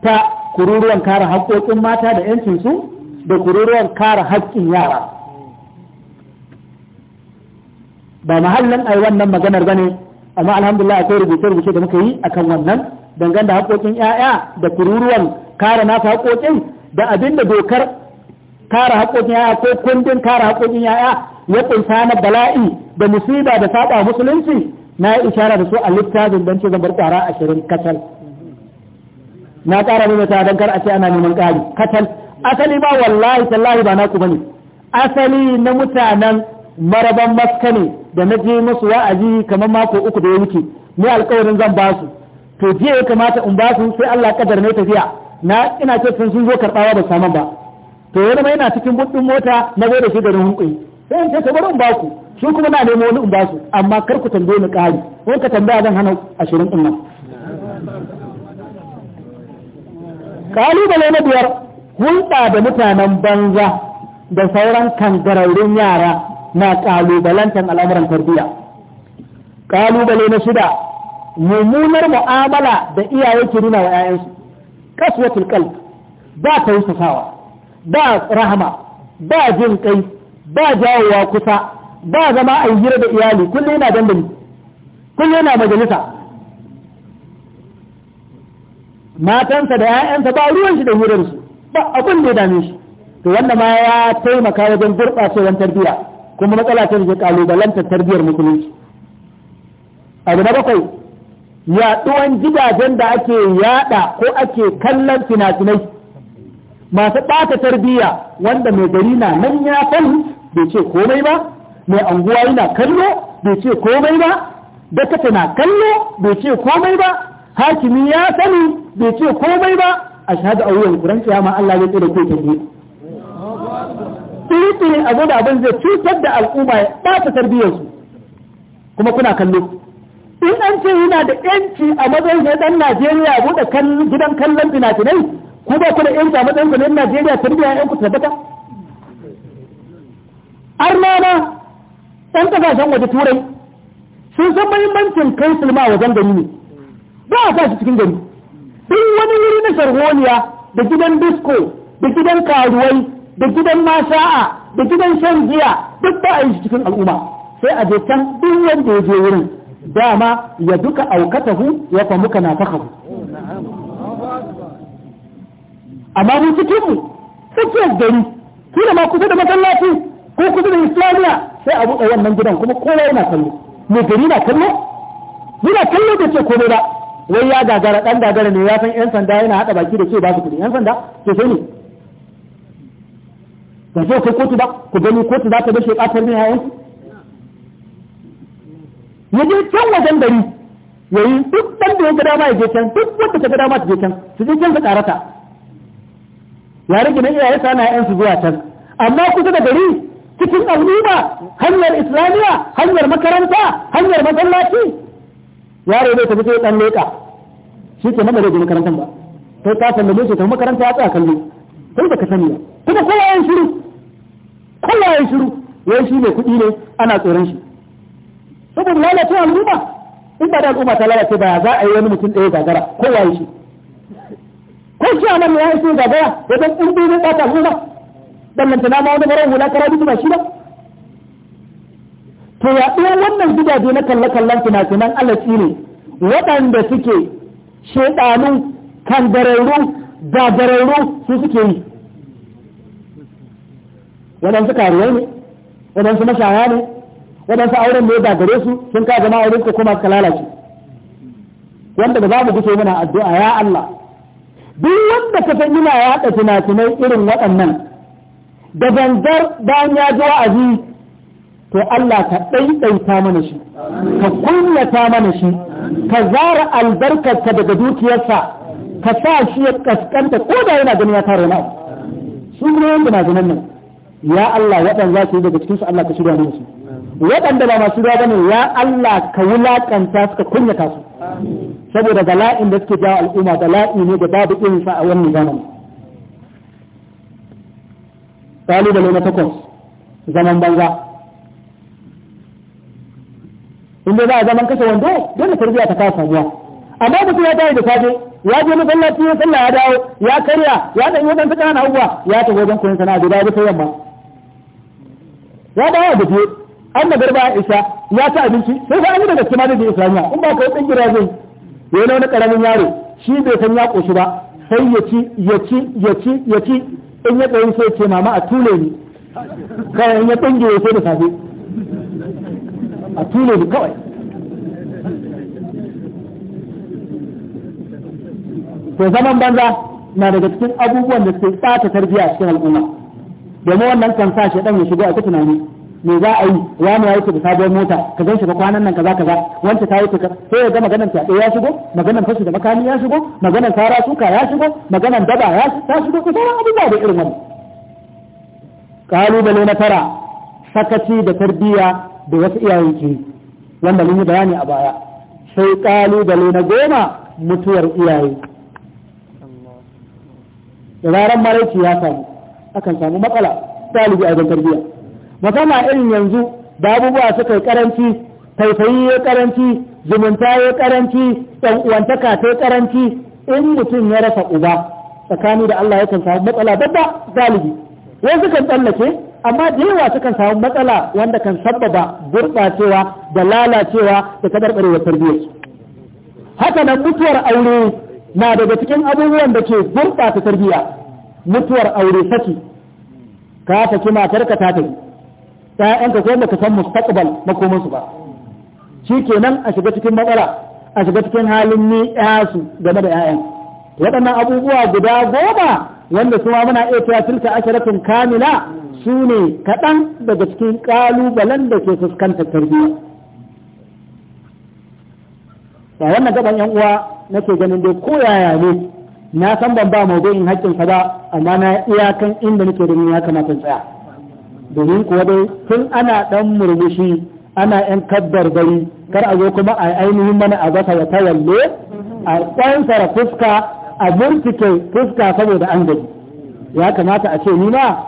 ta kururuwan kare haƙoƙin mata da 'yancinsu da kururuwan kare haƙƙin yara ba mahallin ai wannan maganar ba ne amma alhamdulillah akwai rubuce-rubuce da muka yi akan wannan dangane da haƙoƙin 'ya'ya da kururuwan kare nasu haƙoƙin da abin da dokar kare haƙoƙin yaya ko kundin kare haƙoƙin yaya ya kunsa na bala'i da musiba da saba musulunci na yi ishara da su a littafin don ce zan bar ƙwara ashirin kacal na ƙara mai mata don kar a ce ana neman ƙari kacal asali ba wallahi tallahi ba ku bane asali na mutanen maraban maska ne da na je musu wa'azi kamar mako uku da ya wuce ni alƙawarin zan basu to jiya ya kamata in ba su sai Allah kadar ne tafiya na ina ce sun sun zo karɓawa da saman ba to wani mai na cikin buɗin mota na zo da shi garin hunkuyi sai in ce ta bari in ba ku kuma na nemo wani in ba su amma kar ku tambaye ni ƙari in ka tambaya zan hana ashirin ɗin nan. Ƙalubale na biyar hulɗa da mutanen banza da sauran kangararrun yara na ƙalubalantar al'amuran tarbiyya. Ƙalubale na shida mummunar mu'amala da iyaye ke nuna wa 'ya'yansu. kaswatul qalb ba tausasawa ba rahama ba jin kai ba jawowa kusa ba zama a hira da iyali kullum yana dandali kullum yana majalisa matansa da 'ya'yansa ba ruwan shi da hirarsu ba abin da ya dame shi to wanda ma ya taimaka wajen gurɓacewar tarbiyya kuma matsala ta da kalubalantar tarbiyyar musulunci abu na bakwai yaɗuwan gidajen da ake yaɗa ko ake kallon fina-finai masu ɓata tarbiyya wanda mai gari na nan ya san bai ce komai ba mai anguwa yana kallo bai ce komai ba dakata na kallo bai ce komai ba hakimi ya sani bai ce komai ba a shahada a wuyan kuran kiyama Allah ya tsira ko tafi tsiri abu da abin zai cutar da al'umma ya ɓata tarbiyyarsu kuma kuna kallo in an ce yana da yanci a matsayin ɗan Najeriya Najeriya buɗe gidan kallon fina-finai ku ba ku da yanci a matsayin ta na Najeriya ku ta yanku tabbata na, ɗan kasashen waje turai sun san mahimmancin kai sulma wajen gari ne ba a sa shi cikin gari duk wani wuri na sharholiya da gidan disko da gidan karuwai da gidan masha'a da gidan shan giya duk ba a yi shi cikin al'umma sai a je can duk wanda ya je wurin dama ya duka aukatahu ya muka na takahu amma mu cikin mu tsakiyar gari da ma kusa da masallaci ko kusa da islamiya sai a buɗe wannan gidan kuma kowa yana kallo mai gari na kallo muna kallo da ce kome ba wai ya gagara ɗan gagara ne ya san yan sanda yana haɗa baki da ce ba su kudi yan sanda ke sai ne ba zo kai kotu ba ku gani kotu za ta bashe ƙasar ne yanki ya je can wajen gari ya yi duk ɗan da ya ga dama ya je can duk wanda ta ga dama ta je can su je can su karata ya rage na iyaye na yan su zuwa can amma kusa da gari cikin al'umma hanyar islamiyya hanyar makaranta hanyar masallaci yaro bai tafi sai dan leka shi ke nan da zai makarantar ba kai ka san da mun ta makaranta ya tsaya kallo kai da ka sani kuma kowa yayin shiru kowa yayin shiru yayin shi ne kuɗi ne ana tsoron shi saboda lalace al'umma in ba da al'umma ta lalace ba za a yi wani mutum ɗaya gagara ko yi shi ko shi a nan ya yi shi gagara da don in bai zai ɓata al'umma nan tana ma wani garin hula kara duk ba shi ba to ɗaya wannan gidaje na kalle-kallen fina-finan alaƙi ne waɗanda suke shaiɗanu kandararru gagararru su suke yi waɗansu karuwai ne waɗansu mashaya ne waɗansu auren da ya gagare su sun ka zama auren ko kuma suka lalace wanda da za mu guso muna addu'a ya Allah duk wanda ka san yana yaɗa tunatunai irin waɗannan da zanzar bayan ya ji wa'azi to Allah ka ɗaiɗaita mana shi ka kunyata mana shi ka zara albarkarka daga dukiyarsa ka sa shi ya kaskanta ko da yana ganin ya tare na su ne wanda na nan ya Allah waɗanda za su yi daga cikinsu Allah ka shirya mana su waɗanda ba masu ruwa bane ya Allah ka wulakanta suka kunyata su saboda bala'in da suke jawo al'umma bala'i ne da babu irin sa a wannan zaman salu da na takwas zaman banza inda za a zaman kashe wando dole tarbiyya ta kawo sabuwa amma mutum ya tashi da safe ya je na masallaci cikin sallah ya dawo ya karya ya ɗan wajen ta ƙana abubuwa ya tafi wajen koyon sana'a da ya bi ta yamma ya dawo da biyu an na garba isa ya ta abinci sai fa an yi daga cikin da islamiya in ba ka yi gira zai ya na wani karamin yaro shi bai san ya koshi ba sai ya ci ya ci ya ci ya ci in ya tsayin sai ce mama a tule ni kawai in ya tsange sai da safe a tule ni kawai to zaman banza na daga cikin abubuwan da suke tsata tarbiyya cikin al'umma domin wannan kan sa shi ya shigo a tunani me za a yi wani ya yi da sabuwar mota ka zan shiga kwanan nan kaza kaza wanda ta ta sai ya ga maganar fyaɗe ya shigo maganar fashi da makami ya shigo maganar fara suka ya shigo maganar daba ya ta shigo ko sauran abubuwa da irin wani. kalubale na tara sakaci da tarbiyya da wasu iyayen ke wanda mun yi bayani a baya sai kalubale na goma mutuwar iyaye da ranar maraici ya samu akan samu matsala ɗalibi a wajen tarbiyya musamman irin yanzu da abubuwa suka yi karanci taifayi ya karanci zumunta ya karanci ɗan uwantaka ta karanci in mutum ya rasa uba tsakani da Allah yakan samu matsala babba galibi wasu kan tsallake amma da yawa suka samu matsala wanda kan sabbaba gurɓacewa da lalacewa da taɓarɓarewa tarbiyyar haka nan mutuwar aure na daga cikin abubuwan da ke gurɓata tarbiyya mutuwar aure saki ka saki matarka ta tafi ƴaƴanka ko ka san mustaqbal makomansu ba shi kenan a shiga cikin matsala a shiga cikin halin ni su game da ƴaƴan waɗannan abubuwa guda goma wanda kuma muna iya cewa tilka asharatun kamila su ne kaɗan daga cikin ƙalubalen da ke fuskantar tarbiyya ba wannan gaban yan uwa nake ganin dai ko yaya ne na san ban ba maudu'in haƙƙinsa ba amma na iyakan inda nake ni ya kamata tsaya domin kuwa dai tun ana ɗan murmushi ana ‘yan kabbar gari kar a zo kuma a ainihin mana a gasa ya tawalle a ƙwansara fuska a murtike fuska saboda an gaji ya kamata a ce nima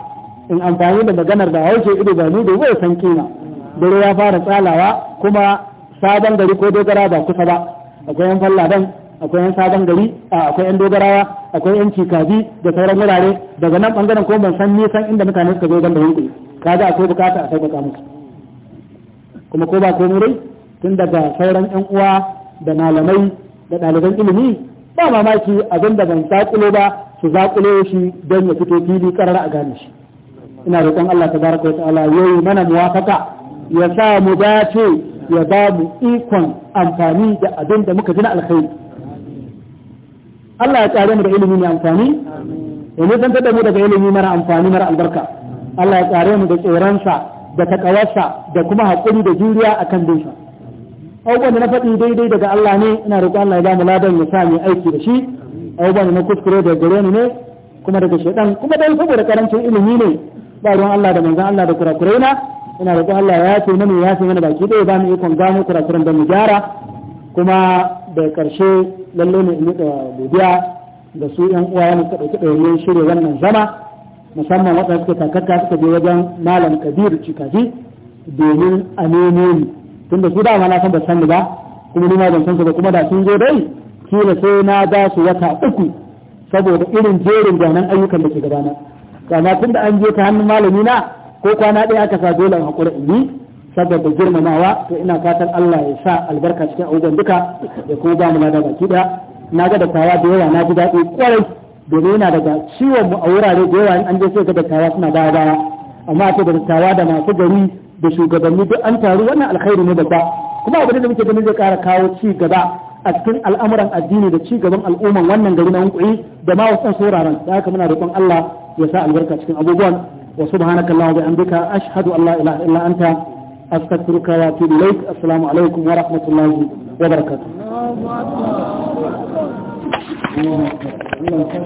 in amfani da maganar da haushe ido ba ni da zai san kima dare ya fara tsalawa kuma sabon gari ko dogara ba kusa ba akwai yan falladan akwai yan sabon gari akwai yan dogarawa akwai yan cikaji da sauran wurare daga nan bangaren ko ban san nisan inda mutane suka zo don da hankali ga akwai bukata a sauƙaƙa musu kuma ko ba komai dai tun daga sauran yan uwa da malamai da ɗaliban ilimi ba mamaki abin da ban zaƙulo ba su zaƙulo shi don ya fito fili ƙarar a gane shi ina roƙon Allah ta baraka wa ta'ala yayi mana muwafaka ya sa mu dace ya ba mu ikon amfani da abin da muka gina alkhairi Allah ya tsare mu da ilimi mai amfani ya nisantar da mu daga ilimi mara amfani mara albarka Allah ya tsare mu da tsoronsa da takawarsa da kuma haƙuri da juriya a kan dinsa abubuwan da na faɗi daidai daga Allah ne ina roƙo Allah ya mu ladan ya sa mu aiki da shi abubuwan da na kuskure da gare ni ne kuma daga shaidan kuma dan saboda karancin ilimi ne ba ruwan Allah da manzan Allah da kurakurai na ina roƙo Allah ya ce mana ya yafe mana baki ɗaya ba mu ikon gano kurakuran da mu gyara kuma da ƙarshe lalle ne in yi godiya da su 'yan uwa mu suka ɗauki ɗauriyar shirya wannan zama musamman waɗanda suka takarta suka je wajen malam kabiru cikaji domin a nemo ni tunda su dama na san da san ba kuma ni ma ban san ba kuma da sun zo dai kila sai na ba su wata uku saboda irin jerin gwanan ayyukan da ke gabana kana tunda an je ta hannun malami na ko kwana ɗaya aka sa dole a haƙura in yi saboda girmamawa to ina fatan Allah ya sa albarka cikin abubuwan duka da kuma ba mu lada baki ɗaya na ga da tawa da yawa na ji daɗi kwarai domin yana daga ciwon mu a wurare da yawa an je sai ga dattawa suna baya baya amma ce da dattawa da masu gari da shugabanni duk an taru wannan alkhairi ne babba kuma abin da muke ganin zai kara kawo ci gaba a cikin al'amuran addini da ci gaban al'umman wannan gari na hunkuri da ma wasu sauraron da haka muna roƙon Allah ya sa albarka cikin abubuwan wa subhanaka allahumma wa bihamdika ashhadu an la ilaha illa anta astaghfiruka wa atubu ilaik assalamu alaikum wa rahmatullahi wa nínú nǹkan